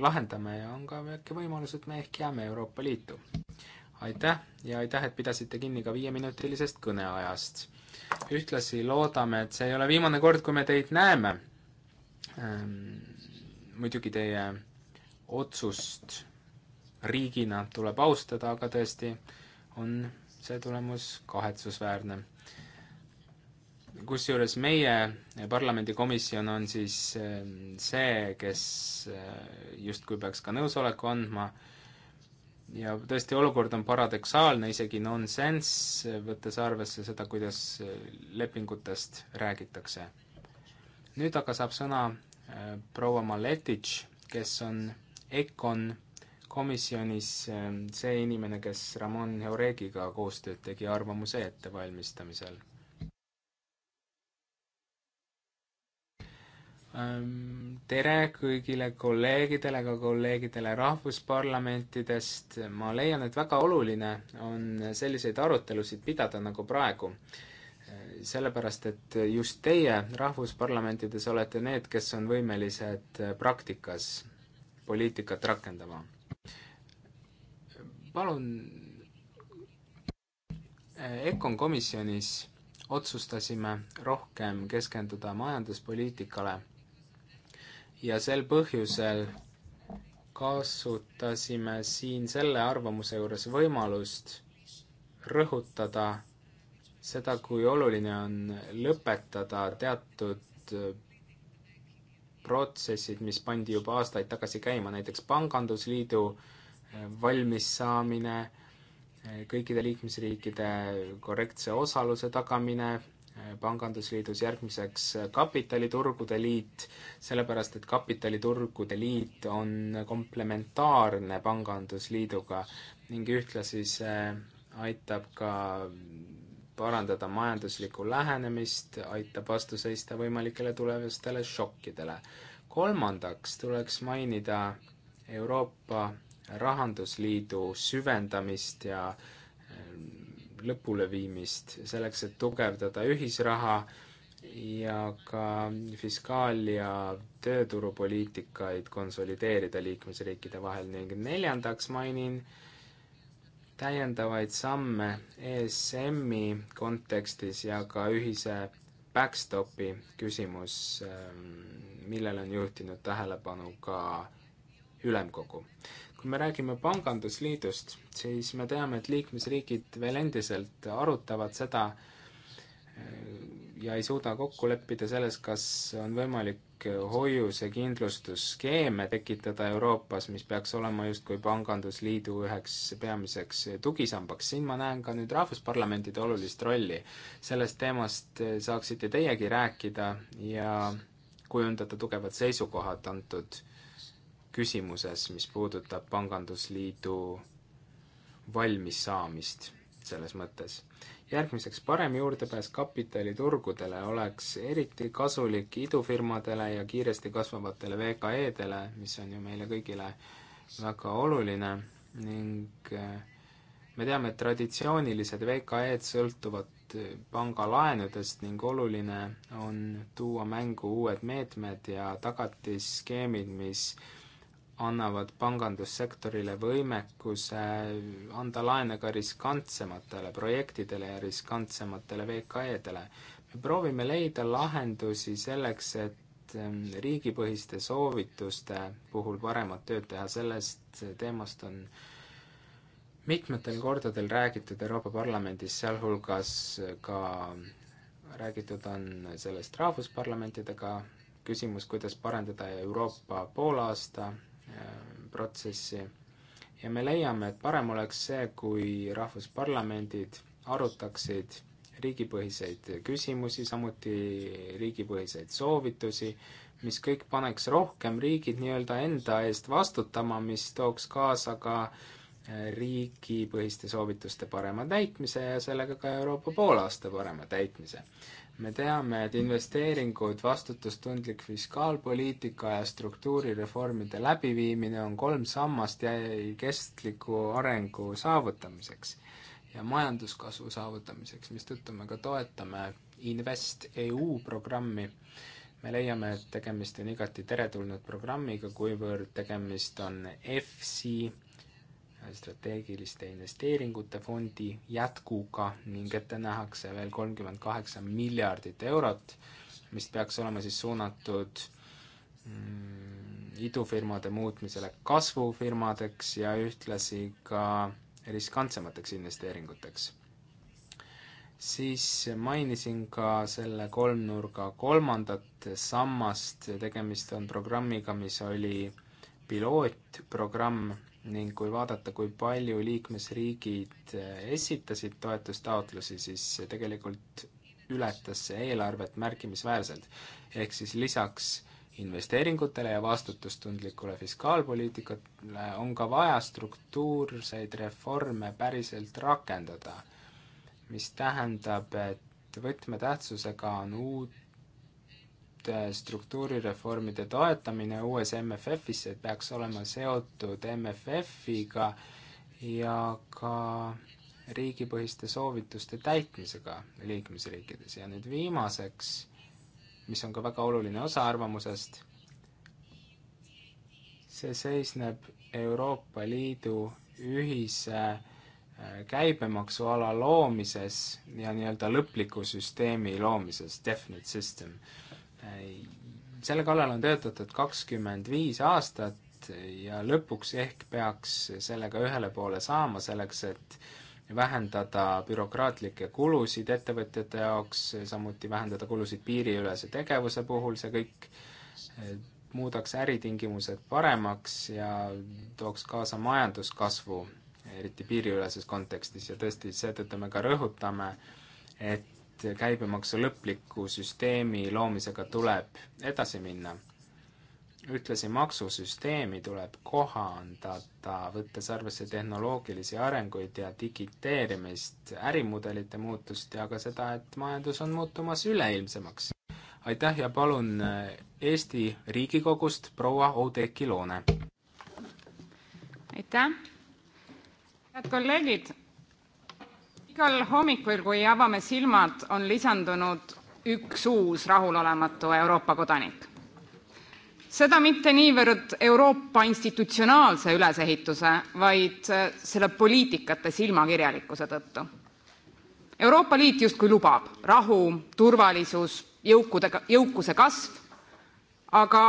lahendame ja on ka väike võimalus, et me ehk jääme Euroopa Liitu. aitäh ja aitäh, et pidasite kinni ka viieminutilisest kõneajast. ühtlasi loodame, et see ei ole viimane kord, kui me teid näeme ähm,. muidugi teie otsust riigina tuleb austada, aga tõesti on see tulemus kahetsusväärne. kusjuures meie parlamendikomisjon on siis ehm, see, kes ehm, justkui peaks ka nõusoleku andma ja tõesti, olukord on paradoksaalne, isegi nonsenss, võttes arvesse seda, kuidas ehm, lepingutest räägitakse. nüüd aga saab sõna proua Maletitš, kes on EKON komisjonis ähm, see inimene, kes Ramon Jauregiga koostööd tegi arvamuse ettevalmistamisel ähm, tere kõigile kolleegidele, ka kolleegidele rahvusparlamentidest. ma leian, et väga oluline on selliseid arutelusid pidada nagu praegu. Äh, sellepärast, et just teie rahvusparlamentides olete need, kes on võimelised äh, praktikas poliitikat rakendama. palun, EKOn eh, komisjonis otsustasime rohkem keskenduda majanduspoliitikale ja sel põhjusel kasutasime siin selle arvamuse juures võimalust rõhutada seda, kui oluline on lõpetada teatud protsessid, mis pandi juba aastaid tagasi käima, näiteks Pangandusliidu eh, valmis saamine, eh, kõikide liikmesriikide korrektse osaluse tagamine, eh, pangandusliidus järgmiseks kapitaliturgude liit, sellepärast et kapitaliturgude liit on komplementaarne pangandusliiduga ning ühtlasi see aitab ka parandada majanduslikku lähenemist, aitab vastu seista võimalikele tulevastele šokkidele. kolmandaks tuleks mainida Euroopa Rahandusliidu süvendamist ja eh, lõpuleviimist selleks, et tugevdada ühisraha ja ka fiskaal- ja tööturupoliitikaid konsolideerida liikmesriikide vahel ning neljandaks mainin äh, täiendavaid samme ESM-i kontekstis ja ka ühise backstopi küsimus, ähm, millele on juhtinud tähelepanu ka ülemkogu. kui me räägime pangandusliidust, siis me teame, et liikmesriigid veel endiselt arutavad seda, ja ei suuda kokku leppida selles, kas on võimalik hoiusekindlustusskeeme tekitada Euroopas, mis peaks olema justkui pangandusliidu üheks peamiseks tugisambaks. siin ma näen ka nüüd rahvusparlamentide olulist rolli. sellest teemast saaksite teiegi rääkida ja kujundada tugevad seisukohad antud küsimuses, mis puudutab pangandusliidu valmissaamist selles mõttes. järgmiseks, parem juurdepääs kapitaliturgudele oleks eriti kasulik idufirmadele ja kiiresti kasvavatele VKE-dele, mis on ju meile kõigile väga oluline ning eh, me teame, et traditsioonilised VKE-d sõltuvad eh, pangalaenudest ning oluline on tuua mängu uued meetmed ja tagatisskeemid, mis annavad pangandussektorile võimekuse anda laene ka riskantsematele projektidele ja riskantsematele VKE-dele. me proovime leida lahendusi selleks, et ähm, riigipõhiste soovituste puhul paremat tööd teha, sellest teemast on mitmetel kordadel räägitud Euroopa Parlamendis, sealhulgas ka räägitud on sellest rahvusparlamentidega, küsimus, kuidas parandada Euroopa poolaasta protsessi. ja me leiame, et parem oleks see, kui rahvusparlamendid arutaksid riigipõhiseid küsimusi, samuti riigipõhiseid soovitusi, mis kõik paneks rohkem riigid nii-öelda enda eest vastutama, mis tooks kaasa ka äh, riigipõhiste soovituste parema täitmise ja sellega ka Euroopa poolaasta parema täitmise me teame, et investeeringud, vastutustundlik fiskaalpoliitika ja struktuurireformide läbiviimine on kolm sammast kestliku arengu saavutamiseks ja majanduskasvu saavutamiseks, mistõttu me ka toetame InvestEU programmi. me leiame, et tegemist on igati teretulnud programmiga, kuivõrd tegemist on EFSI strateegiliste investeeringute fondi jätkuga ning ette nähakse veel kolmkümmend kaheksa miljardit eurot, mis peaks olema siis suunatud mm, idufirmade muutmisele kasvufirmadeks ja ühtlasi ka riskantsemateks investeeringuteks. siis mainisin ka selle kolmnurga kolmandat sammast, tegemist on programmiga, mis oli pilootprogramm ning kui vaadata, kui palju liikmesriigid eh, esitasid toetustaotlusi, siis tegelikult ületas see eelarvet märkimisväärselt. ehk siis lisaks investeeringutele ja vastutustundlikule fiskaalpoliitikale on ka vaja struktuurseid reforme päriselt rakendada, mis tähendab, et võtmetähtsusega on uut Äh, struktuurireformide toetamine uues MFF-is, see peaks olema seotud MFF-iga ja ka riigipõhiste soovituste täitmisega liikmesriikides ja nüüd viimaseks, mis on ka väga oluline osa arvamusest, see seisneb Euroopa Liidu ühise äh, käibemaksuala loomises ja nii-öelda lõpliku süsteemi loomises, definite system selle kallal on töötatud kakskümmend viis aastat ja lõpuks ehk peaks sellega ühele poole saama, selleks et vähendada bürokraatlikke kulusid ettevõtjate jaoks, samuti vähendada kulusid piiriülese tegevuse puhul, see kõik eh, muudaks äritingimused paremaks ja tooks kaasa majanduskasvu, eriti piiriüleses kontekstis ja tõesti, seetõttu me ka rõhutame, et et käibemaksu lõpliku süsteemi loomisega tuleb edasi minna. ühtlasi maksusüsteemi tuleb kohandada, võttes arvesse tehnoloogilisi arenguid ja digiteerimist, ärimudelite muutust ja ka seda, et majandus on muutumas üleilmsemaks. aitäh ja palun äh, Eesti Riigikogust proua Oudekki Loone. aitäh, head kolleegid igal hommikul, kui avame silmad, on lisandunud üks uus rahulolematu Euroopa kodanik. seda mitte niivõrd Euroopa institutsionaalse ülesehituse, vaid äh, selle poliitikate silmakirjalikkuse tõttu. Euroopa Liit justkui lubab rahu, turvalisus, jõukude, jõukuse kasv, aga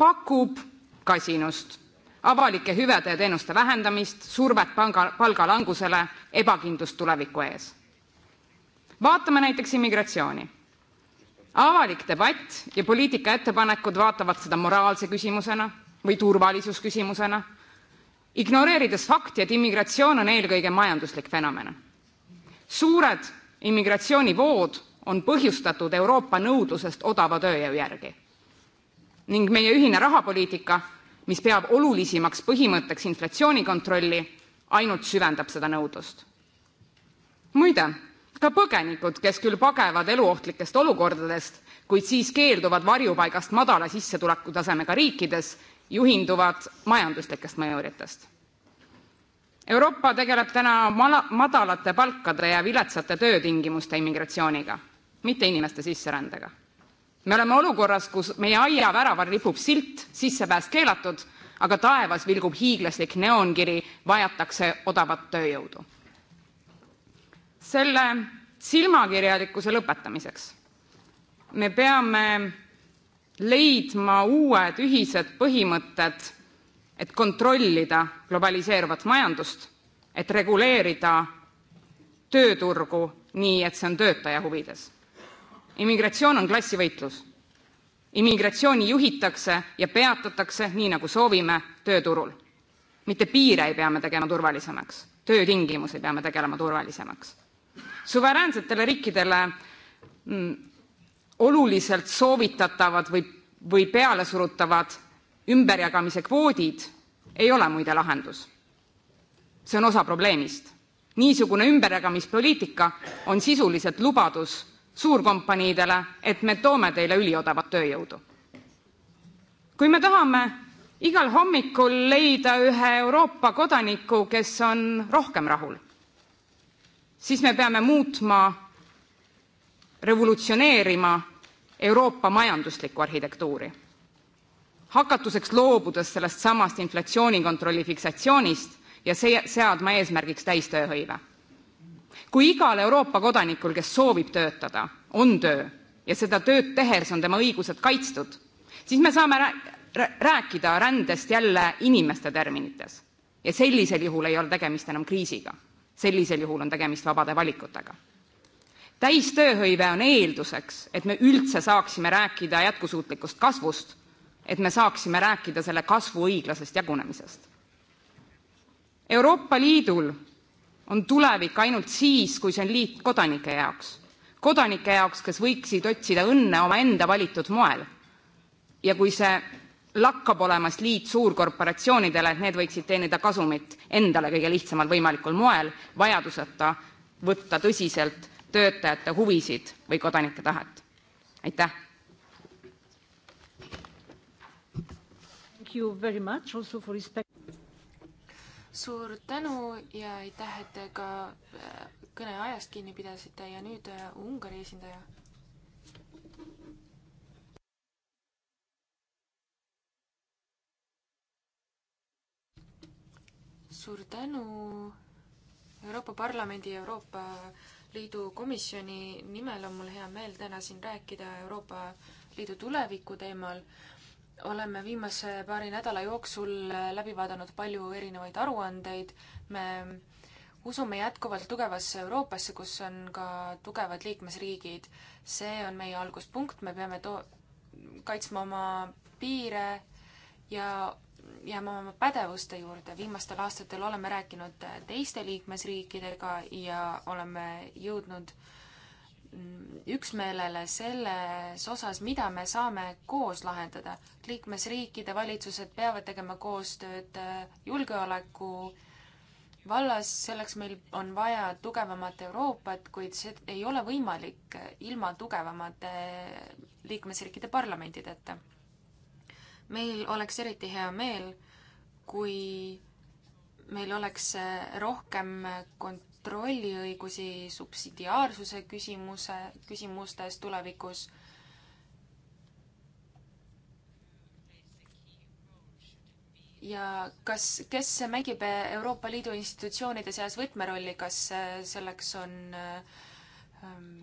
pakub kasinust, avalike hüvede ja teenuste vähendamist, survet panga, palgalangusele, ebakindlust tuleviku ees. vaatame näiteks immigratsiooni. avalik debatt ja poliitikaettepanekud vaatavad seda moraalse küsimusena või turvalisusküsimusena, ignoreerides fakti, et immigratsioon on eelkõige majanduslik fenomen. suured immigratsioonivood on põhjustatud Euroopa nõudlusest odava tööjõu järgi ning meie ühine rahapoliitika mis peab olulisimaks põhimõtteks inflatsioonikontrolli, ainult süvendab seda nõudlust. muide, ka põgenikud, kes küll pagevad eluohtlikest olukordadest, kuid siis keelduvad varjupaigast madala sissetulekutasemega riikides, juhinduvad majanduslikest mõjuritest. Euroopa tegeleb täna madalate palkade ja viletsate töötingimuste immigratsiooniga, mitte inimeste sisserändega me oleme olukorras, kus meie aia väraval ripub silt "Sissepääs keelatud", aga taevas vilgub hiiglaslik neoonkiri "Vajatakse odavat tööjõudu". selle silmakirjalikkuse lõpetamiseks me peame leidma uued ühised põhimõtted, et kontrollida globaliseeruvat majandust, et reguleerida tööturgu nii, et see on töötaja huvides immigratsioon on klassivõitlus. immigratsiooni juhitakse ja peatatakse nii, nagu soovime, tööturul. mitte piire ei pea me tegema turvalisemaks, töötingimusi peame tegelema turvalisemaks. suveräänsetele riikidele mm, oluliselt soovitatavad või, või pealesurutavad ümberjagamise kvoodid ei ole muide lahendus. see on osa probleemist. niisugune ümberjagamispoliitika on sisuliselt lubadus suurkompaniidele, et me toome teile üliodavat tööjõudu. kui me tahame igal hommikul leida ühe Euroopa kodaniku, kes on rohkem rahul, siis me peame muutma, revolutsioneerima Euroopa majanduslikku arhitektuuri. hakatuseks loobudes sellest samast inflatsioonikontrolli fiksatsioonist ja see, seadma eesmärgiks täistööhõive kui igal Euroopa kodanikul, kes soovib töötada, on töö ja seda tööd tehes on tema õigused kaitstud, siis me saame rääkida rändest jälle inimeste terminites ja sellisel juhul ei ole tegemist enam kriisiga, sellisel juhul on tegemist vabade valikutega. täistööhõive on eelduseks, et me üldse saaksime rääkida jätkusuutlikust kasvust, et me saaksime rääkida selle kasvu õiglasest jagunemisest. Euroopa Liidul on tulevik ainult siis, kui see on liit kodanike jaoks. kodanike jaoks, kes võiksid otsida õnne omaenda valitud moel. ja kui see lakkab olemast liit suurkorporatsioonidele, et need võiksid teenida kasumit endale kõige lihtsamal võimalikul moel, vajaduseta võtta tõsiselt töötajate huvisid või kodanike tahet. aitäh! Thank you very much also for respect suur tänu ja aitäh, et te ka äh, kõne ajast kinni pidasite ja nüüd äh, Ungari esindaja. suur tänu Euroopa Parlamendi ja Euroopa Liidu komisjoni nimel on mul hea meel täna siin rääkida Euroopa Liidu tuleviku teemal oleme viimase paari nädala jooksul äh, läbi vaadanud palju erinevaid aruandeid, me usume jätkuvalt tugevasse Euroopasse, kus on ka tugevad liikmesriigid. see on meie alguspunkt, me peame to-, kaitsma oma piire ja jääma oma pädevuste juurde. viimastel aastatel oleme rääkinud teiste liikmesriikidega ja oleme jõudnud äh, üksmeelele selles osas, mida me saame koos lahendada. liikmesriikide valitsused peavad tegema koostööd äh, julgeoleku vallas, selleks meil on vaja tugevamat Euroopat, kuid see ei ole võimalik ilma tugevamate liikmesriikide parlamentideta. meil oleks eriti hea meel, kui meil oleks äh, rohkem kont-, kontrolliõigusi subsidiaarsuse küsimuse, küsimustes tulevikus ja kas, kes mängib Euroopa Liidu institutsioonide seas võtmerolli, kas äh, selleks on äh, ähm,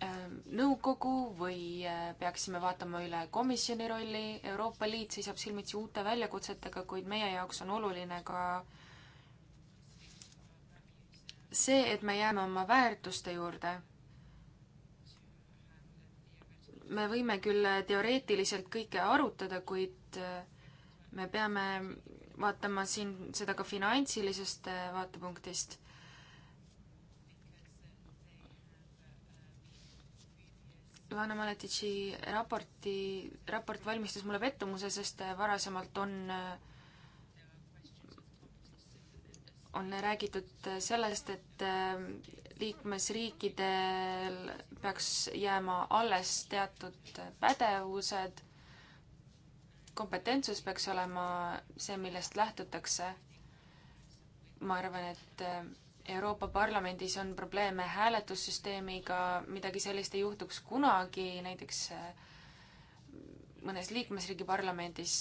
äh, nõukogu või peaksime vaatama üle komisjoni rolli, Euroopa Liit seisab silmitsi uute väljakutsetega, kuid meie jaoks on oluline ka äh, see, et me jääme oma väärtuste juurde. me võime küll teoreetiliselt kõike arutada, kuid äh, me peame vaatama siin seda ka finantsilisest äh, vaatepunktist Ivana Maletitši raporti, raport valmistas mulle pettumuse, sest äh, varasemalt on äh, on räägitud sellest, et äh, liikmesriikidel peaks jääma alles teatud pädevused, kompetentsus peaks olema see, millest lähtutakse. ma arvan, et äh, Euroopa Parlamendis on probleeme hääletussüsteemiga, midagi sellist ei juhtuks kunagi, näiteks äh, mõnes liikmesriigi parlamendis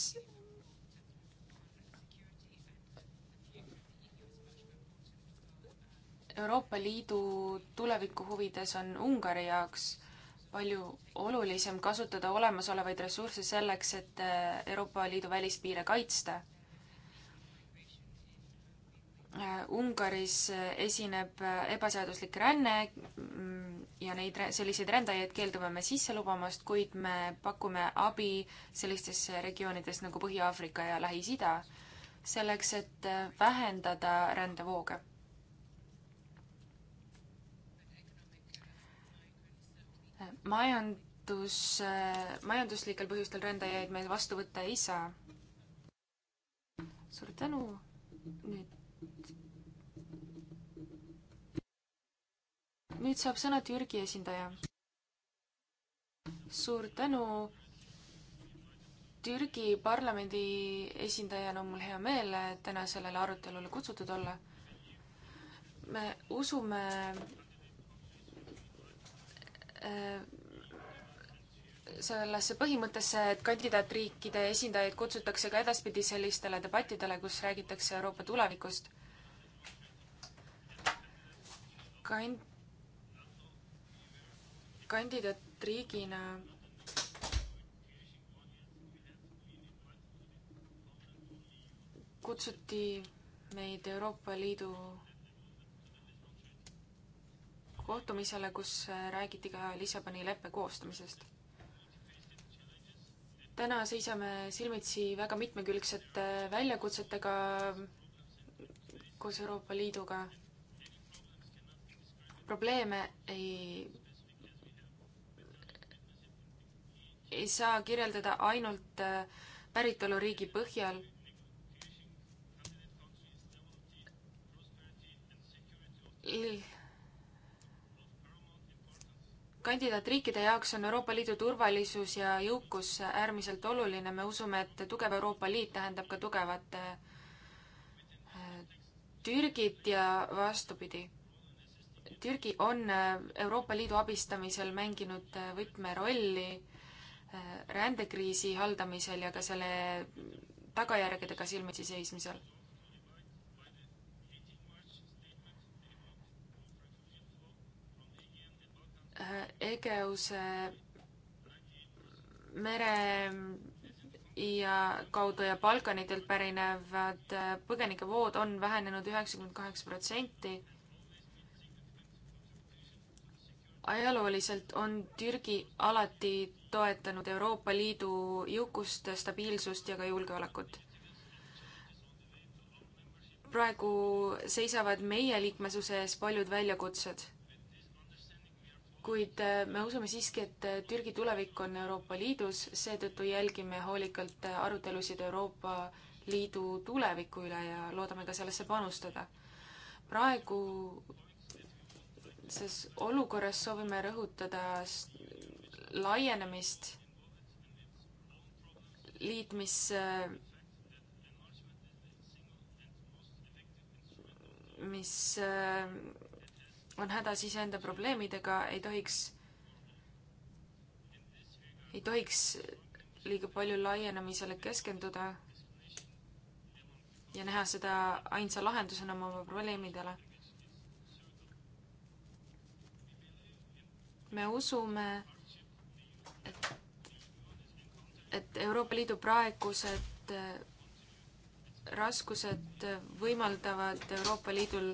Euroopa Liidu tuleviku huvides on Ungari jaoks palju olulisem kasutada olemasolevaid ressursse selleks, et äh, Euroopa Liidu välispiire kaitsta. Äh, Ungaris äh, esineb ebaseaduslik ränne mm, ja neid, selliseid rändajaid keeldume me sisse lubamast, kuid me pakume abi sellistes regioonides nagu Põhja-Aafrika ja Lähis-Ida, selleks et vähendada rändevooge majandus, majanduslikel põhjustel rändajaid me vastu võtta ei saa. suur tänu, nüüd nüüd saab sõna Türgi esindaja. suur tänu. Türgi parlamendi esindajana on mul hea meel täna sellele arutelule kutsutud olla. me usume äh, sellesse põhimõttesse, et kandidaatriikide esindajaid kutsutakse ka edaspidi sellistele debattidele, kus räägitakse Euroopa tulevikust. Kand-, kandidaatriigina kutsuti meid Euroopa Liidu kohtumisele, kus räägiti ka Lissaboni leppe koostamisest täna seisame silmitsi väga mitmekülgsete väljakutsetega koos Euroopa Liiduga. probleeme ei, ei saa kirjeldada ainult äh, päritoluriigi põhjal kandidaatriikide jaoks on Euroopa Liidu turvalisus ja jõukus äärmiselt oluline, me usume, et tugev Euroopa Liit tähendab ka tugevat äh, Türgit ja vastupidi. Türgi on äh, Euroopa Liidu abistamisel mänginud äh, võtmerolli rändekriisi haldamisel ja ka selle tagajärgedega silmitsi seismisel Egeuse mere ja kaudu ja Balkanitelt pärinevad põgenikevood on vähenenud üheksakümmend kaheksa protsenti. ajalooliselt on Türgi alati toetanud Euroopa Liidu jõukust, stabiilsust ja ka julgeolekut. praegu seisavad meie liikmesuse ees paljud väljakutsed kuid äh, me usume siiski, et äh, Türgi tulevik on Euroopa Liidus, seetõttu jälgime hoolikalt äh, arutelusid Euroopa Liidu tuleviku üle ja loodame ka sellesse panustada. praeguses olukorras soovime rõhutada laienemist, liitmis mis on hädas iseenda probleemidega, ei tohiks, ei tohiks liiga palju laienemisele keskenduda ja näha seda ainsa lahendusena oma probleemidele. me usume, et, et Euroopa Liidu praegused eh, raskused võimaldavad Euroopa Liidul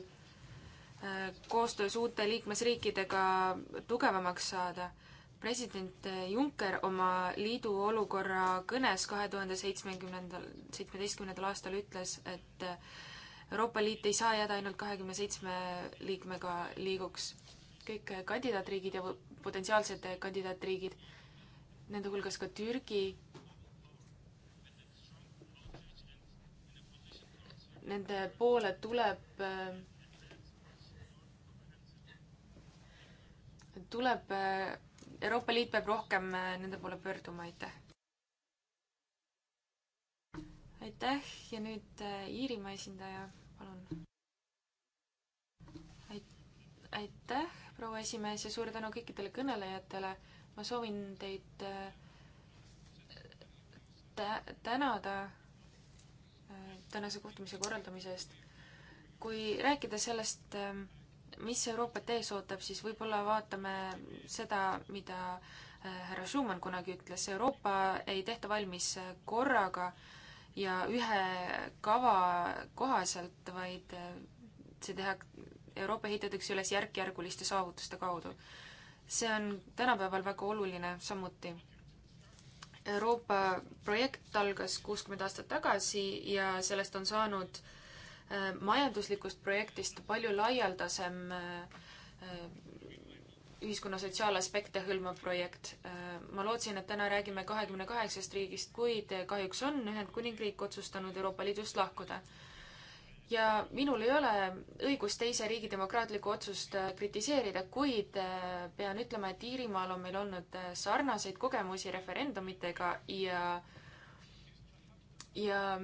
koostöös uute liikmesriikidega tugevamaks saada. president Juncker oma liidu olukorra kõnes kahe tuhande seitsmekümnendal, seitsmeteistkümnendal aastal ütles, et Euroopa Liit ei saa jääda ainult kahekümne seitsme liikmega liiguks. kõik kandidaatriigid ja potentsiaalsed kandidaatriigid, nende hulgas ka Türgi, nende poole tuleb äh, tuleb, Euroopa Liit peab rohkem äh, nende poole pöörduma, aitäh. aitäh ja nüüd äh, Iirimaa esindaja, palun. aitäh, proua esimees ja suur tänu kõikidele kõnelejatele. ma soovin teid äh, tä-, tänada tänase kohtumise korraldamise eest. kui rääkida sellest äh, mis Euroopat ees ootab, siis võib-olla vaatame seda, mida äh, härra Schumann kunagi ütles, Euroopa ei tehta valmis äh, korraga ja ühe kava kohaselt, vaid äh, see teha, Euroopa ehitatakse üles järk-järguliste saavutuste kaudu. see on tänapäeval väga oluline samuti. Euroopa projekt algas kuuskümmend aastat tagasi ja sellest on saanud äh, Äh, majanduslikust projektist palju laialdasem äh, äh, ühiskonna sotsiaalaspekte hõlmav projekt. ma lootsin, et täna räägime kahekümne kaheksast riigist, kuid kahjuks on Ühendkuningriik otsustanud Euroopa Liidust lahkuda. ja minul ei ole õigust teise riigi demokraatlikku otsust kritiseerida, kuid pean ütlema, et Iirimaal on meil olnud sarnaseid kogemusi referendumitega ja äh, ja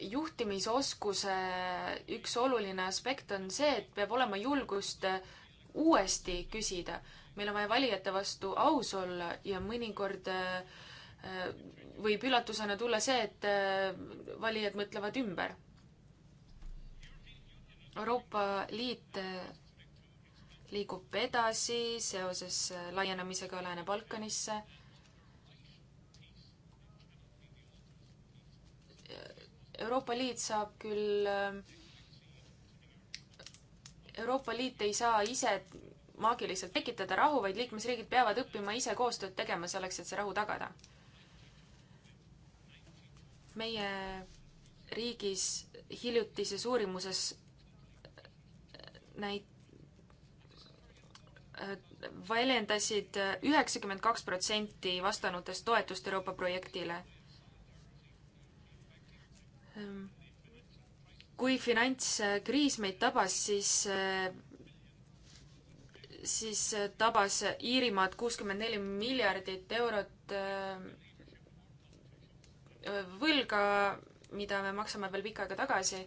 juhtimisoskuse üks oluline aspekt on see, et peab olema julgust uuesti küsida. meil on vaja valijate vastu aus olla ja mõnikord äh, võib üllatusena tulla see, et äh, valijad mõtlevad ümber. Euroopa Liit äh, liigub edasi seoses laienemisega Lääne-Balkanisse Euroopa Liit saab küll, ähm, Euroopa Liit ei saa ise maagiliselt tekitada rahu, vaid liikmesriigid peavad õppima ise koostööd tegema selleks, et see rahu tagada. meie riigis hiljutises uurimuses äh, näit-, äh, väljendasid äh, üheksakümmend kaks protsenti vastanutest toetust Euroopa projektile Ehm, kui finantskriis meid tabas, siis, eh, siis eh, tabas Iirimaad kuuskümmend neli miljardit eurot eh, võlga, mida me maksame veel pikka aega tagasi.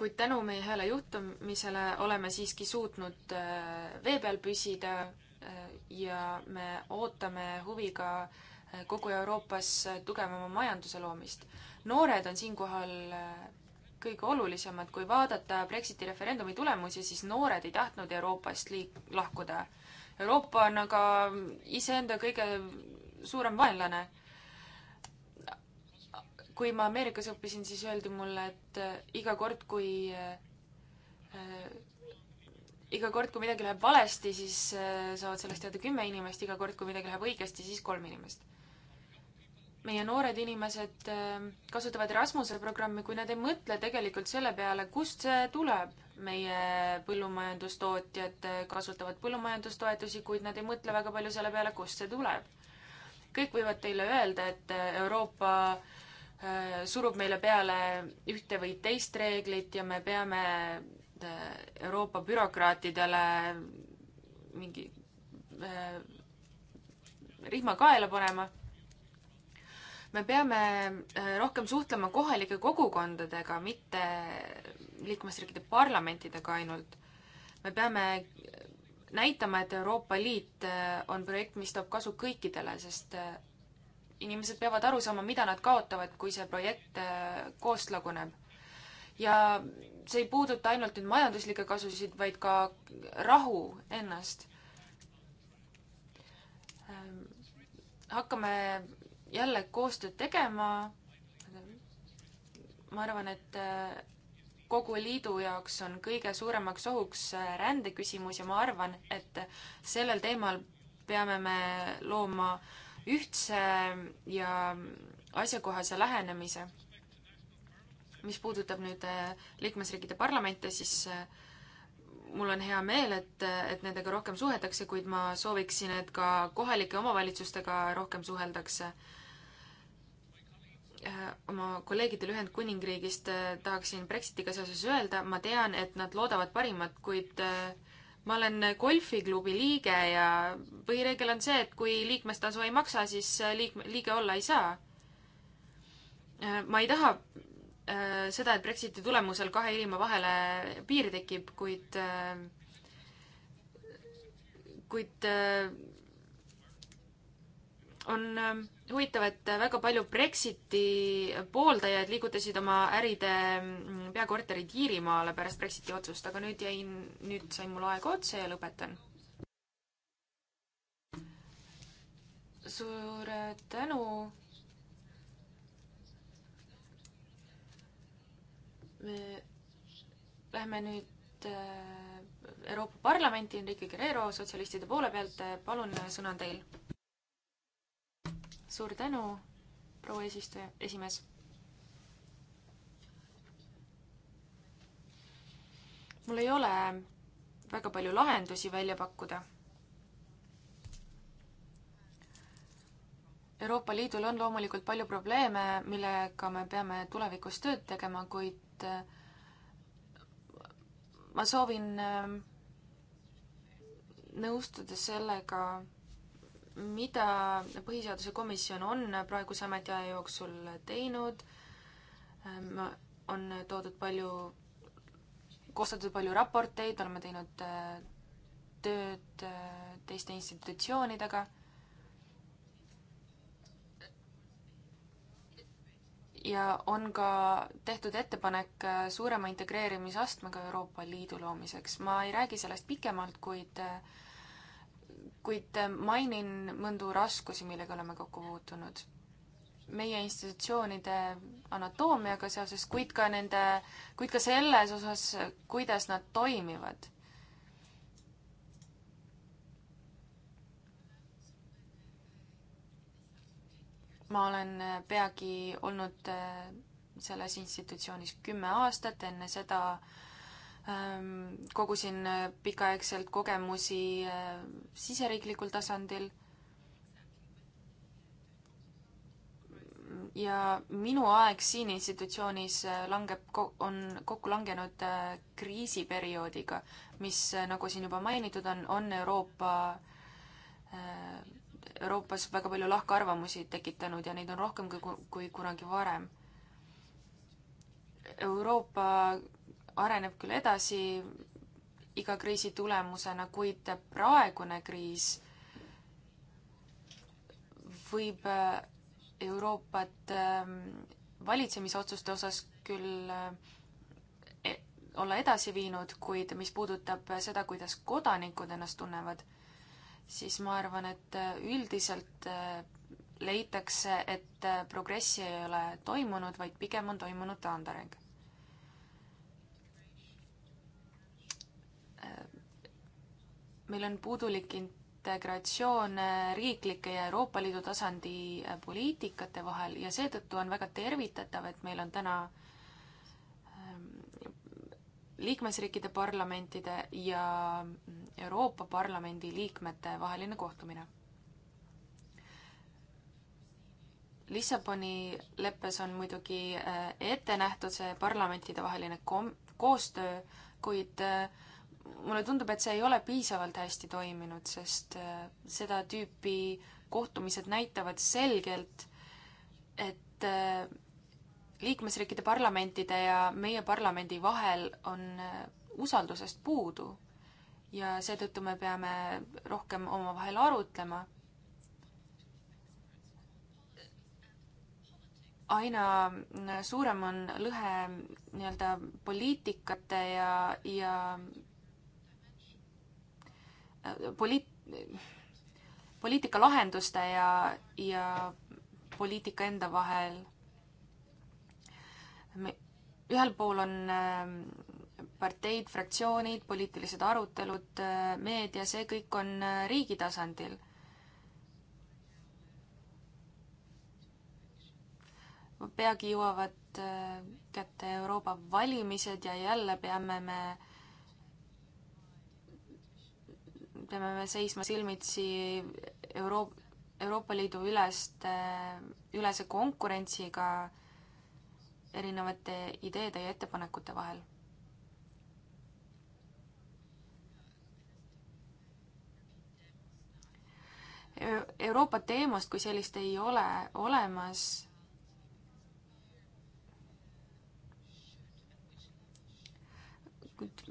kuid tänu meie hääle juhtumisele oleme siiski suutnud vee peal püsida ja me ootame huviga äh, kogu Euroopas tugevama majanduse loomist. noored on siinkohal äh, kõige olulisemad, kui vaadata Brexiti referendumi tulemusi, siis noored ei tahtnud Euroopast liik-, lahkuda. Euroopa on aga iseenda kõige suurem vaenlane. kui ma Ameerikas õppisin, siis öeldi mulle, et äh, iga kord, kui äh, iga kord, kui midagi läheb valesti, siis äh, saavad sellest teada kümme inimest, iga kord, kui midagi läheb õigesti, siis kolm inimest meie noored inimesed ähm, kasutavad Erasmuse programmi, kui nad ei mõtle tegelikult selle peale, kust see tuleb. meie põllumajandustootjad äh, kasutavad põllumajandustoetusi, kuid nad ei mõtle väga palju selle peale, kust see tuleb. kõik võivad teile öelda, et äh, Euroopa äh, surub meile peale ühte või teist reeglit ja me peame Euroopa bürokraatidele mingi rihma kaela panema me peame äh, rohkem suhtlema kohalike kogukondadega, mitte liikmesriikide parlamentidega ainult. me peame äh, näitama, et Euroopa Liit äh, on projekt, mis toob kasu kõikidele, sest inimesed peavad aru saama, mida nad kaotavad, kui see projekt koost laguneb. ja see ei puuduta ainult nüüd majanduslikke kasusid, vaid ka rahu ennast. Ähm, hakkame jälle koostööd tegema. ma arvan, et äh, kogu liidu jaoks on kõige suuremaks ohuks äh, rändeküsimus ja ma arvan, et sellel teemal peame me looma ühtse äh, ja asjakohase lähenemise. mis puudutab nüüd liikmesriikide parlamente, siis mul on hea meel, et, et nendega rohkem suheldakse, kuid ma sooviksin, et ka kohalike omavalitsustega rohkem suheldakse Äh, oma kolleegidele Ühendkuningriigist äh, tahaksin Brexitiga seoses öelda, ma tean, et nad loodavad parimat, kuid äh, ma olen golfiklubi liige ja põhireegel on see, et kui liikmestasu ei maksa, siis liikme, liige olla ei saa. ma ei taha seda, et Brexiti tulemusel kahe ilma vahele piir tekib, kuid, kuid on huvitav, et väga palju Brexiti pooldajaid liigutasid oma äride mm, peakorterid Iirimaale pärast Brexiti otsust, aga nüüd jäin, nüüd sain mul aega otsa ja lõpetan. suur tänu. me lähme nüüd äh, Euroopa Parlamenti, Enrique Guerrero sotsialistide poole pealt, palun, sõna on teil suur tänu, proua eesistuja, esimees. mul ei ole väga palju lahendusi välja pakkuda. Euroopa Liidul on loomulikult palju probleeme, millega me peame tulevikus tööd tegema, kuid äh, ma soovin äh, nõustuda sellega, mida Põhiseaduse Komisjon on praeguse ametiaja jooksul teinud, ehm, on toodud palju, koostatud palju raporteid, oleme teinud äh, tööd äh, teiste institutsioonidega ja on ka tehtud ettepanek äh, suurema integreerimisastmega Euroopa Liidu loomiseks. ma ei räägi sellest pikemalt, kuid kuid äh, mainin mõndu raskusi, millega oleme kokku puutunud. meie institutsioonide anatoomiaga seoses, kuid ka nende, kuid ka selles osas, kuidas nad toimivad ma olen äh, peagi olnud äh, selles institutsioonis kümme aastat, enne seda Ehm, kogusin äh, pikaaegselt kogemusi äh, siseriiklikul tasandil. ja minu aeg siin institutsioonis äh, langeb, on kokku langenud kriisiperioodiga, mis, nagu siin juba mainitud on, on Euroopa, Euroopas väga palju lahkarvamusi tekitanud ja neid on rohkem kui, kui kunagi varem. Euroopa areneb küll edasi iga kriisi tulemusena, kuid praegune kriis võib äh, Euroopat ähm, valitsemisotsuste osas küll äh, e, olla edasi viinud, kuid mis puudutab seda, kuidas kodanikud ennast tunnevad, siis ma arvan, et äh, üldiselt leitakse, et progressi ei ole toimunud, vaid pigem on toimunud taandareng meil on puudulik integratsioon riiklike ja Euroopa Liidu tasandi äh, poliitikate vahel ja seetõttu on väga tervitatav, et meil on täna ähm, liikmesriikide parlamentide ja mm, Euroopa Parlamendi liikmete vaheline kohtumine. Lissaboni leppes on muidugi äh, ette nähtud see parlamentide vaheline kom-, koostöö, kuid äh, mulle tundub, et see ei ole piisavalt hästi toiminud, sest äh, seda tüüpi kohtumised näitavad selgelt, et äh, liikmesriikide parlamentide ja meie parlamendi vahel on äh, usaldusest puudu. ja seetõttu me peame rohkem omavahel arutlema. aina suurem on lõhe nii-öelda poliitikate ja, ja poliit-, poliitika lahenduste ja, ja poliitika enda vahel. ühel pool on ähm, parteid, fraktsioonid, poliitilised arutelud, äh, meedia, see kõik on äh, riigi tasandil peagi jõuavad äh, kätte Euroopa valimised ja jälle peame me peame me seisma silmitsi Euroop-, Euroopa Liidu üleste, ülese konkurentsiga erinevate ideede ja ettepanekute vahel. E-, Euroopa teemast kui sellist ei ole olemas.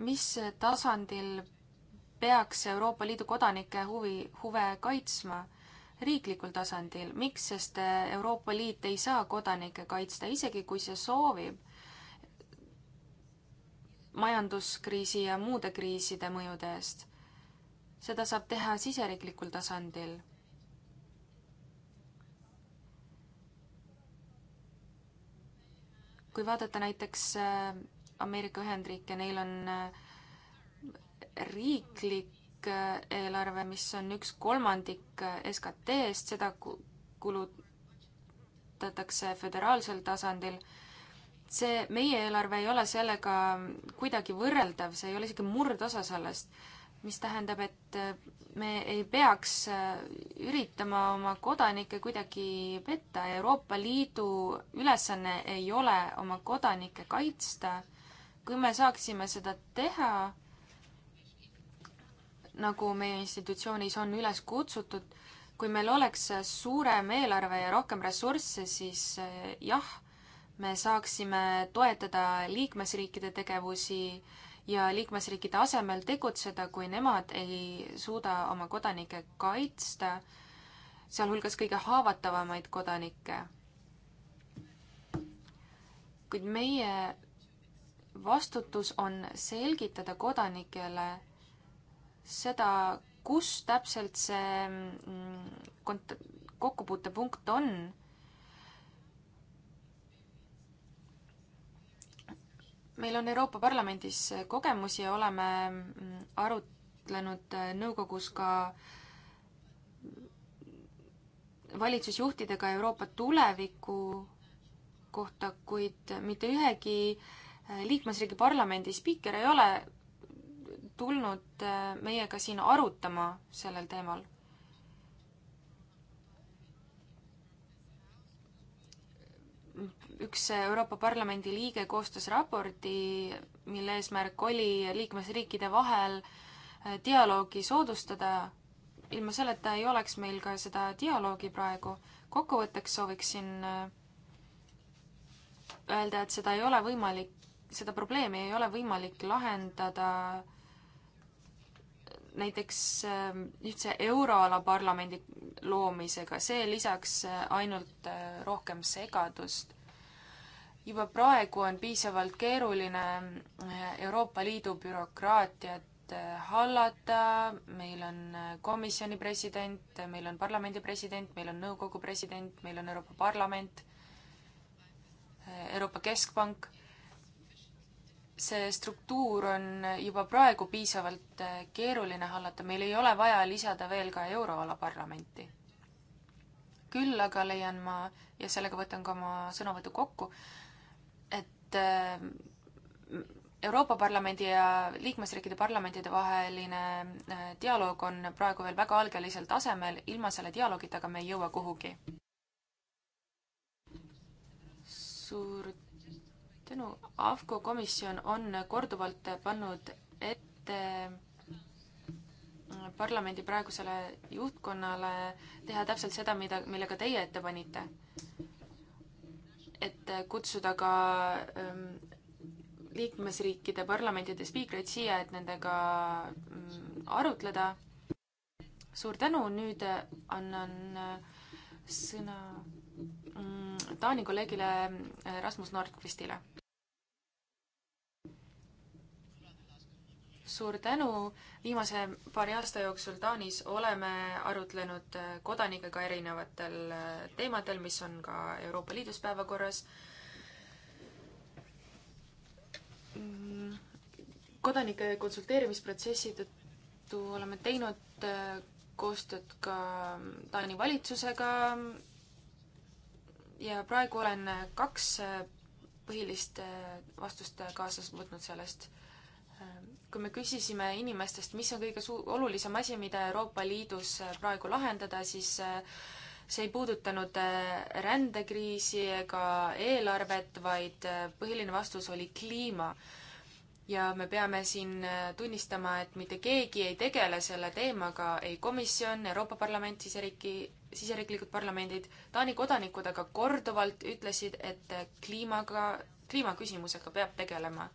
mis tasandil peaks Euroopa Liidu kodanike huvi, huve kaitsma riiklikul tasandil, miks, sest eh, Euroopa Liit ei saa kodanikke kaitsta, isegi kui see soovib, majanduskriisi ja muude kriiside mõjude eest. seda saab teha siseriiklikul tasandil kui vaadata näiteks eh, Ameerika Ühendriike, neil on eh, riiklik äh, eelarve, mis on üks kolmandik äh, SKT-st, seda kulutatakse föderaalsel tasandil. see, meie eelarve ei ole sellega kuidagi võrreldav, see ei ole isegi murdosa sellest, mis tähendab, et äh, me ei peaks üritama oma kodanikke kuidagi petta. Euroopa Liidu ülesanne ei ole oma kodanikke kaitsta. kui me saaksime seda teha, nagu meie institutsioonis on üles kutsutud. kui meil oleks suurem eelarve ja rohkem ressursse, siis eh, jah, me saaksime toetada liikmesriikide tegevusi ja liikmesriikide asemel tegutseda, kui nemad ei suuda oma kodanikke kaitsta, sealhulgas kõige haavatavamaid kodanikke. kuid meie vastutus on selgitada kodanikele, seda, kus täpselt see mm, kont-, kokkupuutepunkt on. meil on Euroopa Parlamendis kogemusi ja oleme mm, arutlenud äh, nõukogus ka valitsusjuhtidega Euroopa tuleviku kohta, kuid mitte ühegi äh, liikmesriigi parlamendi spiiker ei ole tulnud äh, meiega siin arutama sellel teemal. üks Euroopa Parlamendi liige koostas raporti, mille eesmärk oli liikmesriikide vahel äh, dialoogi soodustada. ilma selleta ei oleks meil ka seda dialoogi praegu. kokkuvõtteks sooviksin äh, öelda, et seda ei ole võimalik, seda probleemi ei ole võimalik lahendada näiteks ähm, ühtse euroala parlamendi loomisega, see lisaks äh, ainult äh, rohkem segadust. juba praegu on piisavalt keeruline äh, Euroopa Liidu bürokraatiat hallata, meil on komisjoni president, meil on parlamendi president, meil on nõukogu president, meil on Euroopa Parlament, Euroopa Keskpank see struktuur on juba praegu piisavalt eh, keeruline hallata, meil ei ole vaja lisada veel ka euroala parlamenti. küll aga leian ma, ja sellega võtan ka oma sõnavõtu kokku, et eh, Euroopa Parlamendi ja liikmesriikide parlamentide vaheline eh, dialoog on praegu veel väga algelisel tasemel, ilma selle dialoogita aga me ei jõua kuhugi. suur tänu, AFCO komisjon on korduvalt pannud ette äh, parlamendi praegusele juhtkonnale teha täpselt seda, mida, millega teie ette panite. et kutsuda ka ähm, liikmesriikide parlamentide spiikreid siia, et nendega ähm, arutleda. suur tänu, nüüd annan äh, sõna ähm, Taani kolleegile äh, Rasmus Nordqvistile. suur tänu, viimase paari aasta jooksul Taanis oleme arutlenud äh, kodanikega erinevatel äh, teemadel, mis on ka Euroopa Liidus päevakorras mm, kodanike konsulteerimisprotsessi tõttu oleme teinud koostööd ka Taani valitsusega, ja praegu olen kaks äh, põhilist äh, vastust äh, kaasas võtnud sellest. Ähm, kui me küsisime inimestest, mis on kõige suu-, olulisem asi, mida Euroopa Liidus praegu lahendada, siis see ei puudutanud rändekriisi ega eelarvet, vaid põhiline vastus oli kliima. ja me peame siin tunnistama, et mitte keegi ei tegele selle teemaga, ei komisjon, Euroopa Parlament siis eriti, siseriiklikud parlamendid, Taani kodanikud aga korduvalt ütlesid, et kliimaga, kliimaküsimusega peab tegelema.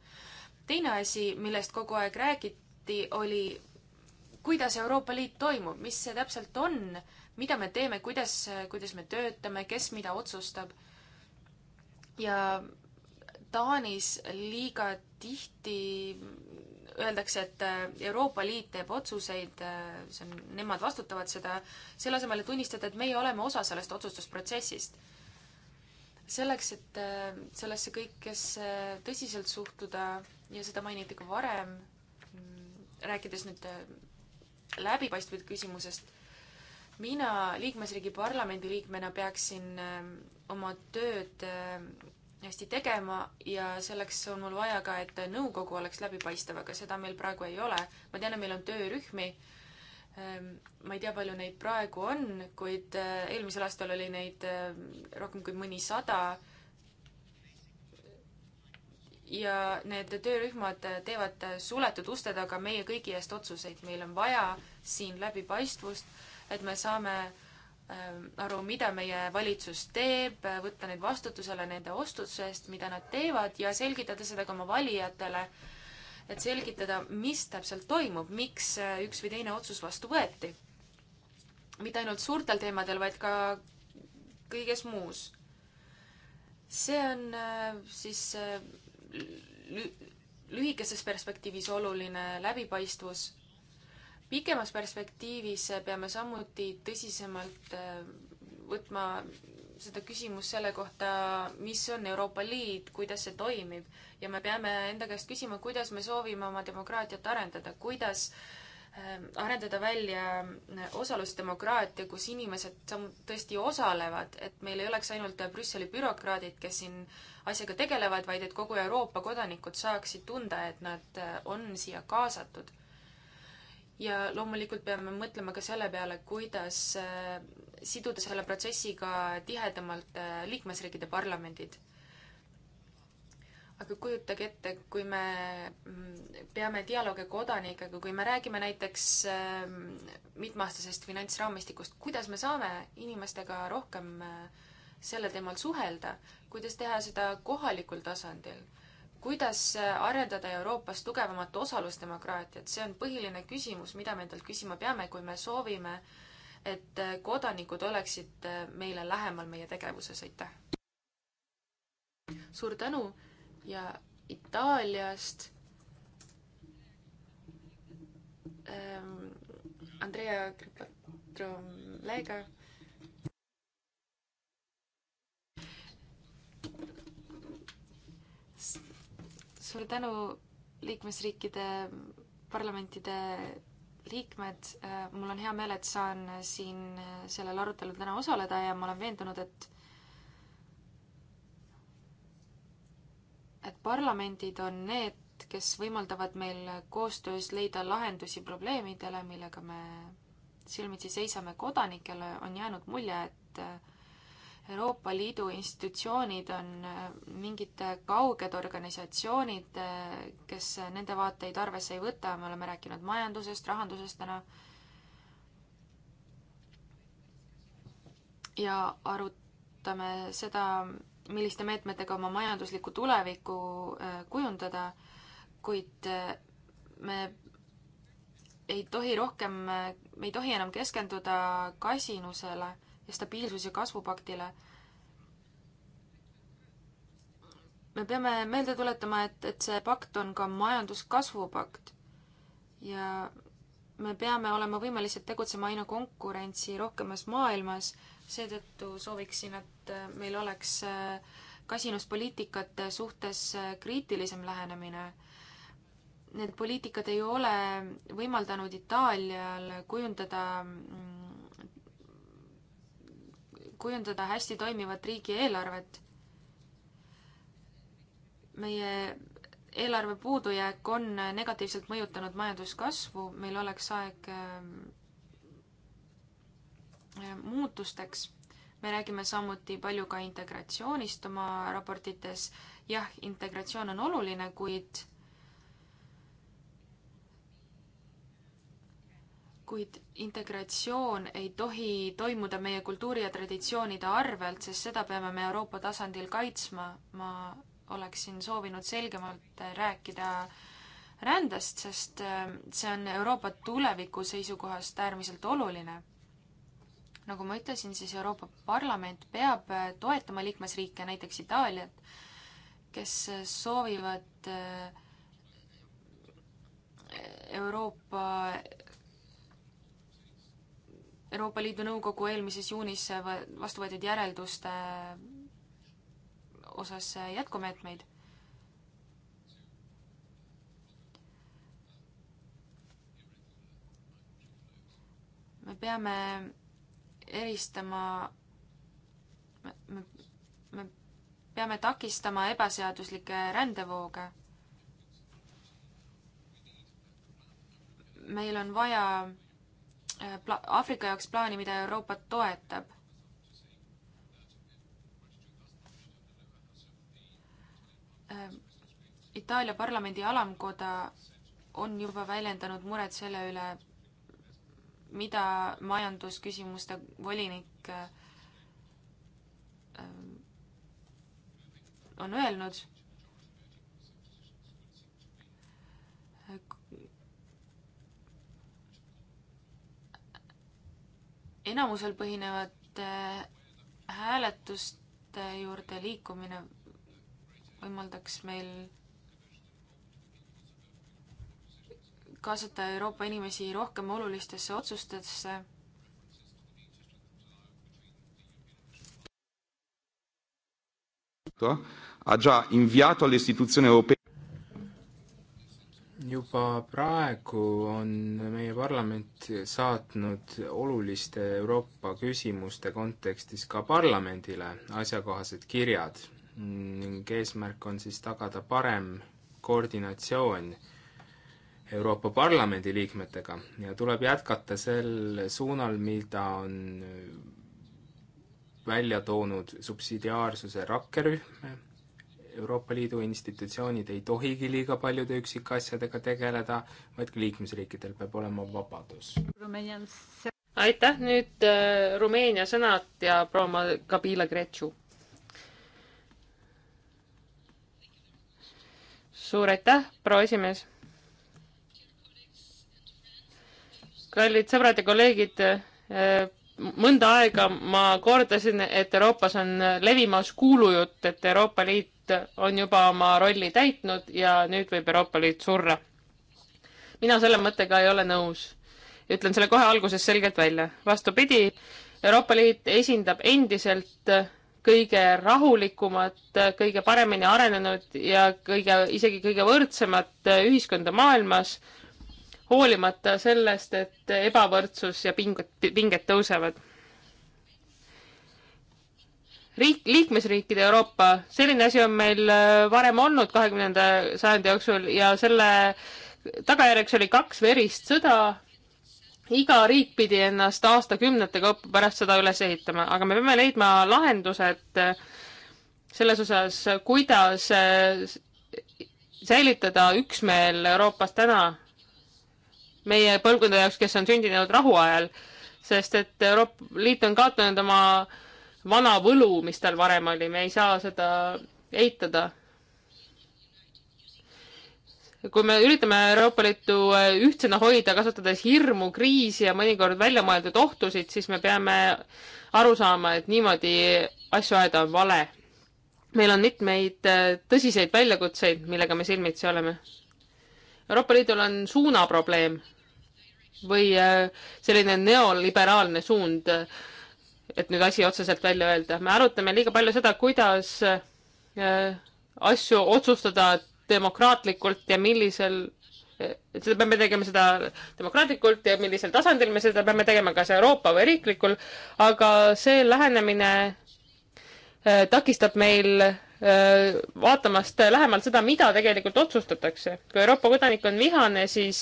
teine asi, millest kogu aeg räägiti, oli kuidas Euroopa Liit toimub, mis see täpselt on, mida me teeme, kuidas, kuidas me töötame, kes mida otsustab. ja Taanis liiga tihti öeldakse, et äh, Euroopa Liit teeb otsuseid, äh, see on, nemad vastutavad seda, selle asemel, et tunnistada, et meie oleme osa sellest otsustusprotsessist. selleks, et äh, sellesse kõikesse tõsiselt suhtuda ja seda mainiti ka varem, mm, rääkides nüüd läbipaistvuse küsimusest, mina liikmesriigi parlamendi liikmena peaksin oma tööd hästi tegema ja selleks on mul vaja ka, et nõukogu oleks läbipaistev, aga seda meil praegu ei ole. ma tean, et meil on töörühmi. Ehm, ma ei tea, palju neid praegu on, kuid eh, eelmisel aastal oli neid eh, rohkem kui mõnisada ja need töörühmad teevad suletud uste taga meie kõigi eest otsuseid. meil on vaja siin läbipaistvust, et me saame Ähm, aru, mida meie valitsus teeb, võtta neid vastutusele nende ostutuse eest, mida nad teevad ja selgitada seda ka oma valijatele, et selgitada, mis täpselt toimub, miks äh, üks või teine otsus vastu võeti. mitte ainult suurtel teemadel, vaid ka kõiges muus. see on äh, siis äh, lühikeses perspektiivis oluline läbipaistvus pikemas perspektiivis peame samuti tõsisemalt äh, võtma seda küsimust selle kohta, mis on Euroopa Liit, kuidas see toimib ja me peame enda käest küsima, kuidas me soovime oma demokraatiat arendada, kuidas äh, arendada välja äh, osalusdemokraatia, kus inimesed tõesti osalevad, et meil ei oleks ainult Brüsseli bürokraadid, kes siin asjaga tegelevad, vaid et kogu Euroopa kodanikud saaksid tunda, et nad on siia kaasatud ja loomulikult peame mõtlema ka selle peale, kuidas äh, siduda selle protsessiga tihedamalt äh, liikmesriikide parlamendid. aga kujutage ette, kui me mm, peame dialoogi kodanikega, kui me räägime näiteks ähm, mitmeaastasest finantsraamistikust, kuidas me saame inimestega rohkem äh, sellel teemal suhelda, kuidas teha seda kohalikul tasandil kuidas arendada Euroopas tugevamat osalusdemokraatiat, see on põhiline küsimus, mida me endalt küsima peame, kui me soovime, et kodanikud oleksid meile lähemal meie tegevuses, aitäh! suur tänu ja Itaaliast ähm, Andrea Gripatro-Lega suur tänu, liikmesriikide parlamentide liikmed, äh, mul on hea meel, et saan siin äh, sellel arutelul täna osaleda ja ma olen veendunud, et et parlamendid on need, kes võimaldavad meil koostöös leida lahendusi probleemidele, millega me silmitsi seisame. kodanikele on jäänud mulje, et äh, Euroopa Liidu institutsioonid on äh, mingid äh, kauged organisatsioonid, äh, kes nende vaateid arvesse ei võta, me oleme rääkinud majandusest, rahandusest täna. ja arutame seda, milliste meetmetega oma majanduslikku tulevikku kujundada, kuid me ei tohi rohkem, me ei tohi enam keskenduda kasinusele ja stabiilsus- ja kasvupaktile. me peame meelde tuletama, et, et see pakt on ka majanduskasvupakt ja me peame olema võimelised tegutsema aina konkurentsi rohkemas maailmas, seetõttu sooviksin, et meil oleks äh, kasinuspoliitikate suhtes äh, kriitilisem lähenemine need poliitikad ei ole võimaldanud Itaalial kujundada mm, kujundada hästi toimivat riigieelarvet. meie eelarve puudujääk on negatiivselt mõjutanud majanduskasvu, meil oleks aeg ähm, muutusteks. me räägime samuti palju ka integratsioonist oma raportites. jah, integratsioon on oluline, kuid kuid integratsioon ei tohi toimuda meie kultuuri ja traditsioonide arvelt, sest seda peame me Euroopa tasandil kaitsma. ma oleksin soovinud selgemalt rääkida rändest, sest ähm, see on Euroopa tuleviku seisukohast äärmiselt oluline. nagu ma ütlesin, siis Euroopa Parlament peab äh, toetama liikmesriike, näiteks Itaaliat, kes äh, soovivad äh, Euroopa Euroopa Liidu Nõukogu eelmises juunis vastu võetud järelduste äh, osas äh, jätkumeetmeid. me peame eristama, me, me peame takistama ebaseaduslikke rändevooge. meil on vaja Äh, pla-, Aafrika jaoks plaani, mida Euroopa toetab. Ähm, Itaalia parlamendi alamkoda on juba väljendanud muret selle üle, mida majandusküsimuste volinik äh, ähm, on öelnud enamusel põhinevate hääletuste juurde liikumine võimaldaks meil kaasata Euroopa inimesi rohkem olulistesse otsustesse. ha già inviato alle istituzioni europee juba praegu on meie parlament saatnud oluliste Euroopa küsimuste kontekstis ka parlamendile asjakohased kirjad ning eesmärk on siis tagada parem koordinatsioon Euroopa Parlamendi liikmetega ja tuleb jätkata sel suunal, mida on välja toonud subsidiaarsuse rakkerühm Euroopa Liidu institutsioonid ei tohigi liiga paljude üksikasjadega tegeleda, vaid ka liikmesriikidel peab olema vabadus. aitäh, nüüd äh, Rumeenia sõnad ja proua Kabila Gretšu. suur aitäh, proua esimees. kallid sõbrad ja kolleegid äh,, mõnda aega ma kordasin, et Euroopas on levimas kuulujutt, et Euroopa Liit on juba oma rolli täitnud ja nüüd võib Euroopa Liit surra. mina selle mõttega ei ole nõus. ütlen selle kohe alguses selgelt välja. vastupidi, Euroopa Liit esindab endiselt kõige rahulikumat, kõige paremini arenenud ja kõige, isegi kõige võrdsemat ühiskonda maailmas hoolimata sellest, et ebavõrdsus ja pinged, pinged tõusevad. riik, liikmesriikide Euroopa, selline asi on meil äh, varem olnud kahekümnenda sajandi jooksul ja selle tagajärjeks oli kaks verist sõda, iga riik pidi ennast aastakümnete kaupa pärast seda üles ehitama, aga me peame leidma lahendused äh, selles osas, kuidas äh, säilitada üksmeel Euroopas täna meie põlvkondade jaoks, kes on sündinud rahuajal, sest et Euroopa Liit on kaotanud oma vana võlu, mis tal varem oli, me ei saa seda eitada. kui me üritame Euroopa Liitu äh, ühtsena hoida, kasutades hirmu, kriisi ja mõnikord väljamõeldud ohtusid, siis me peame aru saama, et niimoodi asju ajada on vale. meil on mitmeid äh, tõsiseid väljakutseid, millega me silmitsi oleme. Euroopa Liidul on suunaprobleem või äh, selline neoliberaalne suund, et nüüd asi otseselt välja öelda. me arutame liiga palju seda, kuidas äh, asju otsustada demokraatlikult ja millisel äh, seda peame tegema seda demokraatlikult ja millisel tasandil me seda peame tegema, kas Euroopa või riiklikul, aga see lähenemine takistab meil vaatamast lähemalt seda, mida tegelikult otsustatakse. kui Euroopa kodanik on vihane, siis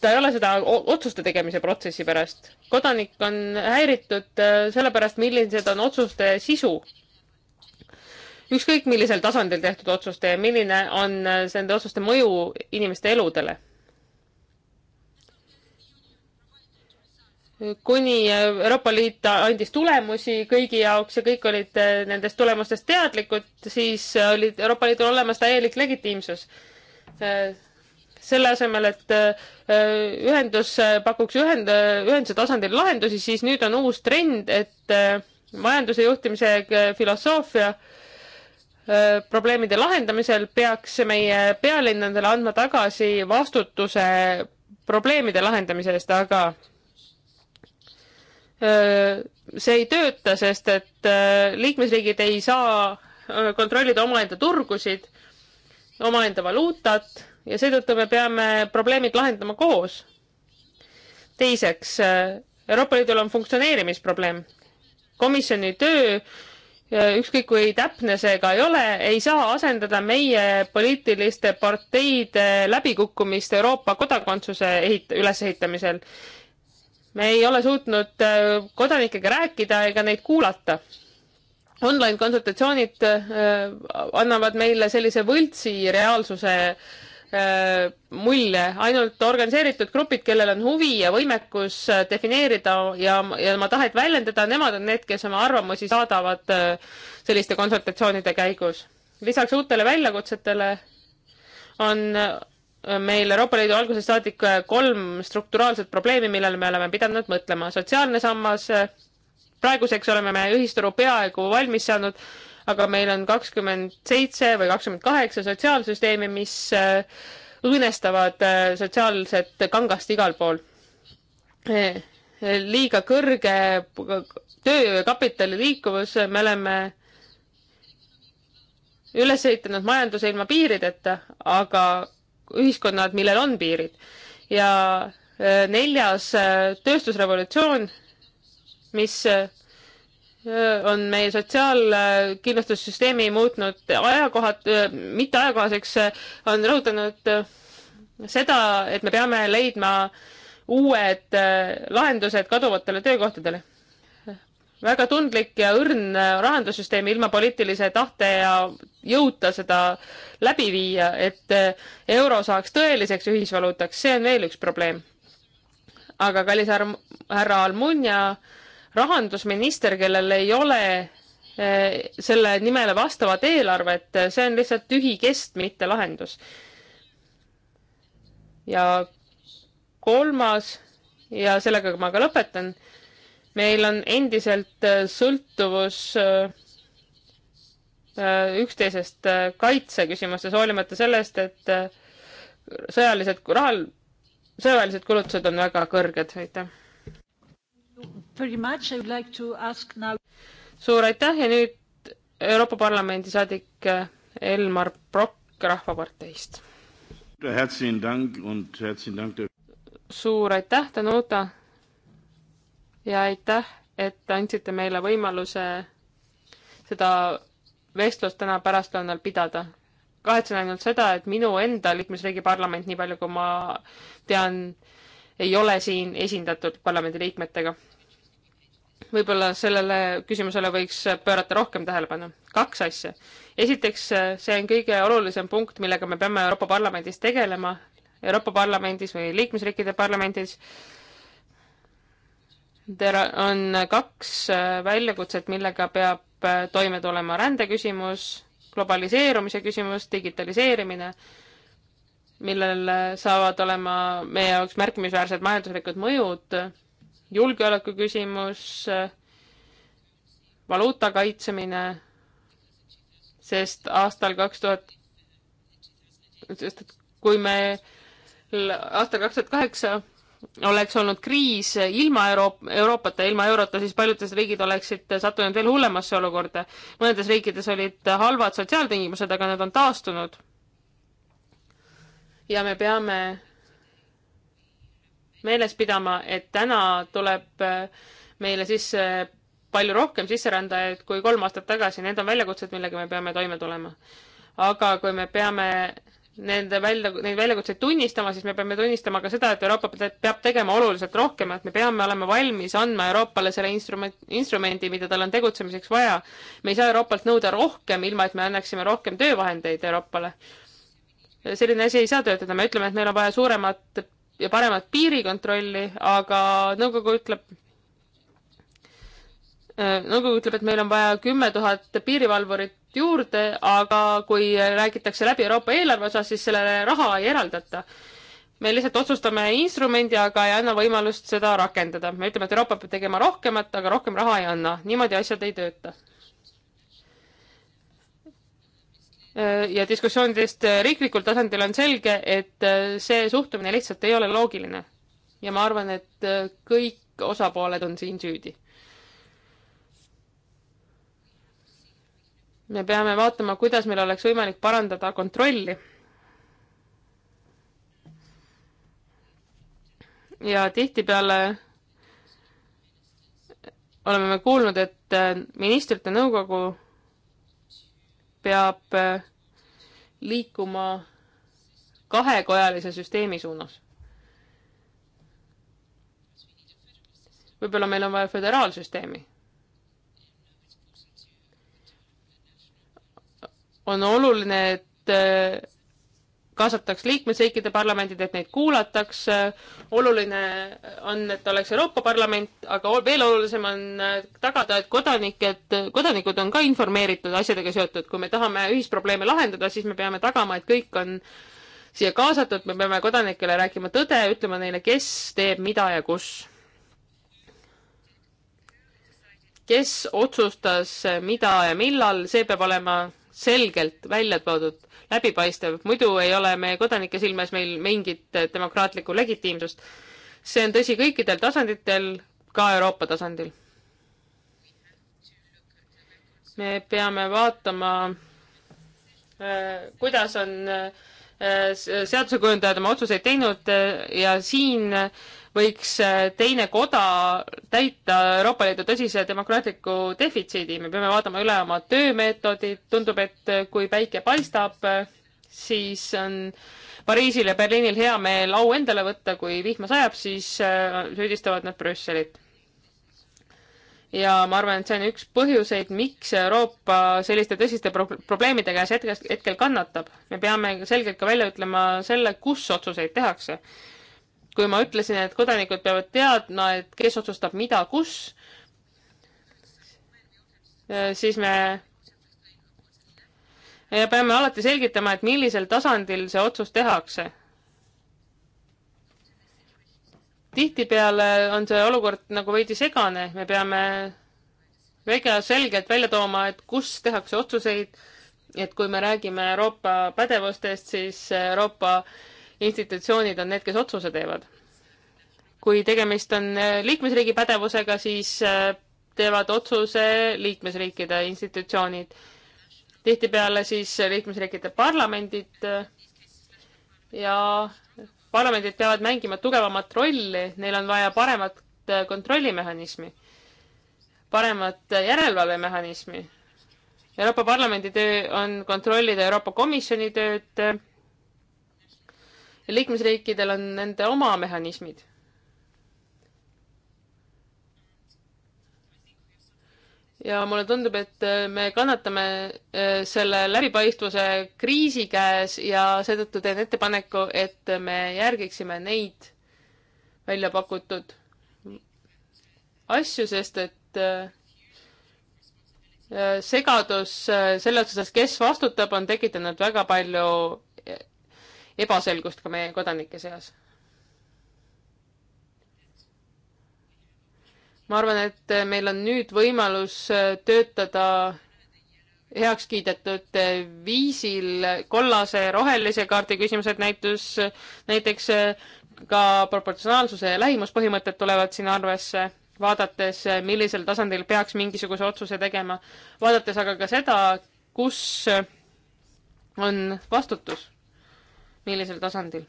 ta ei ole seda otsuste tegemise protsessi pärast. kodanik on häiritud äh, sellepärast, millised on otsuste sisu. ükskõik millisel tasandil tehtud otsuste ja milline on äh, nende otsuste mõju inimeste eludele. kuni äh, Euroopa Liit andis tulemusi kõigi jaoks ja kõik olid nendest tulemustest teadlikud, siis oli Euroopa Liidul olemas täielik legitiimsus selle asemel, et äh, ühendus äh, pakuks ühend-, ühenduse tasandil lahendusi, siis nüüd on uus trend, et äh, majanduse juhtimise filosoofia probleemide lahendamisel peaks meie pealinnadele andma tagasi vastutuse probleemide lahendamise eest, aga see ei tööta, sest et liikmesriigid ei saa kontrollida omaenda turgusid, omaenda valuutat ja seetõttu me peame probleemid lahendama koos. teiseks, Euroopa Liidul on funktsioneerimisprobleem. komisjoni töö, ükskõik kui täpne see ka ei ole, ei saa asendada meie poliitiliste parteide läbikukkumist Euroopa kodakondsuse ehit-, ülesehitamisel. me ei ole suutnud äh, kodanikega rääkida ega neid kuulata online konsultatsioonid äh, annavad meile sellise võltsi reaalsuse äh, Äh, mulje, ainult organiseeritud grupid, kellel on huvi ja võimekus äh, defineerida ja, ja oma tahet väljendada, nemad on need, kes oma arvamusi saadavad äh, selliste konsultatsioonide käigus. lisaks uutele väljakutsetele on meil Euroopa Liidu algusest saadik kolm strukturaalset probleemi, millele me oleme pidanud mõtlema. sotsiaalne sammas, praeguseks oleme me ühisturu peaaegu valmis saanud aga meil on kakskümmend seitse või kakskümmend kaheksa sotsiaalsüsteemi, mis äh, õõnestavad äh, sotsiaalset kangast igal pool. Äh, liiga kõrge töökapitali liikuvus, me oleme üles ehitanud majanduse ilma piirideta, aga ühiskonnad, millel on piirid. ja neljas tööstusrevolutsioon, mis on meie sotsiaalkindlustussüsteemi muutnud ajakohad, mitte ajakohaseks, on rõhutanud seda, et me peame leidma uued lahendused kaduvatele töökohtadele. väga tundlik ja õrn rahandussüsteem ilma poliitilise tahte ja jõuta seda läbi viia, et euro saaks tõeliseks ühisvaluutaks, see on veel üks probleem. aga kallis härra Almunia, rahandusminister, kellel ei ole eh, selle nimele vastavat eelarvet, eh, see on lihtsalt tühi kest, mitte lahendus. ja kolmas ja sellega ma ka lõpetan. meil on endiselt eh, sõltuvus üksteisest kaitseküsimustes, hoolimata sellest, et sõjalised, rahal, sõjalised kulutused on väga kõrged, aitäh Like now... suur aitäh ja nüüd Euroopa Parlamendi saadik eh, Elmar Brokk Rahvaparteist. suur aitäh, Danuta ja aitäh, et andsite meile võimaluse seda vestlust täna pärastlõunal pidada. kahetsen ainult seda, et minu enda liikmesriigi parlament, nii palju kui ma tean, ei ole siin esindatud parlamendiliikmetega. võib-olla sellele küsimusele võiks pöörata rohkem tähelepanu. kaks asja. esiteks, see on kõige olulisem punkt, millega me peame Euroopa Parlamendis tegelema, Euroopa Parlamendis või liikmesriikide parlamendis ter-, on kaks väljakutset, millega peab toime tulema rändeküsimus, globaliseerumise küsimus, digitaliseerimine millel saavad olema meie jaoks märkimisväärsed majanduslikud mõjud, julgeoleku küsimus, valuuta kaitsemine, sest aastal kaks tuhat, sest et kui me aastal kaks tuhat kaheksa oleks olnud kriis ilma Euroop-, Euroopata, ilma eurota, siis paljudes riigid oleksid sattunud veel hullemasse olukorda. mõnedes riikides olid halvad sotsiaaltingimused, aga nad on taastunud ja me peame meeles pidama, et täna tuleb äh, meile sisse palju rohkem sisserändajaid kui kolm aastat tagasi, need on väljakutsed, millega me peame toime tulema. aga kui me peame nende välja, neid väljakutseid tunnistama, siis me peame tunnistama ka seda, et Euroopa peab tegema oluliselt rohkem, et me peame olema valmis andma Euroopale selle instrument, instrumendi, mida tal on tegutsemiseks vaja. me ei saa Euroopalt nõuda rohkem, ilma et me annaksime rohkem töövahendeid Euroopale selline asi ei saa töötada, me ütleme, et meil on vaja suuremat ja paremat piirikontrolli, aga nõukogu ütleb, äh, nõukogu ütleb, et meil on vaja kümme tuhat piirivalvurit juurde, aga kui räägitakse läbi Euroopa eelarve osas, siis sellele raha ei eraldata. me lihtsalt otsustame instrumendi, aga ei anna võimalust seda rakendada. me ütleme, et Euroopa peab tegema rohkemat, aga rohkem raha ei anna. niimoodi asjad ei tööta Äh, ja diskussioonidest äh, riiklikul tasandil on selge, et äh, see suhtumine lihtsalt ei ole loogiline. ja ma arvan, et kõik osapooled on siin süüdi. me peame vaatama, kuidas meil oleks võimalik parandada kontrolli. ja tihtipeale oleme me kuulnud, et ministrite nõukogu peab äh, liikuma kahekojalise süsteemi suunas. võib-olla meil on vaja föderaalsüsteemi. on oluline, et äh, kaasataks liikmesriikide parlamendid, et neid kuulataks. oluline on, et oleks Euroopa Parlament, aga veel olulisem on äh, tagada, et kodanikud, kodanikud on ka informeeritud asjadega seotud. kui me tahame ühisprobleeme lahendada, siis me peame tagama, et kõik on siia kaasatud, me peame kodanikele rääkima tõde, ütlema neile, kes teeb mida ja kus. kes otsustas mida ja millal, see peab olema selgelt välja toodud, läbipaistev, muidu ei ole meie kodanike silmes meil mingit demokraatlikku legitiimsust. see on tõsi kõikidel tasanditel, ka Euroopa tasandil. me peame vaatama, äh, kuidas on äh, seadusekujundajad oma otsuseid teinud äh, ja siin äh, võiks äh, teine koda täita Euroopa Liidu tõsise demokraatliku defitsiidi, me peame vaatama üle oma töömeetodid, tundub, et äh, kui päike paistab, äh, siis on Pariisil ja Berliinil hea meel au endale võtta, kui vihma sajab, siis süüdistavad nad Brüsselit. ja ma arvan, et see on üks põhjuseid, miks Euroopa selliste tõsiste pro probleemide käes hetkest, hetkel kannatab. me peame selgelt ka välja ütlema selle, kus otsuseid tehakse kui ma ütlesin, et kodanikud peavad teadma, et kes otsustab mida, kus, äh, siis me ja peame alati selgitama, et millisel tasandil see otsus tehakse. tihtipeale on see olukord nagu veidi segane, me peame väga selgelt välja tooma, et kus tehakse otsuseid, et kui me räägime Euroopa pädevustest, siis Euroopa äh, institutsioonid on need, kes otsuse teevad. kui tegemist on äh, liikmesriigi pädevusega, siis äh, teevad otsuse liikmesriikide institutsioonid. tihtipeale siis liikmesriikide parlamendid äh, ja parlamendid peavad mängima tugevamat rolli, neil on vaja paremat kontrollimehhanismi, paremat järelevalvemehhanismi. Euroopa Parlamendi töö on kontrollida Euroopa Komisjoni tööd, liikmesriikidel on nende oma mehhanismid. ja mulle tundub, et me kannatame äh, selle läbipaistvuse kriisi käes ja seetõttu teen ettepaneku, et me järgiksime neid välja pakutud asju, sest et äh, äh, segadus selles osas, kes vastutab, on tekitanud väga palju ebaselgust ka meie kodanike seas. ma arvan, et meil on nüüd võimalus töötada heaks kiidetud viisil kollase ja rohelise kaardi küsimused, näitus, näiteks ka proportsionaalsuse ja lähimuspõhimõtted tulevad siin arvesse, vaadates, millisel tasandil peaks mingisuguse otsuse tegema, vaadates aga ka seda, kus on vastutus millisel tasandil?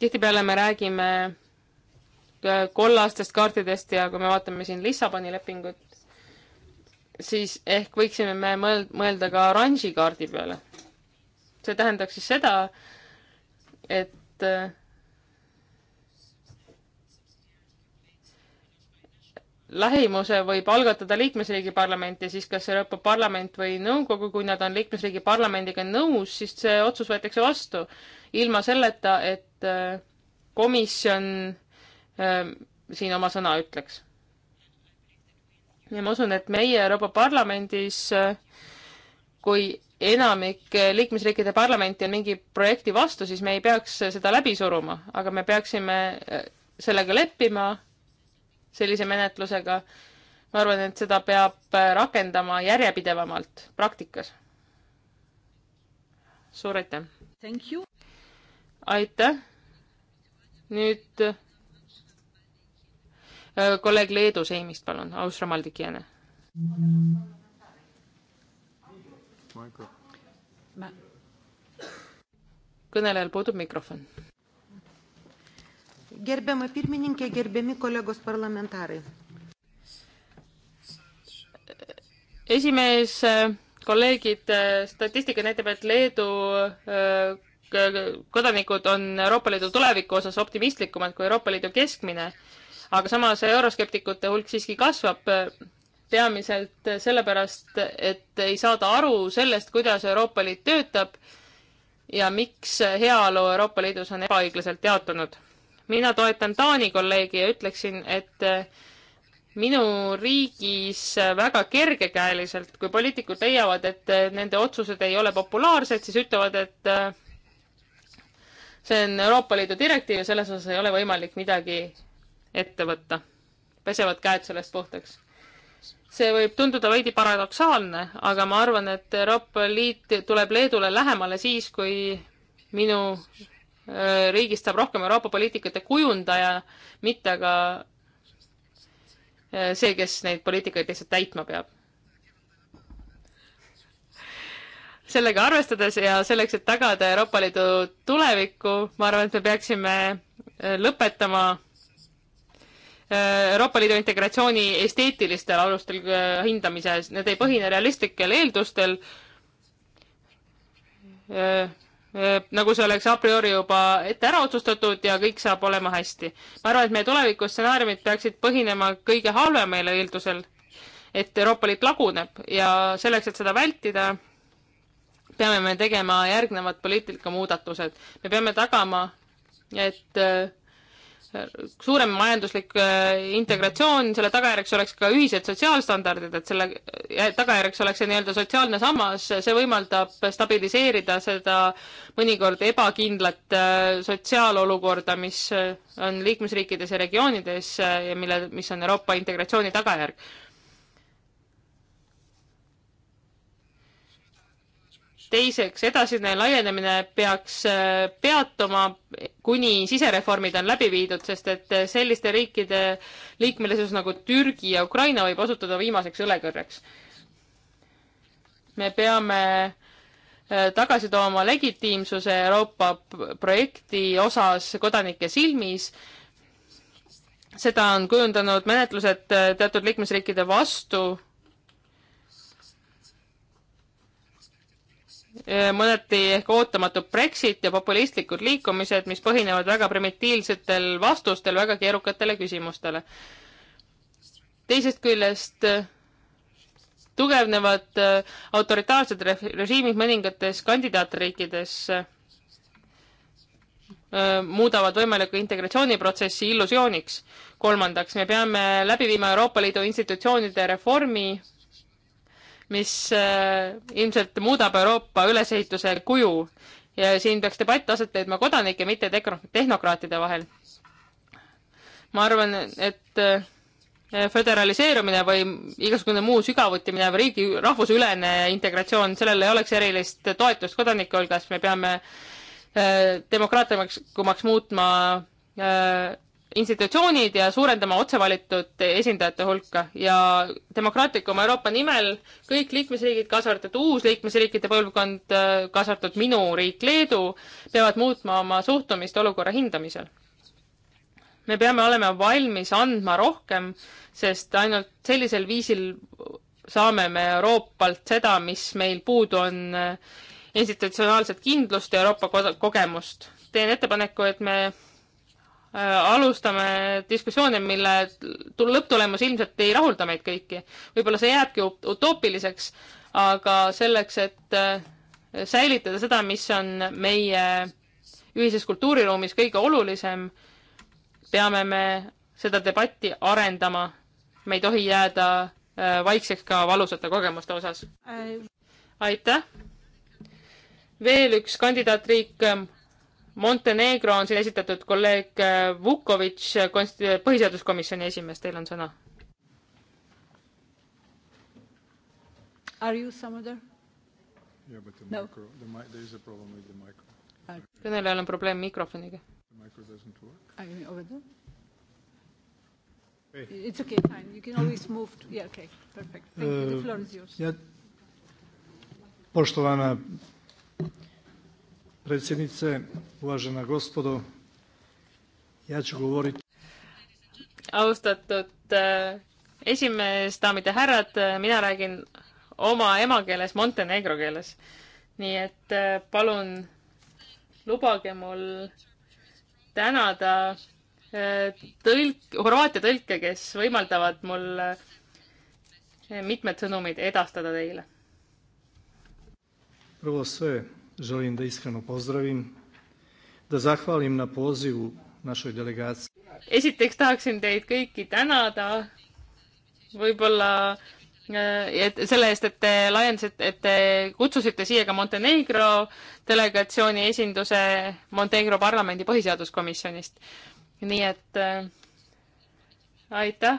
tihtipeale me räägime äh, kollastest kaartidest ja kui me vaatame siin Lissaboni lepingut, siis ehk võiksime me mõeld-, mõelda ka oranži kaardi peale. see tähendaks siis seda, et äh, lähimuse võib algatada liikmesriigi parlament ja siis kas Euroopa Parlament või nõukogu, kui nad on liikmesriigi parlamendiga nõus, siis see otsus võetakse vastu. ilma selleta, et äh, komisjon äh, siin oma sõna ütleks. ja ma usun, et meie Euroopa Parlamendis, äh, kui enamik liikmesriikide parlamenti on mingi projekti vastu, siis me ei peaks seda läbi suruma, aga me peaksime sellega leppima sellise menetlusega. ma arvan, et seda peab äh, rakendama järjepidevamalt praktikas. suur aitäh! aitäh! nüüd äh, kolleeg Leedu Seimist, palun, Ausra Maldikiene. kõnelejal puudub mikrofon Gerbiama pirmininkė, gerbiami kolegos parlamentarai. esimees, äh, kolleegid, äh, statistika näitab, et Leedu äh, kodanikud on Euroopa Liidu tuleviku osas optimistlikumad kui Euroopa Liidu keskmine, aga samas euroskeptikute hulk siiski kasvab, peamiselt sellepärast, et ei saada aru sellest, kuidas Euroopa Liit töötab ja miks heaolu Euroopa Liidus on ebaõiglaselt jaotunud mina toetan Taani kolleegi ja ütleksin, et eh, minu riigis eh, väga kergekäeliselt, kui poliitikud leiavad, et eh, nende otsused ei ole populaarsed, siis ütlevad, et see on Euroopa Liidu direktiiv ja selles osas ei ole võimalik midagi ette võtta. pesevad käed sellest puhtaks see võib tunduda veidi paradoksaalne, aga ma arvan, et Euroopa Liit tuleb Leedule lähemale siis, kui minu riigist saab rohkem Euroopa poliitikate kujundaja, mitte aga eh, see, kes neid poliitikaid lihtsalt täitma peab. sellega arvestades ja selleks, et tagada Euroopa Liidu tulevikku, ma arvan, et me peaksime eh, lõpetama eh, Euroopa Liidu integratsiooni esteetilistel alustel hindamises, need ei põhine realistlikel eeldustel Äh, nagu see oleks a priori juba ette ära otsustatud ja kõik saab olema hästi. ma arvan, et meie tulevikustsenaariumid peaksid põhinema kõige halvemal eeldusel, et Euroopa Liit laguneb ja selleks, et seda vältida, peame me tegema järgnevad poliitika muudatused. me peame tagama, et äh, suurem majanduslik äh, integratsioon, selle tagajärjeks oleks ka ühised sotsiaalstandardid, et selle äh, tagajärjeks oleks see nii-öelda sotsiaalne sammas, see võimaldab stabiliseerida seda mõnikord ebakindlat äh, sotsiaalolukorda, mis on liikmesriikides ja regioonides ja mille, mis on Euroopa integratsiooni tagajärg teiseks, edasine laienemine peaks äh, peatuma, kuni sisereformid on läbi viidud, sest et äh, selliste riikide liikmelisus nagu Türgi ja Ukraina võib osutuda viimaseks õlekõrreks. me peame äh, tagasi tooma legitiimsuse Euroopa projekti osas kodanike silmis. seda on kujundanud menetlused teatud liikmesriikide vastu Äh, mõneti ehk ootamatu Brexit ja populistlikud liikumised, mis põhinevad väga primitiivsetel vastustel väga keerukatele küsimustele. teisest küljest äh, tugevnevad äh, autoritaarsed režiimid mõningates kandidaatriikides muudavad võimaliku integratsiooniprotsessi illusiooniks. kolmandaks, me peame läbi viima Euroopa Liidu institutsioonide reformi, mis äh, ilmselt muudab Euroopa ülesehituse kuju ja siin peaks debatt aset leidma kodanike, mitte tehnokraatide vahel. ma arvan, et äh, föderaliseerumine või igasugune muu sügavuti minev riigi rahvusülene integratsioon, sellel ei oleks erilist toetust kodanike hulgas, me peame äh, demokraatlikumaks muutma institutsioonid ja suurendama otsevalitud esindajate hulka ja demokraatlikuma Euroopa nimel kõik liikmesriigid, kaasa arvatud uus liikmesriikide põlvkond, kaasa arvatud minu riik Leedu, peavad muutma oma suhtumist olukorra hindamisel. me peame olema valmis andma rohkem, sest ainult sellisel viisil saame me Euroopalt seda, mis meil puudu on, institutsionaalset kindlust ja Euroopa kogemust. teen ettepaneku, et me Äh, alustame diskussioone, mille lõpptulemus ilmselt ei rahulda meid kõiki. võib-olla see jääbki utoopiliseks, aga selleks, et äh, säilitada seda, mis on meie ühises kultuuriruumis kõige olulisem, peame me seda debatti arendama. me ei tohi jääda äh, vaikseks ka valusate kogemuste osas. aitäh! veel üks kandidaatriik ähm, Montenegro on siin esitatud kolleeg äh, Vukovitš, äh, põhiseaduskomisjoni esimees, teil on sõna. Are you somewhere there? Yeah, but the no. micro, the mi there is a problem with the micro. kõnelejal on probleem mikrofoniga. The micro doesn't work. Are you over there? Hey. It's okay, fine. You can always move to, yeah, okay, perfect. Thank uh, you. The uh, floor is yours. Ja, poštovana predsjednice, uvažena gospodo, ja ću govoriti. austatud äh, esimees, daamid ja härrad, äh, mina räägin oma emakeeles, montenegro keeles. nii et äh, palun lubage mul tänada tõlk, Horvaatia tõlke, kes võimaldavad mul mitmed sõnumid edastada teile. prvo sve želim da iskreno pozdravim, da zahvalim na pozivu našoj delegaciji. esiteks tahaksin teid kõiki tänada võib-olla äh, et selle eest, et te laiendasite, et te kutsusite siia ka Montenegro delegatsiooni esinduse Montenegro parlamendi põhiseaduskomisjonist. nii et äh, aitäh,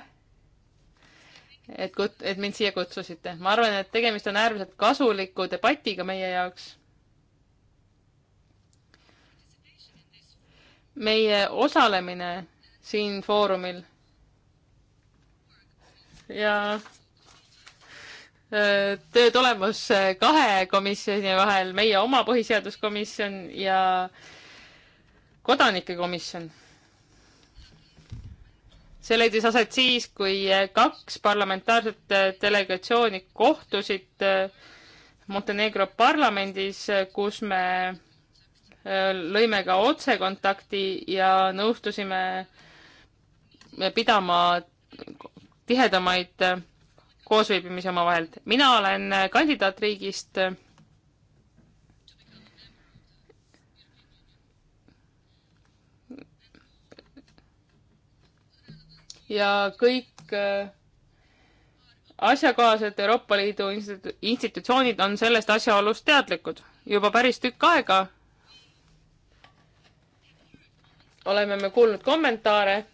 et, et mind siia kutsusite. ma arvan, et tegemist on äärmiselt kasuliku debatiga meie jaoks meie osalemine siin foorumil. ja töö tulemus kahe komisjoni vahel, meie oma põhiseaduskomisjon ja kodanike komisjon. see leidis aset siis, kui kaks parlamentaarset delegatsiooni kohtusid Montenegro parlamendis, kus me lõime ka otsekontakti ja nõustusime pidama tihedamaid koosviibimisi omavahel. mina olen kandidaatriigist ja kõik äh, asjakohased Euroopa Liidu institutsioonid on sellest asjaolust teadlikud juba päris tükk aega oleme me kuulnud kommentaare,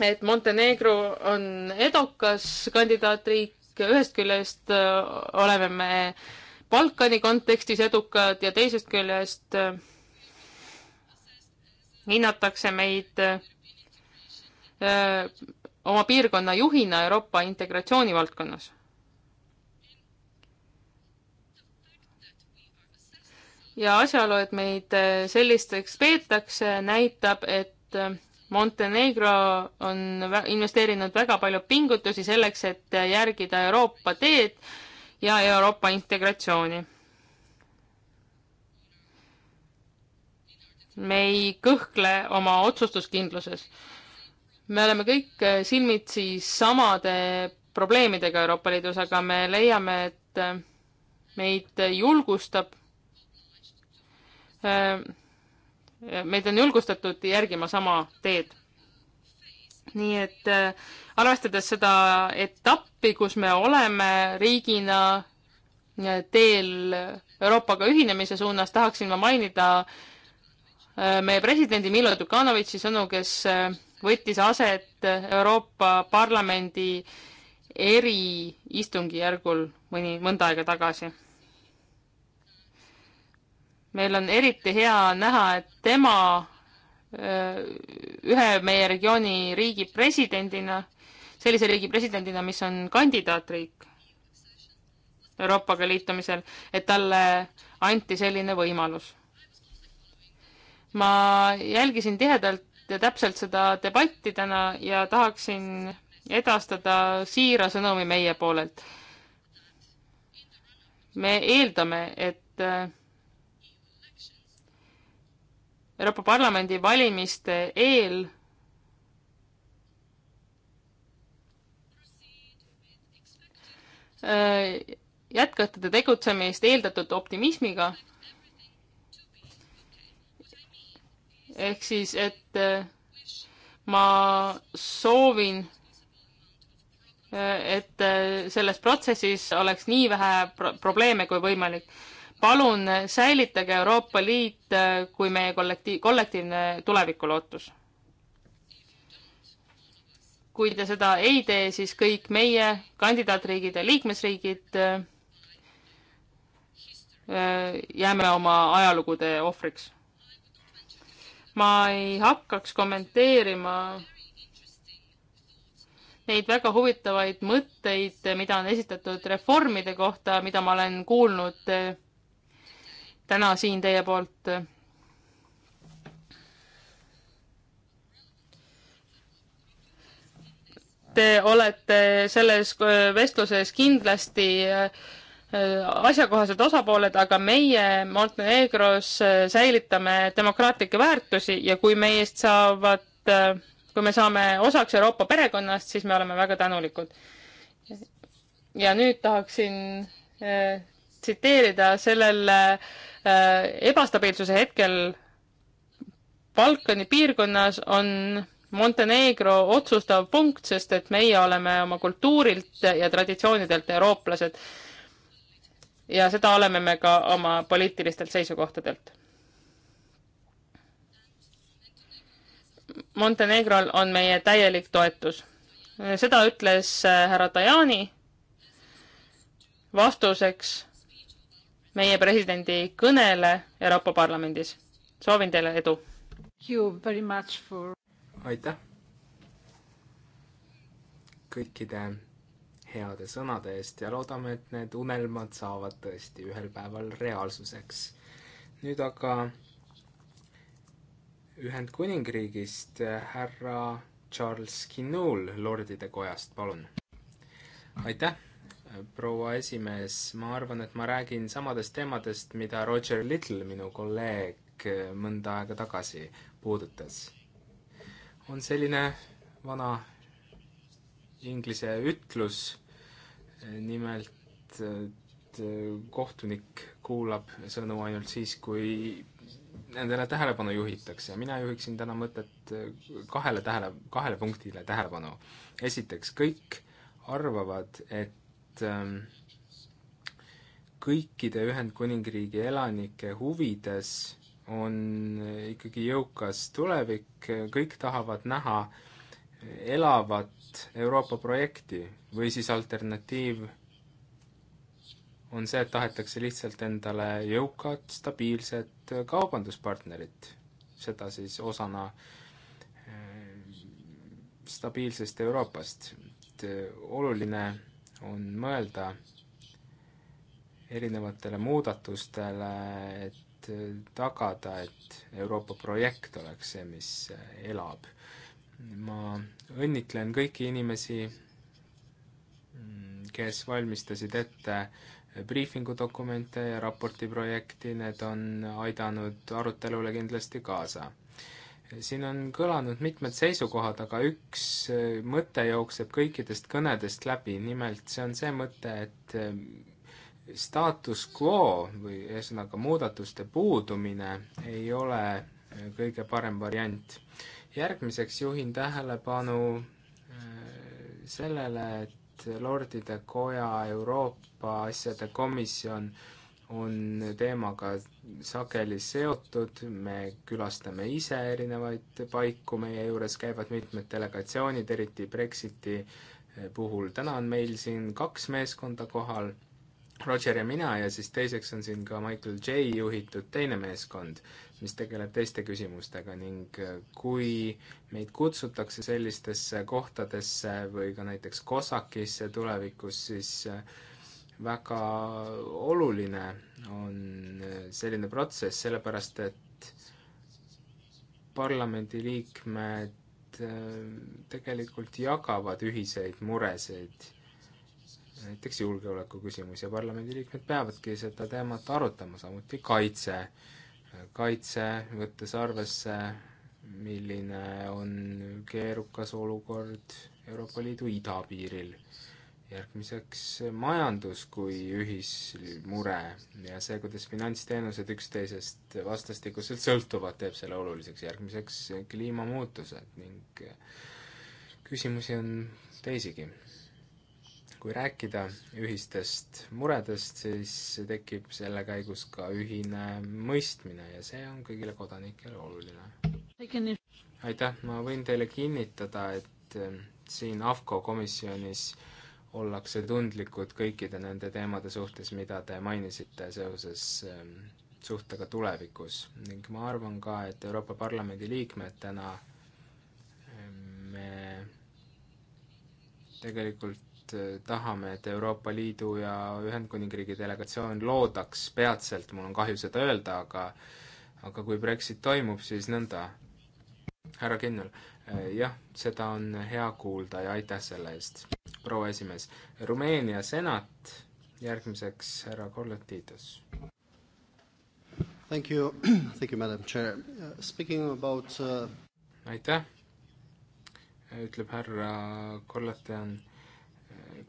et Montenegro on edukas kandidaatriik, ühest küljest äh, oleme me Balkani kontekstis edukad ja teisest küljest äh, hinnatakse meid öö, äh, oma piirkonna juhina Euroopa integratsiooni valdkonnas. ja asjaolu, et meid äh, sellisteks peetakse, näitab, et äh, Montenegro on investeerinud väga palju pingutusi selleks, et äh, järgida Euroopa teed ja Euroopa integratsiooni. me ei kõhkle oma otsustuskindluses. me oleme kõik silmitsi samade probleemidega Euroopa Liidus, aga me leiame, et meid julgustab Äh, meid on julgustatud järgima sama teed. nii et äh, arvestades seda etappi, kus me oleme riigina äh, teel Euroopaga ühinemise suunas, tahaksin ma mainida meie presidendi Milo Djukanovitši sõnu, kes võttis aset Euroopa Parlamendi eriistungjärgul mõni, mõnda aega tagasi meil on eriti hea näha, et tema ühe meie regiooni riigi presidendina, sellise riigi presidendina, mis on kandidaatriik Euroopaga liitumisel, et talle anti selline võimalus. ma jälgisin tihedalt ja täpselt seda debatti täna ja tahaksin edastada siira sõnumi meie poolelt. me eeldame, et Euroopa Parlamendi valimiste eel äh, jätkata te tegutsemist eeldatud optimismiga. ehk siis, et äh, ma soovin, äh, et selles protsessis oleks nii vähe pro probleeme kui võimalik palun äh, säilitage Euroopa Liit äh, kui meie kollektiiv, kollektiivne tulevikulootus. kui te seda ei tee, siis kõik meie kandidaatriigid ja liikmesriigid äh, jääme oma ajalugude ohvriks. ma ei hakkaks kommenteerima neid väga huvitavaid mõtteid, mida on esitatud reformide kohta, mida ma olen kuulnud täna siin teie poolt. Te olete selles vestluses kindlasti äh, asjakohased osapooled, aga meie Montenegros äh, säilitame demokraatlikke väärtusi ja kui meist saavad, äh, kui me saame osaks Euroopa perekonnast, siis me oleme väga tänulikud. ja nüüd tahaksin tsiteerida, sellel äh, ebastabiilsuse hetkel Balkani piirkonnas on Montenegro otsustav punkt, sest et meie oleme oma kultuurilt ja traditsioonidelt eurooplased. ja seda oleme me ka oma poliitilistelt seisukohtadelt. Montenegrol on meie täielik toetus. seda ütles äh, härra Tajani vastuseks meie presidendi kõnele Euroopa Parlamendis. soovin teile edu! For... aitäh kõikide heade sõnade eest ja loodame, et need unelmad saavad tõesti ühel päeval reaalsuseks. nüüd aga Ühendkuningriigist eh, härra Charles Kinnool Lordide Kojast, palun. aitäh proua esimees, ma arvan, et ma räägin samadest teemadest, mida Roger Little, minu kolleeg, mõnda aega tagasi puudutas. on selline vana inglise ütlus, nimelt kohtunik kuulab sõnu ainult siis, kui nendele tähelepanu juhitakse. mina juhiksin täna mõtet kahele tähele, kahele punktile tähelepanu. esiteks, kõik arvavad, et et ähm, kõikide Ühendkuningriigi elanike huvides on äh, ikkagi jõukas tulevik, kõik tahavad näha elavat Euroopa projekti või siis alternatiiv on see, et tahetakse lihtsalt endale jõukat, stabiilset äh, kaubanduspartnerit. seda siis osana äh, stabiilsest Euroopast. oluline on mõelda erinevatele muudatustele, et tagada, et Euroopa projekt oleks see, mis elab. ma õnnitlen kõiki inimesi, kes valmistasid ette briifingudokumente ja raporti projekti, need on aidanud arutelule kindlasti kaasa siin on kõlanud mitmed seisukohad, aga üks äh, mõte jookseb kõikidest kõnedest läbi, nimelt see on see mõte, et äh, status quo või ühesõnaga muudatuste puudumine ei ole äh, kõige parem variant. järgmiseks juhin tähelepanu sellele, et Lordide Koja Euroopa Asjade Komisjon äh, on teemaga sageli seotud, me külastame ise erinevaid paiku, meie juures käivad mitmed delegatsioonid, eriti Brexiti eh, puhul. täna on meil siin kaks meeskonda kohal, Roger ja mina ja siis teiseks on siin ka Michael J juhitud teine meeskond, mis tegeleb teiste küsimustega ning eh, kui meid kutsutakse sellistesse kohtadesse või ka näiteks COSAC-isse tulevikus, siis äh, väga oluline on selline protsess, sellepärast et parlamendiliikmed äh, tegelikult jagavad ühiseid muresid, näiteks julgeoleku küsimus ja parlamendiliikmed peavadki seda teemat arutama, samuti kaitse, kaitse, võttes arvesse, milline on keerukas olukord Euroopa Liidu idapiiril järgmiseks majandus kui ühismure ja see, kuidas finantsteenused üksteisest vastastikuselt sõltuvad, teeb selle oluliseks. järgmiseks kliimamuutused ning küsimusi on teisigi. kui rääkida ühistest muredest, siis tekib selle käigus ka ühine mõistmine ja see on kõigile kodanikele oluline. aitäh, ma võin teile kinnitada, et eh, siin AFCO komisjonis äh, ollakse tundlikud kõikide nende teemade suhtes, mida te mainisite seoses ähm, suhtega tulevikus ning ma arvan ka, et Euroopa Parlamendi liikmetena ähm, me tegelikult äh, tahame, et Euroopa Liidu ja Ühendkuningriigi delegatsioon loodaks peatselt, mul on kahju seda öelda, aga aga kui Brexit toimub, siis nõnda. härra Kinnul, äh, jah, seda on hea kuulda ja aitäh selle eest! proua esimees. Rumeenia senat, järgmiseks härra Kolletiidus. Thank you, [CLEARS THROAT] thank you, madam chair. Uh, speaking about uh... aitäh, ütleb härra Kolletian.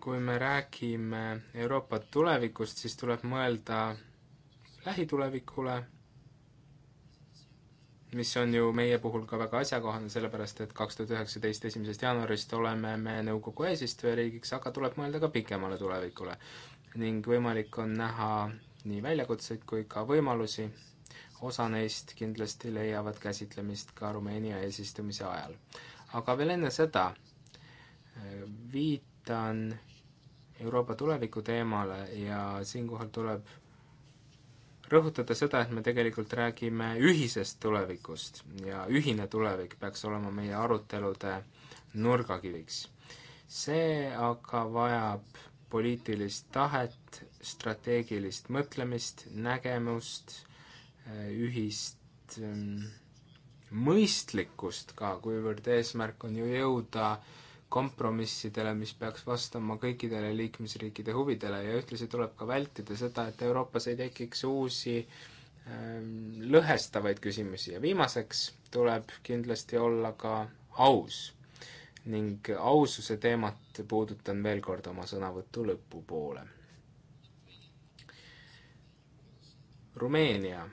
kui me räägime Euroopa tulevikust, siis tuleb mõelda lähitulevikule mis on ju meie puhul ka väga asjakohane, sellepärast et kaks tuhat üheksateist esimesest jaanuarist oleme me nõukogu eesistujariigiks, aga tuleb mõelda ka pikemale tulevikule. ning võimalik on näha nii väljakutseid kui ka võimalusi, osa neist kindlasti leiavad käsitlemist ka Rumeenia eesistumise ajal. aga veel enne seda äh, viitan Euroopa tuleviku teemale ja siinkohal tuleb rõhutada seda, et me tegelikult räägime ühisest tulevikust ja ühine tulevik peaks olema meie arutelude nurgakiviks. see aga vajab poliitilist tahet, strateegilist mõtlemist, nägemust, eh, ühist mm, mõistlikkust ka, kuivõrd eesmärk on ju jõuda äh, kompromissidele, mis peaks vastama kõikidele liikmesriikide huvidele ja ühtlasi tuleb ka vältida seda, et Euroopas ei tekiks uusi ähm, lõhestavaid küsimusi ja viimaseks tuleb kindlasti olla ka aus. ning aususe teemat puudutan veel kord oma sõnavõtu lõpupoole. Rumeenia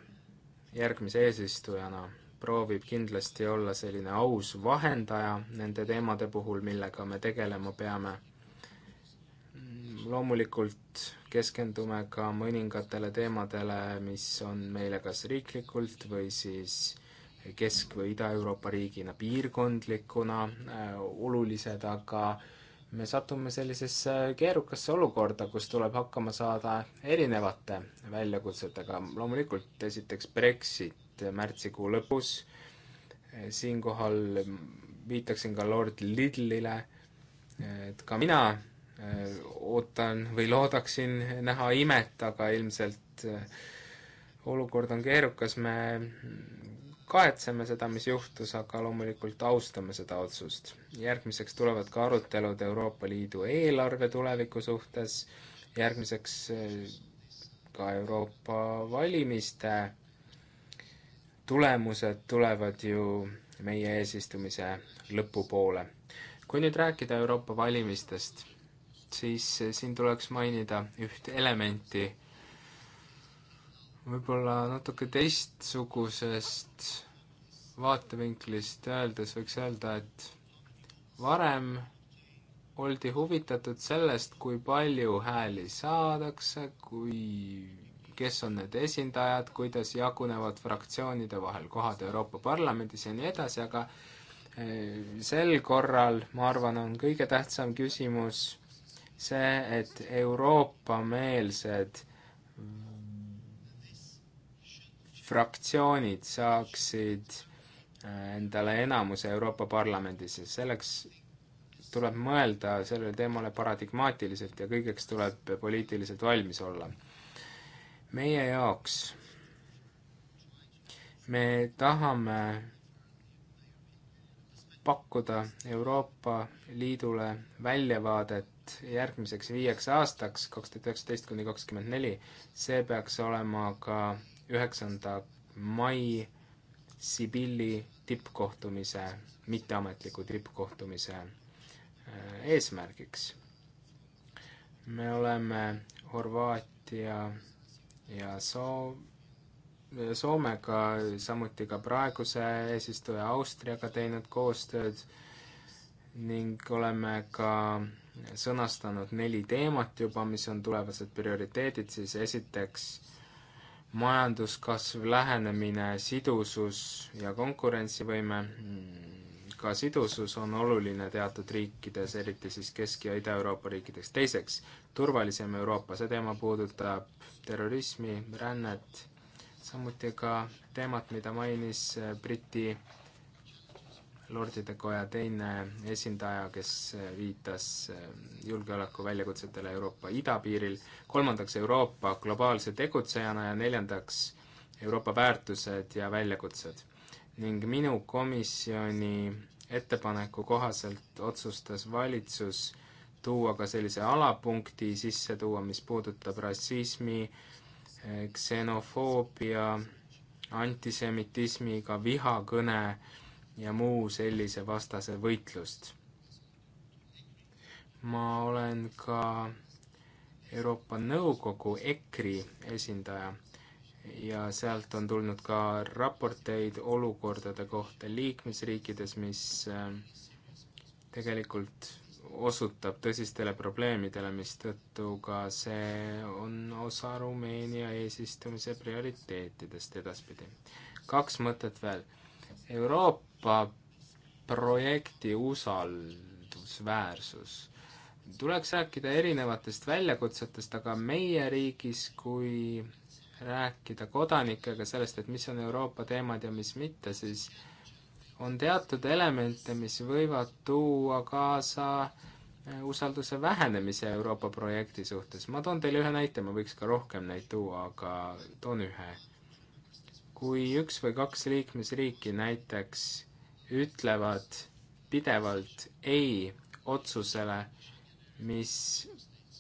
järgmise eesistujana proovib kindlasti olla selline aus vahendaja nende teemade puhul, millega me tegelema peame. loomulikult keskendume ka mõningatele teemadele, mis on meile kas riiklikult või siis Kesk- või Ida-Euroopa riigina piirkondlikuna äh, olulised, aga äh, me satume sellisesse keerukasse olukorda, kus tuleb hakkama saada erinevate väljakutsetega, loomulikult esiteks Brexit märtsikuu lõpus, siinkohal viitaksin ka Lord Lidlile, et ka mina äh, ootan või loodaksin näha imet, aga ilmselt äh, olukord on keerukas, me kahetseme seda, mis juhtus, aga loomulikult austame seda otsust. järgmiseks tulevad ka arutelud Euroopa Liidu eelarve tuleviku suhtes, järgmiseks eh, ka Euroopa valimiste tulemused tulevad ju meie eesistumise lõpupoole. kui nüüd rääkida Euroopa valimistest, siis eh, siin tuleks mainida üht elementi, võib-olla natuke teistsugusest vaatevinklist öeldes võiks öelda, et varem oldi huvitatud sellest, kui palju hääli saadakse, kui, kes on need esindajad, kuidas jagunevad fraktsioonide vahel kohad Euroopa Parlamendis ja nii edasi, aga eh, sel korral, ma arvan, on kõige tähtsam küsimus see, et Euroopa-meelsed fraktsioonid saaksid äh, endale enamuse Euroopa Parlamendis ja selleks tuleb mõelda sellele teemale paradigmaatiliselt ja kõigeks tuleb poliitiliselt valmis olla. meie jaoks me tahame pakkuda Euroopa Liidule väljavaadet järgmiseks viieks aastaks, kaks tuhat üheksateist kuni kakskümmend neli, see peaks olema ka üheksanda mai Sibilli tippkohtumise, mitteametliku tippkohtumise äh, eesmärgiks. me oleme Horvaatia ja Soo-, Soomega, samuti ka praeguse eesistuja Austriaga teinud koostööd ning oleme ka sõnastanud neli teemat juba, mis on tulevased prioriteedid, siis esiteks majanduskasv, lähenemine, sidusus ja konkurentsivõime, mm, ka sidusus on oluline teatud riikides, eriti siis Kesk- ja Ida-Euroopa riikides. teiseks, turvalisem Euroopa, see teema puudutab terrorismi, rännet, samuti ka teemat, mida mainis äh, Briti Lordide Koja teine esindaja, kes äh, viitas äh, julgeoleku väljakutsetele Euroopa idapiiril, kolmandaks Euroopa globaalse tegutsejana ja neljandaks Euroopa väärtused ja väljakutsed. ning minu komisjoni ettepaneku kohaselt otsustas valitsus tuua ka sellise alapunkti sisse tuua, mis puudutab rassismi, äh, ksenofoobia, antisemitismiga vihakõne äh, ja muu sellise vastase võitlust. ma olen ka Euroopa Nõukogu EKRI esindaja ja sealt on tulnud ka raporteid olukordade kohta liikmesriikides, mis äh, tegelikult osutab tõsistele probleemidele, mistõttu ka see on osa Rumeenia eesistumise prioriteetidest edaspidi. kaks mõtet veel. Euroopa Euroopa projekti usaldusväärsus. tuleks rääkida erinevatest väljakutsetest, aga meie riigis, kui rääkida kodanikega sellest, et mis on Euroopa teemad ja mis mitte, siis on teatud elemente, mis võivad tuua kaasa äh, usalduse vähenemise Euroopa projekti suhtes. ma toon teile ühe näite, ma võiks ka rohkem neid tuua, aga toon ühe. kui üks või kaks liikmesriiki näiteks ütlevad pidevalt ei otsusele, mis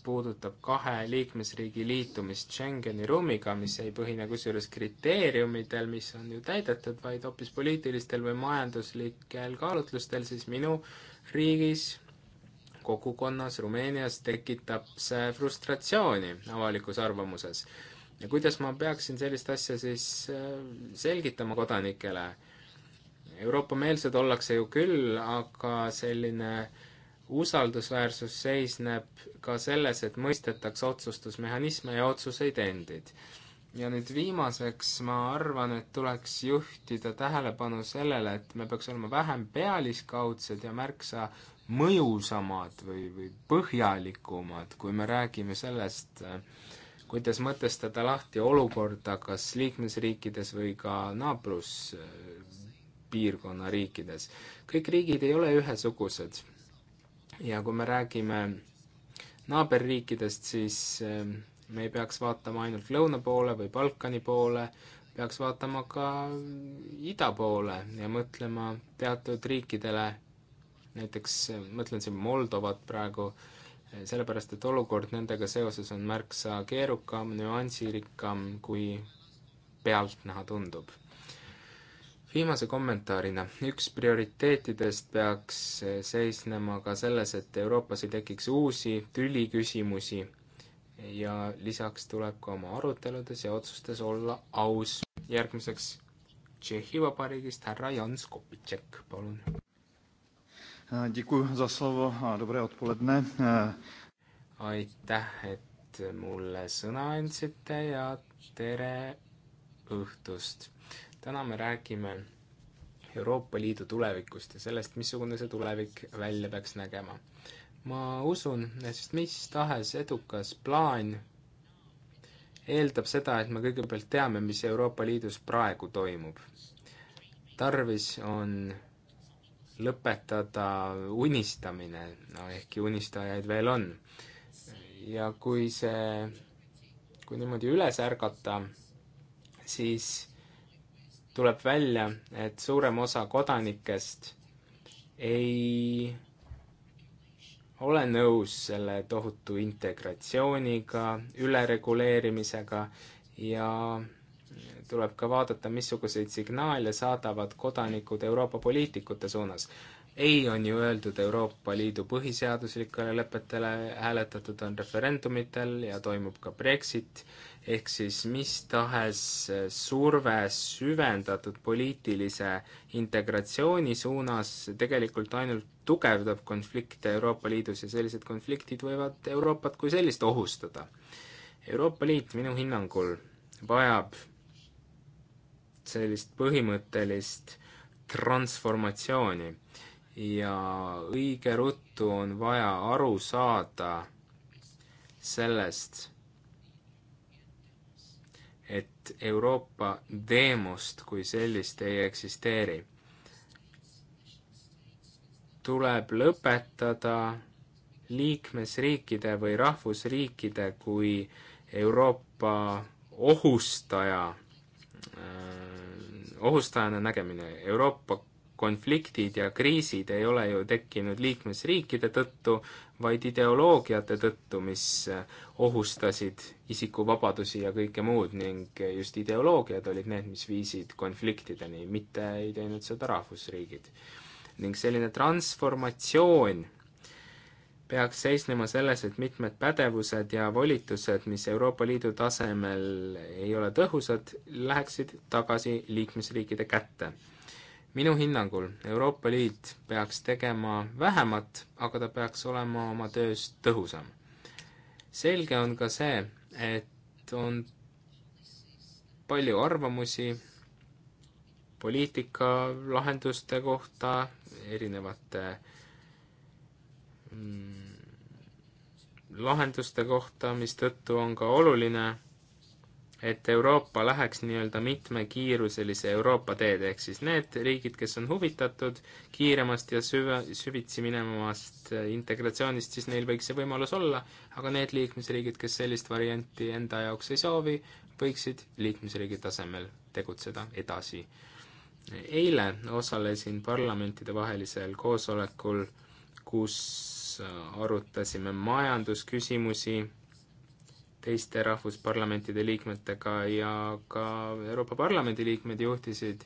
puudutab kahe liikmesriigi liitumist Schengeni ruumiga, mis ei põhine kusjuures kriteeriumidel, mis on ju täidetud, vaid hoopis poliitilistel või majanduslikel kaalutlustel, siis minu riigis, kogukonnas, Rumeenias tekitab see frustratsiooni avalikus arvamuses. ja kuidas ma peaksin sellist asja siis äh, selgitama kodanikele? Euroopa-meelsed ollakse ju küll, aga selline usaldusväärsus seisneb ka selles, et mõistetakse otsustusmehhanisme ja otsuseid endid. ja nüüd viimaseks ma arvan, et tuleks juhtida tähelepanu sellele, et me peaks olema vähem pealiskaudsed ja märksa mõjusamad või, või põhjalikumad, kui me räägime sellest, kuidas mõtestada lahti olukorda kas liikmesriikides või ka naabrus piirkonna riikides. kõik riigid ei ole ühesugused. ja kui me räägime naaberriikidest, siis ähm, me ei peaks vaatama ainult lõuna poole või Balkani poole, peaks vaatama ka ida poole ja mõtlema teatud riikidele, näiteks äh, mõtlen siin Moldovat praegu, äh, sellepärast et olukord nendega seoses on märksa keerukam, nüansirikkam, kui pealtnäha tundub viimase kommentaarina, üks prioriteetidest peaks seisnema ka selles, et Euroopas ei tekiks uusi tüliküsimusi ja lisaks tuleb ka oma aruteludes ja otsustes olla aus. järgmiseks Tšehhi Vabariigist härra Jan Skopitšek, palun. Äh, äh, aitäh, et mulle sõna andsite ja tere õhtust täna me räägime Euroopa Liidu tulevikust ja sellest, missugune see tulevik välja peaks nägema. ma usun, sest mis tahes edukas plaan eeldab seda, et me kõigepealt teame, mis Euroopa Liidus praegu toimub. tarvis on lõpetada unistamine, no ehkki unistajaid veel on. ja kui see, kui niimoodi üles ärgata, siis tuleb välja, et suurem osa kodanikest ei ole nõus selle tohutu integratsiooniga, ülereguleerimisega ja tuleb ka vaadata, missuguseid signaale saadavad kodanikud Euroopa poliitikute suunas ei on ju öeldud Euroopa Liidu põhiseaduslikele lepetele, hääletatud on referendumitel ja toimub ka Brexit, ehk siis mis tahes surve süvendatud poliitilise integratsiooni suunas tegelikult ainult tugevdab konflikte Euroopa Liidus ja sellised konfliktid võivad Euroopat kui sellist ohustada. Euroopa Liit minu hinnangul vajab sellist põhimõttelist transformatsiooni ja õige ruttu on vaja aru saada sellest, et Euroopa deemost kui sellist ei eksisteeri. tuleb lõpetada liikmesriikide või rahvusriikide kui Euroopa ohustaja, äh, ohustajana nägemine, Euroopa konfliktid ja kriisid ei ole ju tekkinud liikmesriikide tõttu, vaid ideoloogiate tõttu, mis ohustasid isikuvabadusi ja kõike muud ning just ideoloogiad olid need, mis viisid konfliktideni, mitte ei teinud seda rahvusriigid. ning selline transformatsioon peaks seisnema selles, et mitmed pädevused ja volitused, mis Euroopa Liidu tasemel ei ole tõhusad, läheksid tagasi liikmesriikide kätte minu hinnangul Euroopa Liit peaks tegema vähemat, aga ta peaks olema oma töös tõhusam. selge on ka see, et on palju arvamusi poliitika lahenduste kohta, erinevate mm, lahenduste kohta, mistõttu on ka oluline et Euroopa läheks nii-öelda mitmekiiruselise Euroopa teed, ehk siis need riigid, kes on huvitatud kiiremast ja süve, süvitsi minemast äh, integratsioonist, siis neil võiks see võimalus olla, aga need liikmesriigid, kes sellist varianti enda jaoks ei soovi, võiksid liikmesriigi tasemel tegutseda edasi. eile osalesin parlamentidevahelisel koosolekul, kus äh, arutasime majandusküsimusi teiste rahvusparlamentide liikmetega ja ka Euroopa Parlamendi liikmed juhtisid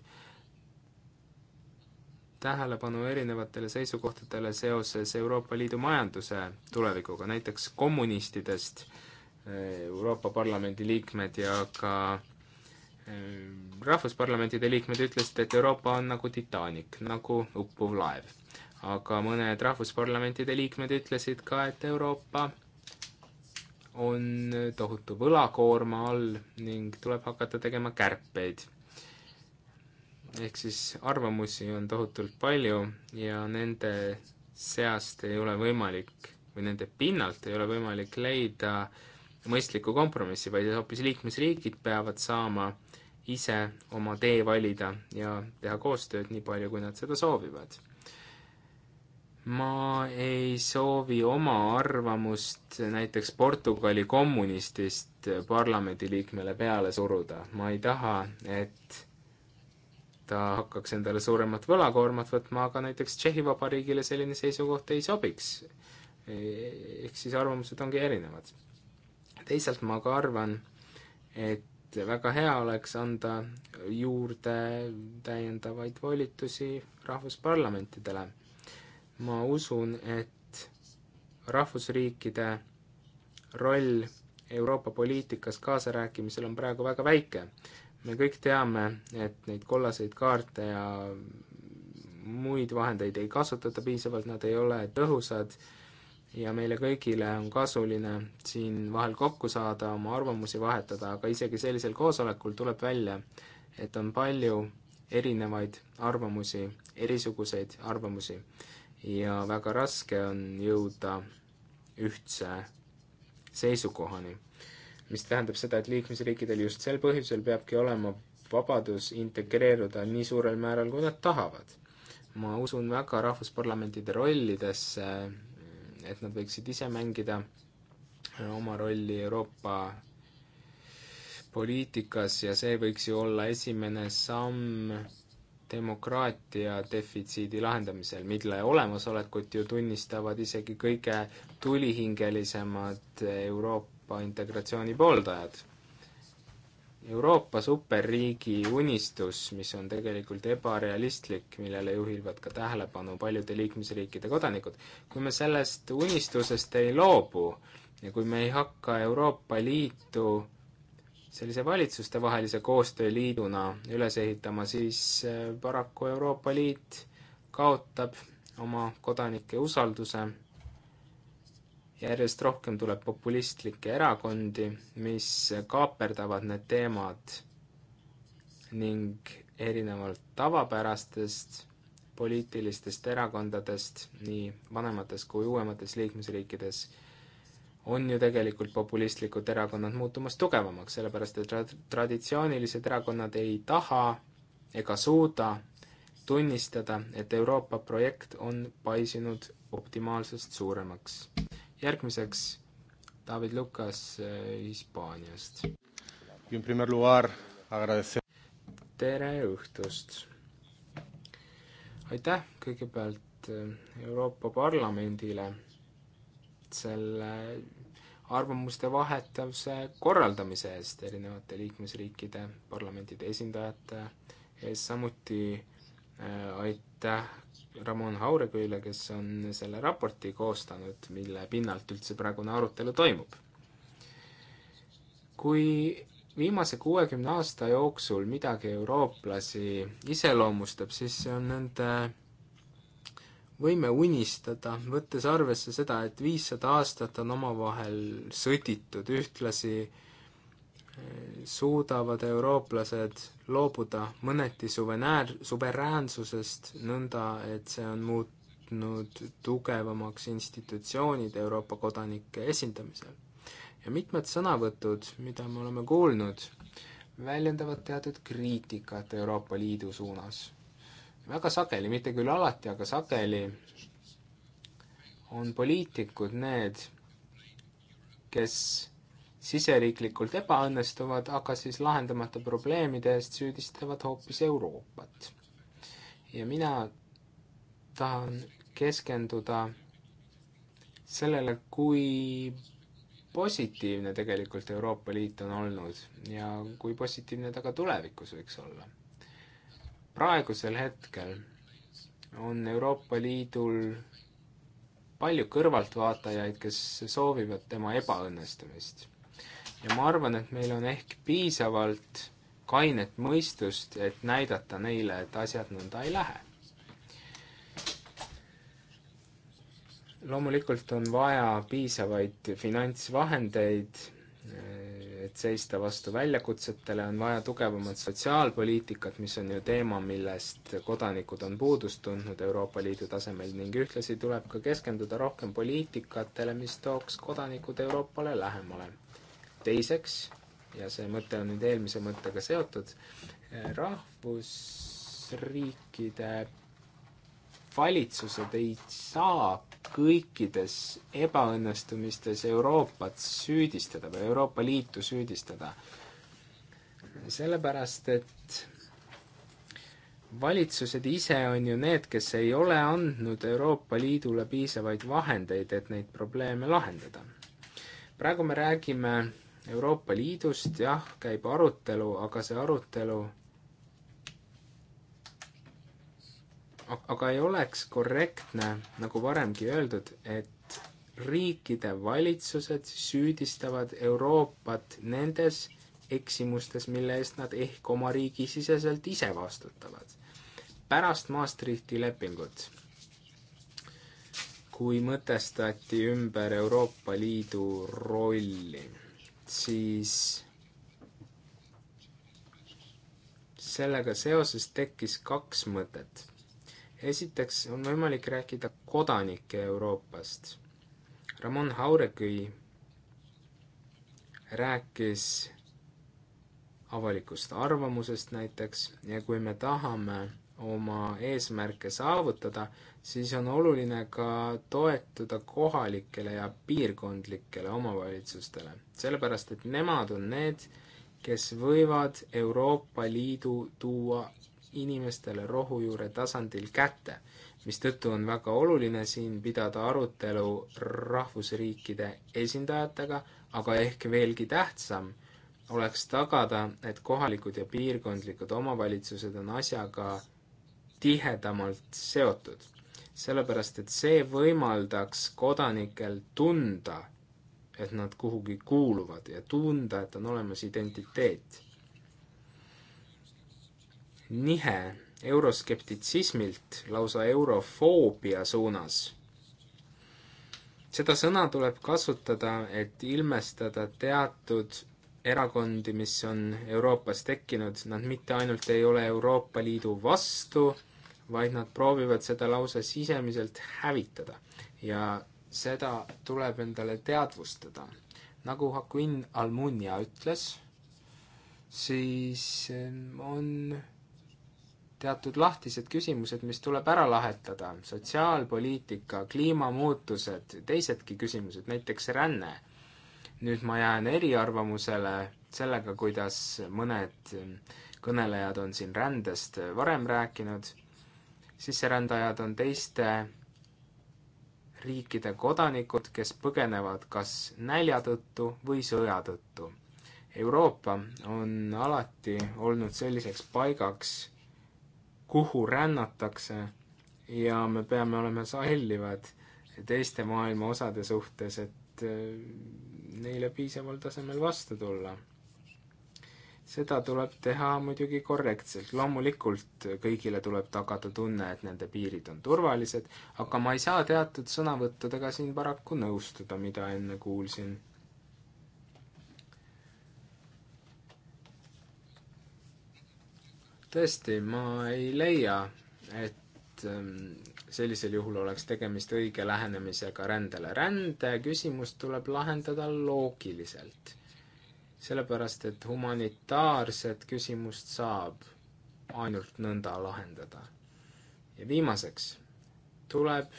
tähelepanu erinevatele seisukohtadele seoses Euroopa Liidu majanduse tulevikuga, näiteks kommunistidest eh, Euroopa Parlamendi liikmed ja ka eh, rahvusparlamentide liikmed ütlesid, et Euroopa on nagu Titanic, nagu uppuv laev. aga mõned rahvusparlamentide liikmed ütlesid ka, et Euroopa on tohutu võlakoorma all ning tuleb hakata tegema kärpeid. ehk siis arvamusi on tohutult palju ja nende seast ei ole võimalik või nende pinnalt ei ole võimalik leida mõistlikku kompromissi, vaid hoopis liikmesriigid peavad saama ise oma tee valida ja teha koostööd nii palju, kui nad seda soovivad ma ei soovi oma arvamust näiteks Portugali kommunistist parlamendiliikmele peale suruda. ma ei taha, et ta hakkaks endale suuremat võlakoormat võtma, aga näiteks Tšehhi Vabariigile selline seisukoht ei sobiks. ehk siis arvamused ongi erinevad. teisalt ma ka arvan, et väga hea oleks anda juurde täiendavaid volitusi rahvusparlamentidele ma usun, et rahvusriikide roll Euroopa poliitikas kaasarääkimisel on praegu väga väike. me kõik teame, et neid kollaseid kaarte ja muid vahendeid ei kasutata piisavalt, nad ei ole tõhusad ja meile kõigile on kasuline siin vahel kokku saada, oma arvamusi vahetada, aga isegi sellisel koosolekul tuleb välja, et on palju erinevaid arvamusi, erisuguseid arvamusi ja väga raske on jõuda ühtse seisukohani. mis tähendab seda, et liikmesriikidel just sel põhjusel peabki olema vabadus integreeruda nii suurel määral, kui nad tahavad. ma usun väga rahvusparlamentide rollidesse, et nad võiksid ise mängida oma rolli Euroopa poliitikas ja see võiks ju olla esimene samm demokraatia defitsiidi lahendamisel, mille olemasolekut ju tunnistavad isegi kõige tulihingelisemad Euroopa integratsiooni pooldajad. Euroopa superriigi unistus, mis on tegelikult ebarealistlik, millele juhivad ka tähelepanu paljude liikmesriikide kodanikud, kui me sellest unistusest ei loobu ja kui me ei hakka Euroopa Liitu sellise valitsustevahelise koostööliiduna üles ehitama, siis äh, paraku Euroopa Liit kaotab oma kodanike usalduse. järjest rohkem tuleb populistlikke erakondi, mis kaaperdavad need teemad ning erinevalt tavapärastest poliitilistest erakondadest nii vanemates kui uuemates liikmesriikides on ju tegelikult populistlikud erakonnad muutumas tugevamaks, sellepärast et tra-, traditsioonilised erakonnad ei taha ega suuda tunnistada, et Euroopa projekt on paisinud optimaalsest suuremaks. järgmiseks David Lukas äh, Hispaaniast. tere õhtust! aitäh kõigepealt äh, Euroopa Parlamendile selle arvamuste vahetavuse korraldamise eest erinevate liikmesriikide parlamentide esindajate ees, samuti äh, aitäh Ramon Haureguile, kes on selle raporti koostanud, mille pinnalt üldse praegune arutelu toimub. kui viimase kuuekümne aasta jooksul midagi eurooplasi iseloomustab, siis see on nende äh, võime unistada, võttes arvesse seda, et viissada aastat on omavahel sõditud, ühtlasi eh, suudavad eurooplased loobuda mõneti suveräär, suveräänsusest, nõnda et see on muutnud tugevamaks institutsioonid Euroopa kodanike esindamisel. ja mitmed sõnavõtud, mida me oleme kuulnud, väljendavad teatud kriitikat Euroopa Liidu suunas väga sageli, mitte küll alati, aga sageli on poliitikud need, kes siseriiklikult ebaõnnestuvad, aga siis lahendamata probleemide eest süüdistavad hoopis Euroopat. ja mina tahan keskenduda sellele, kui positiivne tegelikult Euroopa Liit on olnud ja kui positiivne ta ka tulevikus võiks olla praegusel hetkel on Euroopa Liidul palju kõrvaltvaatajaid, kes soovivad tema ebaõnnestumist. ja ma arvan, et meil on ehk piisavalt kainet mõistust, et näidata neile, et asjad nõnda ei lähe. loomulikult on vaja piisavaid finantsvahendeid et seista vastu väljakutsetele, on vaja tugevamat sotsiaalpoliitikat, mis on ju teema, millest kodanikud on puudust tundnud Euroopa Liidu tasemel ning ühtlasi tuleb ka keskenduda rohkem poliitikatele, mis tooks kodanikud Euroopale lähemale. teiseks, ja see mõte on nüüd eelmise mõttega seotud, eh, rahvusriikide valitsused ei saa kõikides ebaõnnestumistes Euroopat süüdistada või Euroopa Liitu süüdistada. sellepärast, et valitsused ise on ju need, kes ei ole andnud Euroopa Liidule piisavaid vahendeid, et neid probleeme lahendada. praegu me räägime Euroopa Liidust, jah, käib arutelu, aga see arutelu aga ei oleks korrektne, nagu varemgi öeldud, et riikide valitsused süüdistavad Euroopat nendes eksimustes, mille eest nad ehk oma riigisiseselt ise vastutavad. pärast Maastrichti lepingut, kui mõtestati ümber Euroopa Liidu rolli, siis sellega seoses tekkis kaks mõtet esiteks on võimalik rääkida kodanike Euroopast. Ramon Haurekõi rääkis avalikust arvamusest näiteks ja kui me tahame oma eesmärke saavutada, siis on oluline ka toetuda kohalikele ja piirkondlikele omavalitsustele, sellepärast et nemad on need, kes võivad Euroopa Liidu tuua inimestele rohujuure tasandil kätte, mistõttu on väga oluline siin pidada arutelu rahvusriikide esindajatega, aga ehk veelgi tähtsam oleks tagada, et kohalikud ja piirkondlikud omavalitsused on asjaga tihedamalt seotud. sellepärast, et see võimaldaks kodanikel tunda, et nad kuhugi kuuluvad ja tunda, et on olemas identiteet nihe euroskeptitsismilt lausa eurofoobia suunas. seda sõna tuleb kasutada, et ilmestada teatud erakondi, mis on Euroopas tekkinud, nad mitte ainult ei ole Euroopa Liidu vastu, vaid nad proovivad seda lausa sisemiselt hävitada. ja seda tuleb endale teadvustada. nagu Hakuin Almunia ütles, siis eh, on teatud lahtised küsimused, mis tuleb ära lahetada, sotsiaalpoliitika, kliimamuutused, teisedki küsimused, näiteks ränne. nüüd ma jään eriarvamusele sellega, kuidas mõned kõnelejad on siin rändest varem rääkinud, sisserändajad on teiste riikide kodanikud, kes põgenevad kas nälja tõttu või sõja tõttu. Euroopa on alati olnud selliseks paigaks, kuhu rännatakse ja me peame olema sallivad teiste maailma osade suhtes, et äh, neile piisaval tasemel vastu tulla. seda tuleb teha muidugi korrektselt, loomulikult kõigile tuleb tagada tunne, et nende piirid on turvalised, aga ma ei saa teatud sõnavõttudega siin paraku nõustuda, mida enne kuulsin tõesti, ma ei leia, et ähm, sellisel juhul oleks tegemist õige lähenemisega rändele. rände küsimus tuleb lahendada loogiliselt. sellepärast, et humanitaarset küsimust saab ainult nõnda lahendada. ja viimaseks tuleb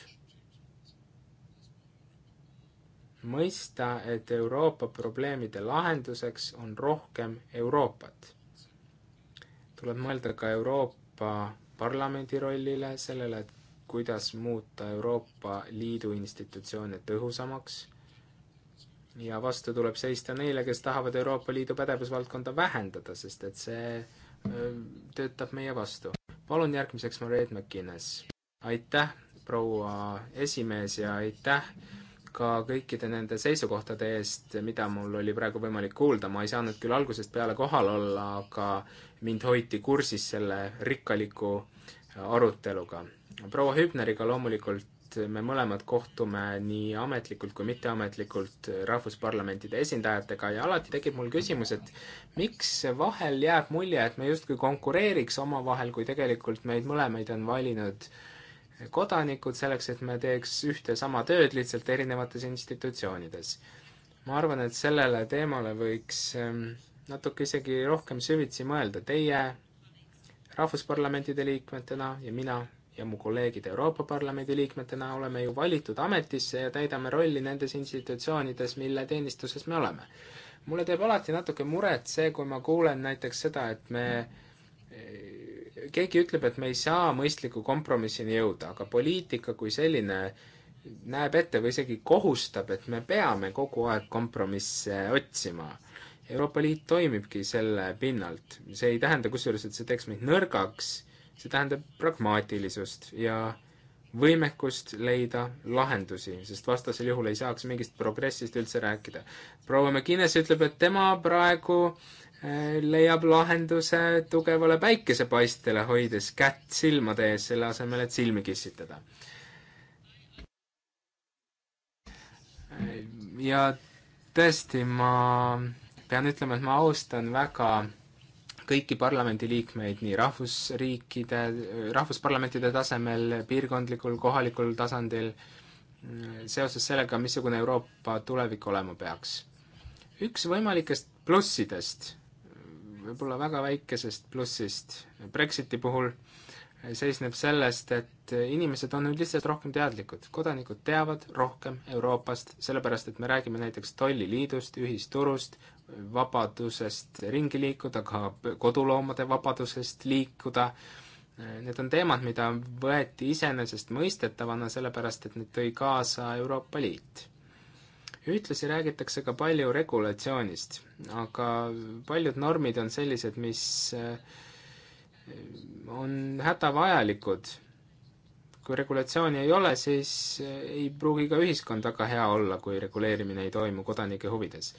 mõista, et Euroopa probleemide lahenduseks on rohkem Euroopat tuleb mõelda ka Euroopa Parlamendi rollile, sellele, et kuidas muuta Euroopa Liidu institutsioone tõhusamaks ja vastu tuleb seista neile, kes tahavad Euroopa Liidu pädevusvaldkonda vähendada, sest et see töötab meie vastu. palun järgmiseks Mareet McInnes. aitäh, proua esimees ja aitäh ka kõikide nende seisukohtade eest, mida mul oli praegu võimalik kuulda, ma ei saanud küll algusest peale kohal olla, aga mind hoiti kursis selle rikkaliku äh, aruteluga. proua Hübneriga loomulikult me mõlemad kohtume nii ametlikult kui mitteametlikult äh, rahvusparlamentide esindajatega ja alati tekib mul küsimus, et miks vahel jääb mulje, et me justkui konkureeriks omavahel, kui tegelikult meid mõlemaid on valinud äh, kodanikud selleks, et me teeks ühte sama tööd lihtsalt erinevates institutsioonides. ma arvan, et sellele teemale võiks ähm, natuke isegi rohkem süvitsi mõelda teie rahvusparlamentide liikmetena ja mina ja mu kolleegid Euroopa Parlamendi liikmetena oleme ju valitud ametisse ja täidame rolli nendes institutsioonides, mille teenistuses me oleme. mulle teeb alati natuke muret see, kui ma kuulen näiteks seda, et me keegi ütleb, et me ei saa mõistliku kompromissini jõuda, aga poliitika kui selline näeb ette või isegi kohustab, et me peame kogu aeg kompromisse otsima Euroopa Liit toimibki selle pinnalt, see ei tähenda kusjuures, et see teeks meid nõrgaks, see tähendab pragmaatilisust ja võimekust leida lahendusi, sest vastasel juhul ei saaks mingist progressist üldse rääkida. proua McGuinness ütleb, et tema praegu eh, leiab lahenduse tugevale päikesepaistele, hoides kätt silmade ees, selle asemel, et silmi kissitada. Eh, ja tõesti, ma pean ütlema, et ma austan väga kõiki parlamendiliikmeid nii rahvusriikide, rahvusparlamentide tasemel, piirkondlikul, kohalikul tasandil, mm, seoses sellega, missugune Euroopa tulevik olema peaks. üks võimalikest plussidest, võib-olla väga väikesest plussist Brexiti puhul, seisneb sellest, et inimesed on nüüd lihtsalt rohkem teadlikud, kodanikud teavad rohkem Euroopast, sellepärast et me räägime näiteks tolliliidust, ühisturust, vabadusest ringi liikuda, ka koduloomade vabadusest liikuda. Need on teemad, mida võeti iseenesestmõistetavana, sellepärast et need tõi kaasa Euroopa Liit. ühtlasi räägitakse ka palju regulatsioonist, aga paljud normid on sellised, mis äh, on hädavajalikud. kui regulatsiooni ei ole, siis äh, ei pruugi ka ühiskond väga hea olla, kui reguleerimine ei toimu kodanike huvides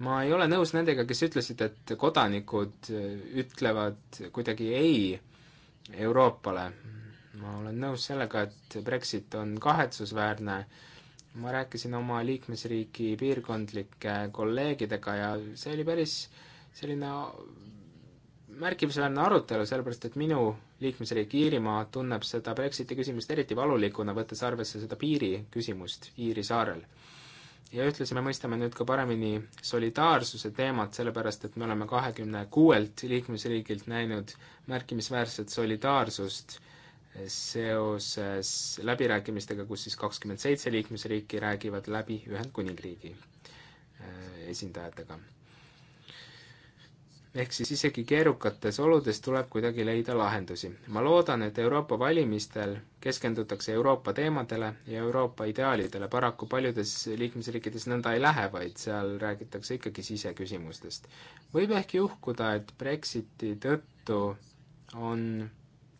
ma ei ole nõus nendega, kes ütlesid, et kodanikud äh, ütlevad kuidagi ei Euroopale. ma olen nõus sellega, et Brexit on kahetsusväärne, ma rääkisin oma liikmesriigi piirkondlike kolleegidega ja see oli päris selline märkimisväärne arutelu, sellepärast et minu liikmesriik Iirimaa tunneb seda Brexiti küsimust eriti valulikuna, võttes arvesse seda piiri küsimust Iiri saarel ja ühtlasi me mõistame nüüd ka paremini solidaarsuse teemat, sellepärast et me oleme kahekümne kuuelt liikmesriigilt näinud märkimisväärset solidaarsust seoses läbirääkimistega, kus siis kakskümmend seitse liikmesriiki räägivad läbi Ühendkuningriigi äh, esindajatega ehk siis isegi keerukates oludes tuleb kuidagi leida lahendusi. ma loodan, et Euroopa valimistel keskendutakse Euroopa teemadele ja Euroopa ideaalidele, paraku paljudes liikmesriikides nõnda ei lähe, vaid seal räägitakse ikkagi siseküsimustest. võib ehk juhkuda, et Brexiti tõttu on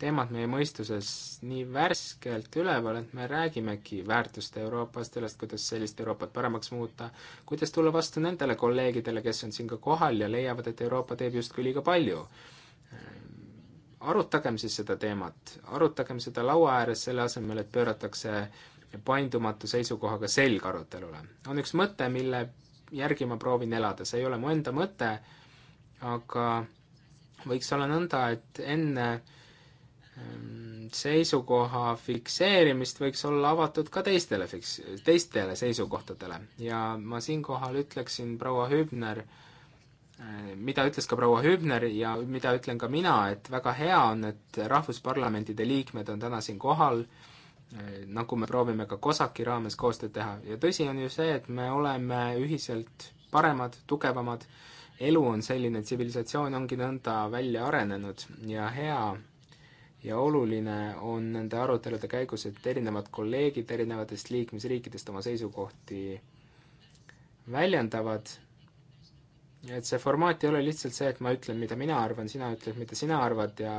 teemat meie mõistuses nii värskelt üleval, et me räägimegi väärtuste Euroopast, sellest, kuidas sellist Euroopat paremaks muuta, kuidas tulla vastu nendele kolleegidele, kes on siin ka kohal ja leiavad, et Euroopa teeb justkui liiga palju. arutagem siis seda teemat, arutagem seda laua ääres, selle asemel, et pööratakse paindumatu seisukohaga selg arutelule. on üks mõte, mille järgi ma proovin elada, see ei ole mu enda mõte, aga võiks olla nõnda, et enne äh, seisukoha fikseerimist võiks olla avatud ka teistele fiks-, teistele seisukohtadele ja ma siinkohal ütleksin proua Hübner, äh, mida ütles ka proua Hübner ja mida ütlen ka mina, et väga hea on, et rahvusparlamentide liikmed on täna siin kohal, äh, nagu me proovime ka COSAC-i raames koostööd teha ja tõsi on ju see, et me oleme ühiselt paremad, tugevamad, elu on selline, tsivilisatsioon ongi nõnda välja arenenud ja hea ja oluline on nende arutelude käigus, et erinevad kolleegid erinevatest liikmesriikidest oma seisukohti väljendavad, et see formaat ei ole lihtsalt see, et ma ütlen, mida mina arvan, sina ütled, mida sina arvad ja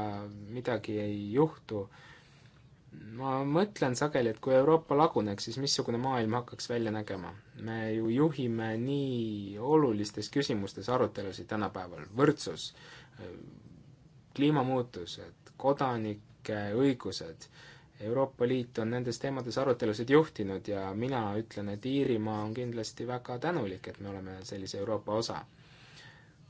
midagi ei juhtu. ma mõtlen sageli, et kui Euroopa laguneks, siis missugune maailm hakkaks välja nägema. me ju juhime nii olulistes küsimustes arutelusid tänapäeval, võrdsus, kliimamuutused, kodanike õigused. Euroopa Liit on nendes teemades arutelusid juhtinud ja mina ütlen, et Iirimaa on kindlasti väga tänulik, et me oleme sellise Euroopa osa.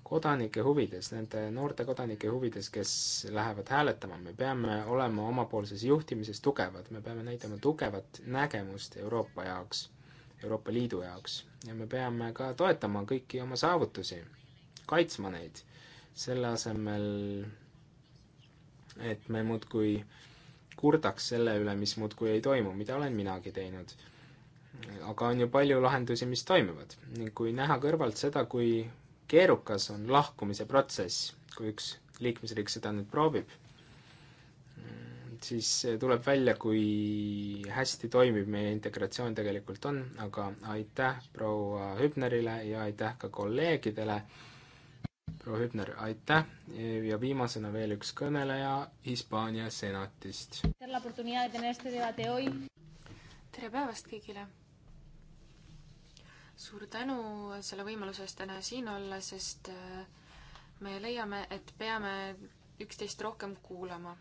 kodanike huvides, nende noorte kodanike huvides, kes lähevad hääletama, me peame olema omapoolses juhtimises tugevad, me peame näitama tugevat nägemust Euroopa jaoks, Euroopa Liidu jaoks ja me peame ka toetama kõiki oma saavutusi, kaitsma neid, selle asemel et me muudkui kurdaks selle üle, mis muudkui ei toimu, mida olen minagi teinud. aga on ju palju lahendusi, mis toimivad. kui näha kõrvalt seda, kui keerukas on lahkumise protsess, kui üks liikmesriik seda nüüd proovib, siis tuleb välja, kui hästi toimiv meie integratsioon tegelikult on, aga aitäh proua Hübnerile ja aitäh ka kolleegidele proua Hübner, aitäh ja viimasena veel üks kõneleja Hispaania senatist. tere päevast kõigile! suur tänu selle võimaluse eest täna siin olla, sest äh, me leiame, et peame üksteist rohkem kuulama.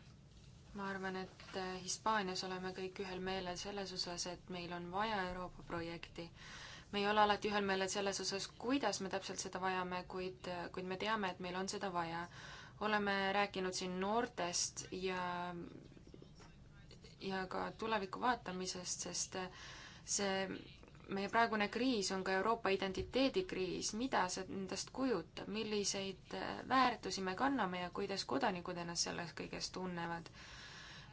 ma arvan, et äh, Hispaanias oleme kõik ühel meelel selles osas, et meil on vaja Euroopa projekti me ei ole alati ühel meelel selles osas, kuidas me täpselt seda vajame, kuid, kuid me teame, et meil on seda vaja. oleme rääkinud siin noortest ja, ja ka tuleviku vaatamisest, sest see meie praegune kriis on ka Euroopa identiteedikriis, mida see endast kujutab, milliseid väärtusi me kanname ja kuidas kodanikud ennast selles kõiges tunnevad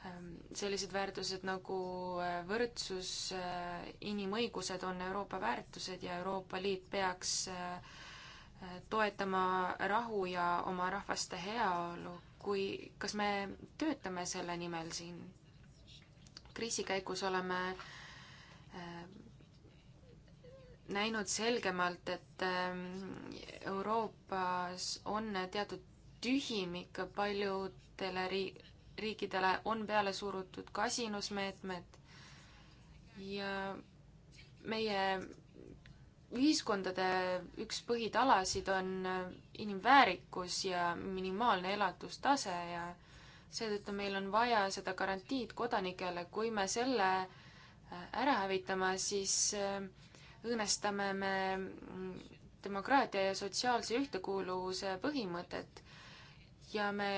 Ähm, sellised väärtused nagu äh, võrdsus, äh, inimõigused on Euroopa väärtused ja Euroopa Liit peaks äh, toetama rahu ja oma rahvaste heaolu, kui, kas me töötame selle nimel siin? kriisi käigus oleme näinud selgemalt, et ähm, Euroopas on teatud tühimik paljudele riik-, riikidele on peale surutud kasinusmeetmed ja meie ühiskondade üks põhitalasid on inimväärikus ja minimaalne elatustase ja seetõttu meil on vaja seda garantiid kodanikele, kui me selle äh, ära hävitame, siis äh, õõnestame me mm, demokraatia ja sotsiaalse ühtekuuluvuse põhimõtet ja me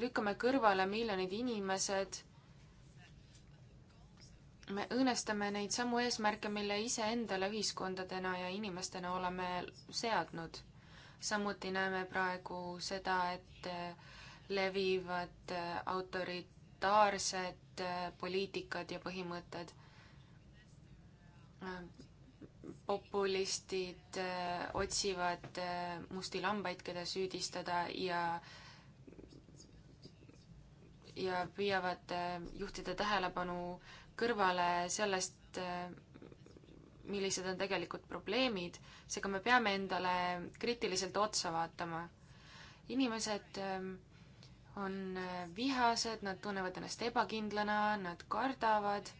lükkame kõrvale miljonid inimesed. me õõnestame neid samu eesmärke, mille iseendale ühiskondadena ja inimestena oleme seadnud. samuti näeme praegu seda, et äh, levivad äh, autoritaarsed äh, poliitikad ja põhimõtted. populistid otsivad musti lambaid, keda süüdistada ja äh, ja püüavad äh, juhtida tähelepanu kõrvale sellest, äh, millised on tegelikult probleemid, seega me peame endale kriitiliselt otsa vaatama. inimesed äh, on vihased, nad tunnevad ennast ebakindlana, nad kardavad.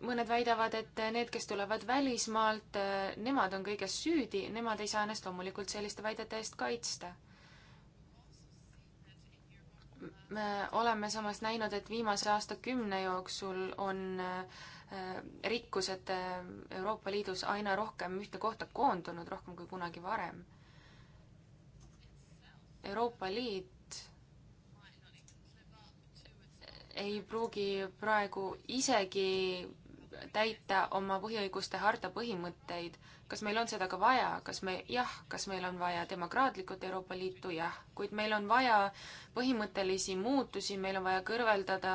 mõned väidavad, et need, kes tulevad välismaalt, nemad on kõiges süüdi, nemad ei saa ennast loomulikult selliste väidete eest kaitsta me oleme samas näinud, et viimase aastakümne jooksul on äh, rikkused äh, Euroopa Liidus aina rohkem ühte kohta koondunud, rohkem kui kunagi varem. Euroopa Liit ei pruugi praegu isegi täita oma põhiõiguste harta põhimõtteid, kas meil on seda ka vaja, kas me, jah, kas meil on vaja demokraatlikut Euroopa Liitu, jah, kuid meil on vaja põhimõttelisi muutusi, meil on vaja kõrveldada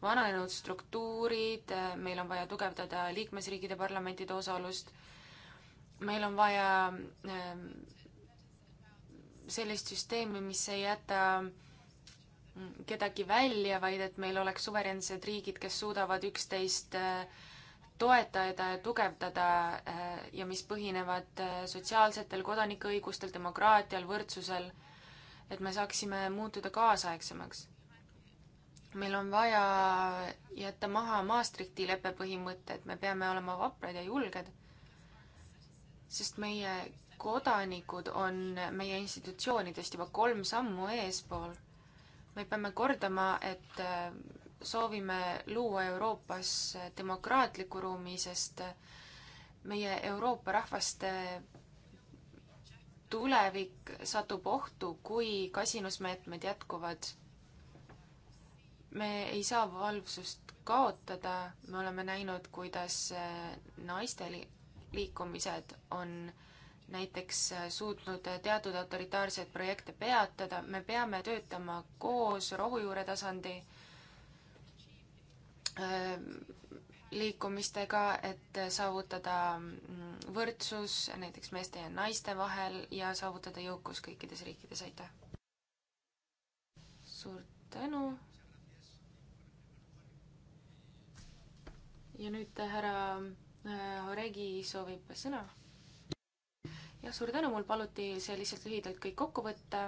vananenud struktuurid, meil on vaja tugevdada liikmesriikide parlamentide osalust, meil on vaja ähm, sellist süsteemi, mis ei jäta mm, kedagi välja, vaid et meil oleks suveräänsed riigid, kes suudavad üksteist äh, toetada ja tugevdada eh, ja mis põhinevad eh, sotsiaalsetel kodanikuõigustel, demokraatial, võrdsusel, et me saaksime muutuda kaasaegsemaks. meil on vaja jätta maha Maastrichti leppe põhimõtted, me peame olema vaprad ja julged, sest meie kodanikud on meie institutsioonidest juba kolm sammu eespool. me peame kordama, et eh, soovime luua Euroopas demokraatliku ruumi, sest meie Euroopa rahvaste tulevik satub ohtu, kui kasinusmeetmed jätkuvad. me ei saa valvsust kaotada, me oleme näinud, kuidas naiste liikumised on näiteks suutnud teatud autoritaarseid projekte peatada, me peame töötama koos rohujuure tasandi liikumistega, et saavutada mm, võrdsus näiteks meeste ja naiste vahel ja saavutada jõukus kõikides riikides, aitäh! suur tänu! ja nüüd härra Horegi soovib sõna. jah, suur tänu, mul paluti see lihtsalt lühidalt kõik kokku võtta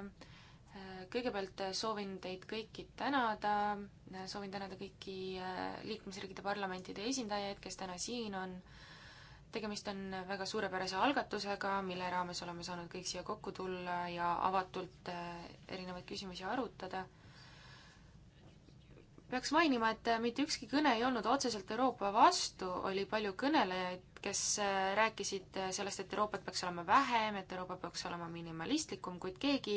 kõigepealt äh, soovin teid kõiki tänada, äh, soovin tänada kõiki äh, liikmesriikide parlamentide esindajaid, kes täna siin on. tegemist on väga suurepärase algatusega, mille raames oleme saanud kõik siia kokku tulla ja avatult erinevaid küsimusi arutada. peaks mainima, et mitte ükski kõne ei olnud otseselt Euroopa vastu, oli palju kõnelejaid, kes äh, rääkisid äh, sellest, et Euroopat peaks olema vähem, et Euroopa peaks olema minimalistlikum, kuid keegi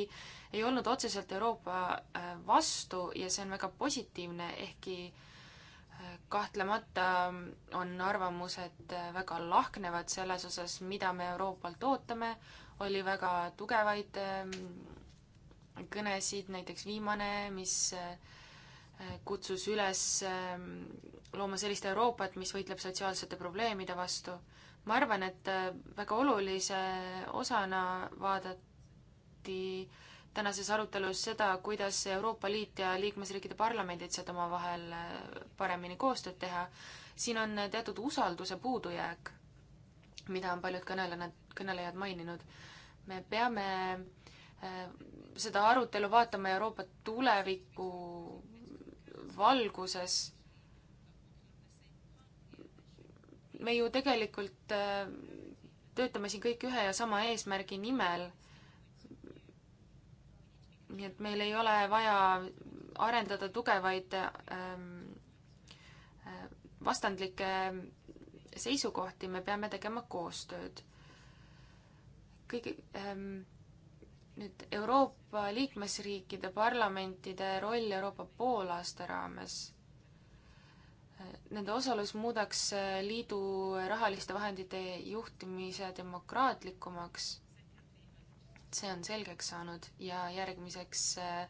ei olnud otseselt Euroopa äh, vastu ja see on väga positiivne, ehkki kahtlemata on arvamused väga lahknevad selles osas, mida me Euroopalt ootame, oli väga tugevaid ähm, kõnesid, näiteks viimane, mis äh, kutsus üles ähm, looma sellist Euroopat, mis võitleb sotsiaalsete probleemide vastu. ma arvan, et äh, väga olulise osana vaadati tänases arutelus seda, kuidas Euroopa Liit ja liikmesriikide parlamendid saavad omavahel äh, paremini koostööd teha. siin on teatud usalduse puudujääk, mida on paljud kõnelejad, kõnelejad maininud. me peame äh, seda arutelu vaatama Euroopa tuleviku valguses me ju tegelikult äh, töötame siin kõik ühe ja sama eesmärgi nimel. nii et meil ei ole vaja arendada tugevaid ähm, äh, vastandlikke seisukohti, me peame tegema koostööd. kõigi ähm, nüüd Euroopa liikmesriikide parlamentide roll Euroopa poolaasta raames. Nende osalus muudaks liidu rahaliste vahendite juhtimise demokraatlikumaks. see on selgeks saanud ja järgmiseks äh,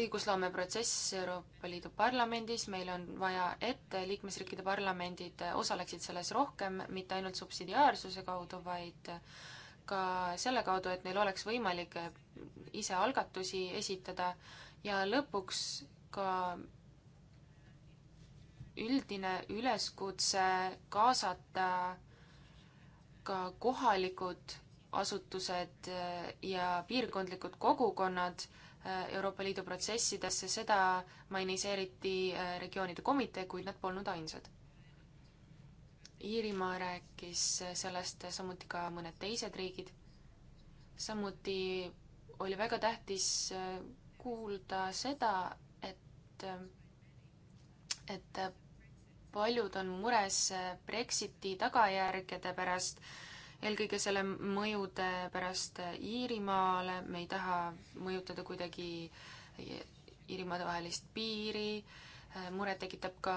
õigusloomeprotsess Euroopa Liidu parlamendis, meil on vaja, et liikmesriikide parlamendid osaleksid selles rohkem, mitte ainult subsidiaarsuse kaudu, vaid äh, ka selle kaudu, et neil oleks võimalik ise algatusi esitada ja lõpuks ka üldine üleskutse kaasata ka kohalikud asutused eh, ja piirkondlikud kogukonnad eh, Euroopa Liidu protsessidesse, seda mainiseeriti eh, regioonide komitee, kuid nad polnud ainsad Iirimaa rääkis sellest, samuti ka mõned teised riigid. samuti oli väga tähtis äh, kuulda seda, et, äh, et paljud on mures äh, Brexiti tagajärgede pärast, eelkõige selle mõjude pärast Iirimaale, me ei taha mõjutada kuidagi Iirimaade vahelist piiri, muret tekitab ka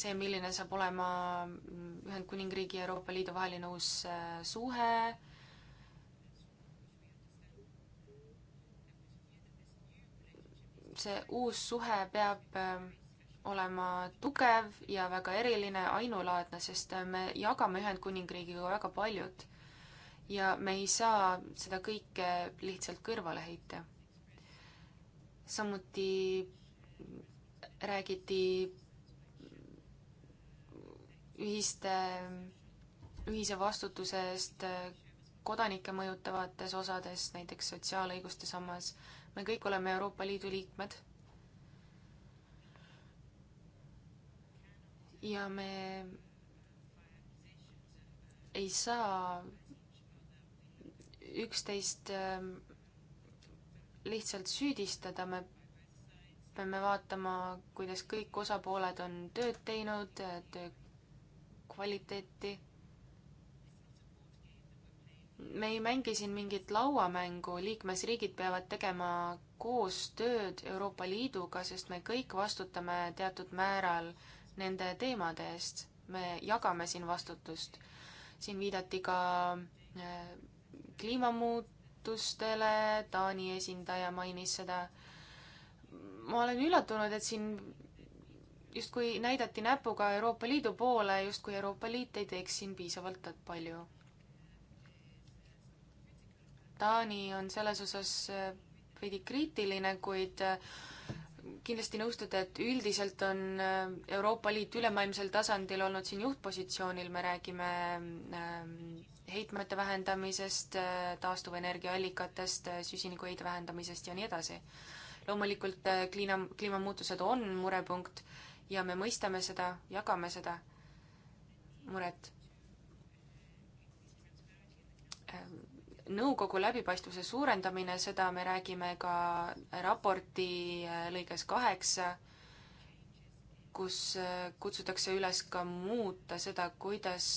see, milline saab olema Ühendkuningriigi ja Euroopa Liidu vaheline uus äh, suhe, see uus suhe peab äh, olema tugev ja väga eriline, ainulaadne, sest äh, me jagame Ühendkuningriigiga väga paljut. ja me ei saa seda kõike lihtsalt kõrvale heita. samuti räägiti ühiste, ühise vastutuse eest äh, kodanikke mõjutavates osades, näiteks sotsiaalõiguste sammas. me kõik oleme Euroopa Liidu liikmed. ja me ei saa üksteist ähm, lihtsalt süüdistada, me peame vaatama, kuidas kõik osapooled on tööd teinud, töö kvaliteeti. me ei mängi siin mingit lauamängu, liikmesriigid peavad tegema koostööd Euroopa Liiduga, sest me kõik vastutame teatud määral nende teemade eest. me jagame siin vastutust. siin viidati ka äh, kliimamuutustele, Taani esindaja mainis seda. ma olen üllatunud, et siin justkui näidati näpuga Euroopa Liidu poole, justkui Euroopa Liit ei teeks siin piisavalt palju. Taani on selles osas äh, veidi kriitiline, kuid äh, kindlasti nõustute, et üldiselt on äh, Euroopa Liit ülemaailmsel tasandil olnud siin juhtpositsioonil, me räägime heitmete vähendamisest, taastuvenergiaallikatest, süsinikuheide vähendamisest ja nii edasi. loomulikult kliima, kliimamuutused on murepunkt ja me mõistame seda, jagame seda muret. Äh, nõukogu läbipaistvuse suurendamine, seda me räägime ka raporti äh, lõiges kaheksa, kus äh, kutsutakse üles ka muuta seda, kuidas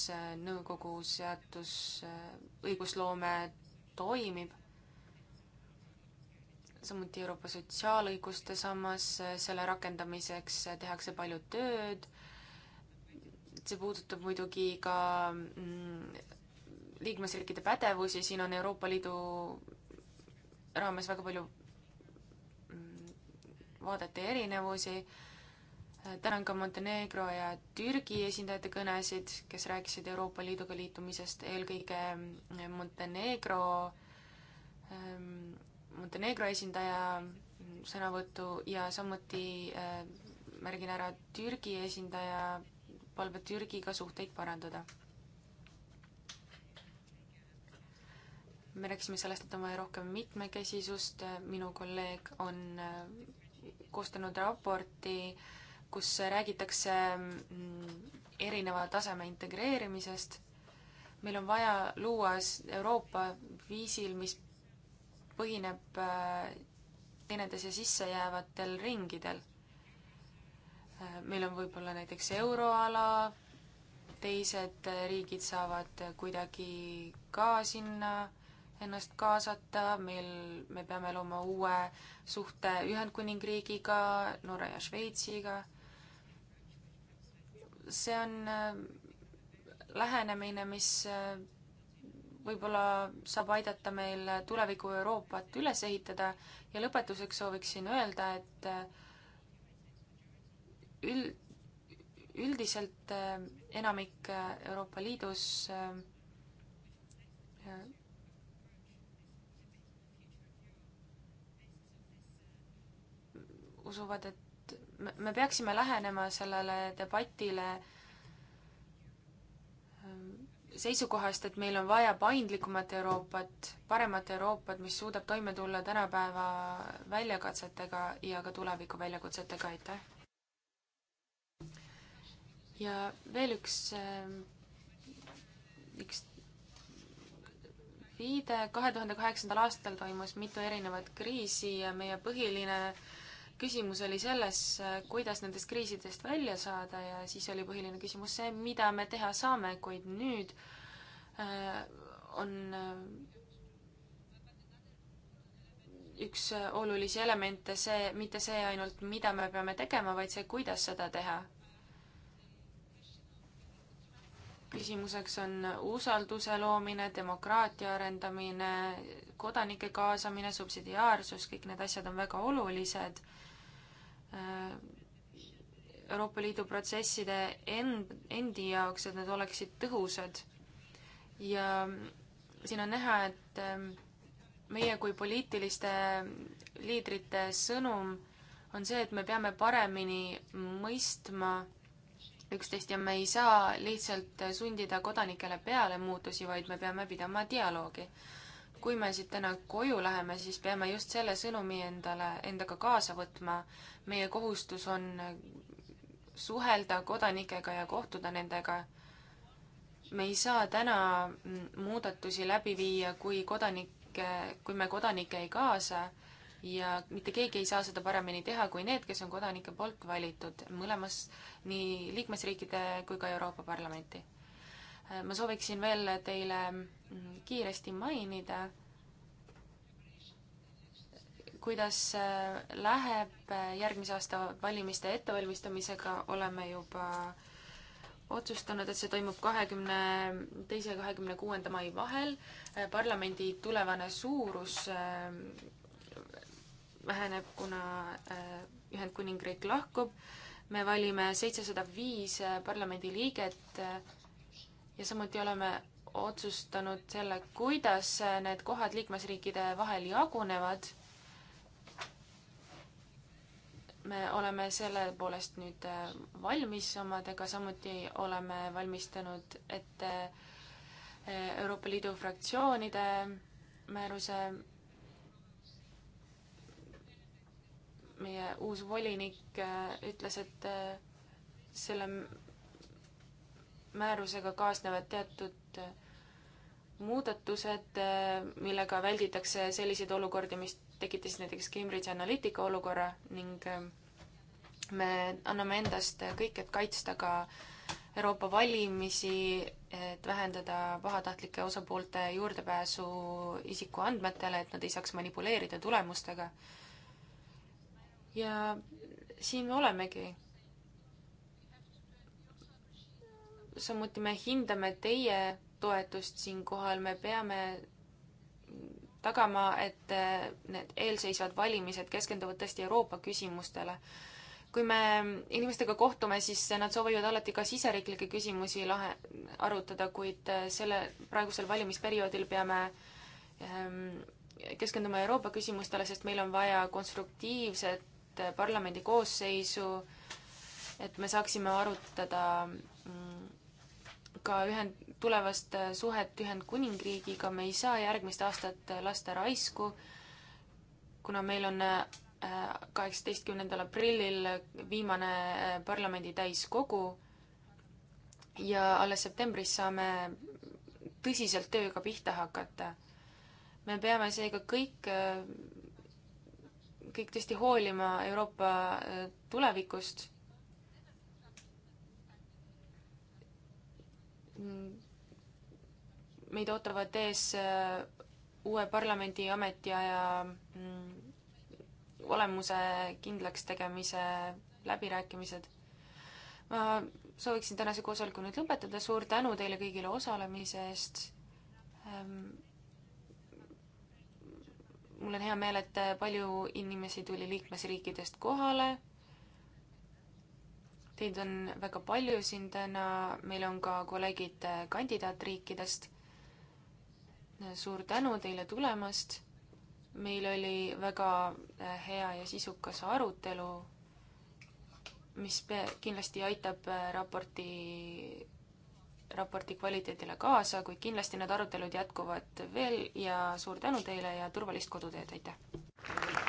nõukogu seadus, õigusloome toimib samuti Euroopa sotsiaalõiguste sammas, selle rakendamiseks tehakse palju tööd, see puudutab muidugi ka mm, liikmesriikide pädevusi, siin on Euroopa Liidu raames väga palju mm, vaadete erinevusi, tänan ka Montenegro ja Türgi esindajate kõnesid, kes rääkisid Euroopa Liiduga liitumisest, eelkõige Montenegro ähm, Montenegro esindaja sõnavõttu ja samuti äh, märgin ära Türgi esindaja palve Türgiga suhteid parandada. me rääkisime sellest, et on vaja rohkem mitmekesisust, minu kolleeg on äh, koostanud raporti, kus räägitakse mm, erineva taseme integreerimisest. meil on vaja luua Euroopa viisil, mis põhineb teineteise äh, sisse jäävatel ringidel. Äh, meil on võib-olla näiteks euroala, teised äh, riigid saavad kuidagi ka sinna ennast kaasata, meil, me peame looma uue suhte Ühendkuningriigiga, Norra ja Šveitsiga. see on lähenemine, mis võib-olla saab aidata meil tuleviku Euroopat üles ehitada ja lõpetuseks sooviksin öelda, et äh, üld, üldiselt äh, enamik äh, Euroopa Liidus usuvad, et me peaksime lähenema sellele debatile seisukohast, et meil on vaja paindlikumat Euroopat, paremat Euroopat, mis suudab toime tulla tänapäeva väljakatsetega ja ka tuleviku väljakutsetega, aitäh! ja veel üks, äh, üks viide, kahe tuhande kaheksandal aastal toimus mitu erinevat kriisi ja meie põhiline äh, küsimus oli selles, kuidas nendest kriisidest välja saada ja siis oli põhiline küsimus see, mida me teha saame, kuid nüüd äh, on äh, üks olulisi elemente see, mitte see ainult, mida me peame tegema, vaid see, kuidas seda teha. küsimuseks on usalduse loomine, demokraatia arendamine, kodanike kaasamine, subsidiaarsus, kõik need asjad on väga olulised Äh, Euroopa Liidu protsesside end, endi jaoks, et need oleksid tõhusad. ja siin on näha, et äh, meie kui poliitiliste liidrite sõnum on see, et me peame paremini mõistma üksteist ja me ei saa lihtsalt sundida kodanikele peale muutusi, vaid me peame pidama dialoogi kui me siit täna koju läheme, siis peame just selle sõnumi endale, endaga kaasa võtma. meie kohustus on suhelda kodanikega ja kohtuda nendega. me ei saa täna muudatusi läbi viia, kui kodanikke, kui me kodanikke ei kaasa ja mitte keegi ei saa seda paremini teha kui need, kes on kodanike poolt valitud mõlemas, nii liikmesriikide kui ka Euroopa Parlamenti Äh, ma sooviksin veel teile mm, kiiresti mainida, kuidas äh, läheb äh, järgmise aasta valimiste ettevalmistamisega, oleme juba otsustanud, et see toimub kahekümne teise ja kahekümne kuuenda mai vahel. parlamendi tulevane suurus väheneb, kuna Ühendkuningriik lahkub. me valime seitsesada viis parlamendiliiget ja samuti oleme otsustanud selle, kuidas need kohad liikmesriikide vahel jagunevad. me oleme selle poolest nüüd äh, valmis omadega, samuti oleme valmistanud ette äh, Euroopa Liidu fraktsioonide määruse. meie uus volinik äh, ütles, et selle määrusega kaasnevad teatud äh, muudatused, äh, millega välditakse selliseid olukordi, mis tekitasid näiteks Cambridge Analytica olukorra ning äh, me anname endast kõik, et kaitsta ka Euroopa valimisi, et vähendada pahatahtlike osapoolte juurdepääsu isikuandmetele, et nad ei saaks manipuleerida tulemustega. ja siin me olemegi samuti me hindame teie toetust siinkohal, me peame tagama, et need eelseisvad valimised keskenduvad tõesti Euroopa küsimustele. kui me inimestega kohtume, siis nad soovivad alati ka siseriiklikke küsimusi lahe, arutada, kuid selle, praegusel valimisperioodil peame ehm, keskenduma Euroopa küsimustele, sest meil on vaja konstruktiivset parlamendi koosseisu, et me saaksime arutada mm, ka ühend, tulevast äh, suhet Ühendkuningriigiga, me ei saa järgmist aastat äh, lasta raisku, kuna meil on äh, kaheksateistkümnendal aprillil viimane parlamendi täiskogu ja alles septembris saame tõsiselt tööga pihta hakata. me peame seega kõik, kõik tõesti hoolima Euroopa tulevikust meid ootavad ees äh, uue parlamendi ametiaja mm, olemuse kindlaks tegemise läbirääkimised. ma sooviksin tänase koosoleku nüüd lõpetada, suur tänu teile kõigile osalemise eest. Ähm, mul on hea meel, et palju inimesi tuli liikmesriikidest kohale Teid on väga palju siin täna, meil on ka kolleegid äh, kandidaatriikidest. Äh, suur tänu teile tulemast. meil oli väga äh, hea ja sisukas arutelu, mis kindlasti aitab raporti, raporti kvaliteedile kaasa, kuid kindlasti need arutelud jätkuvad veel ja suur tänu teile ja turvalist koduteed, aitäh!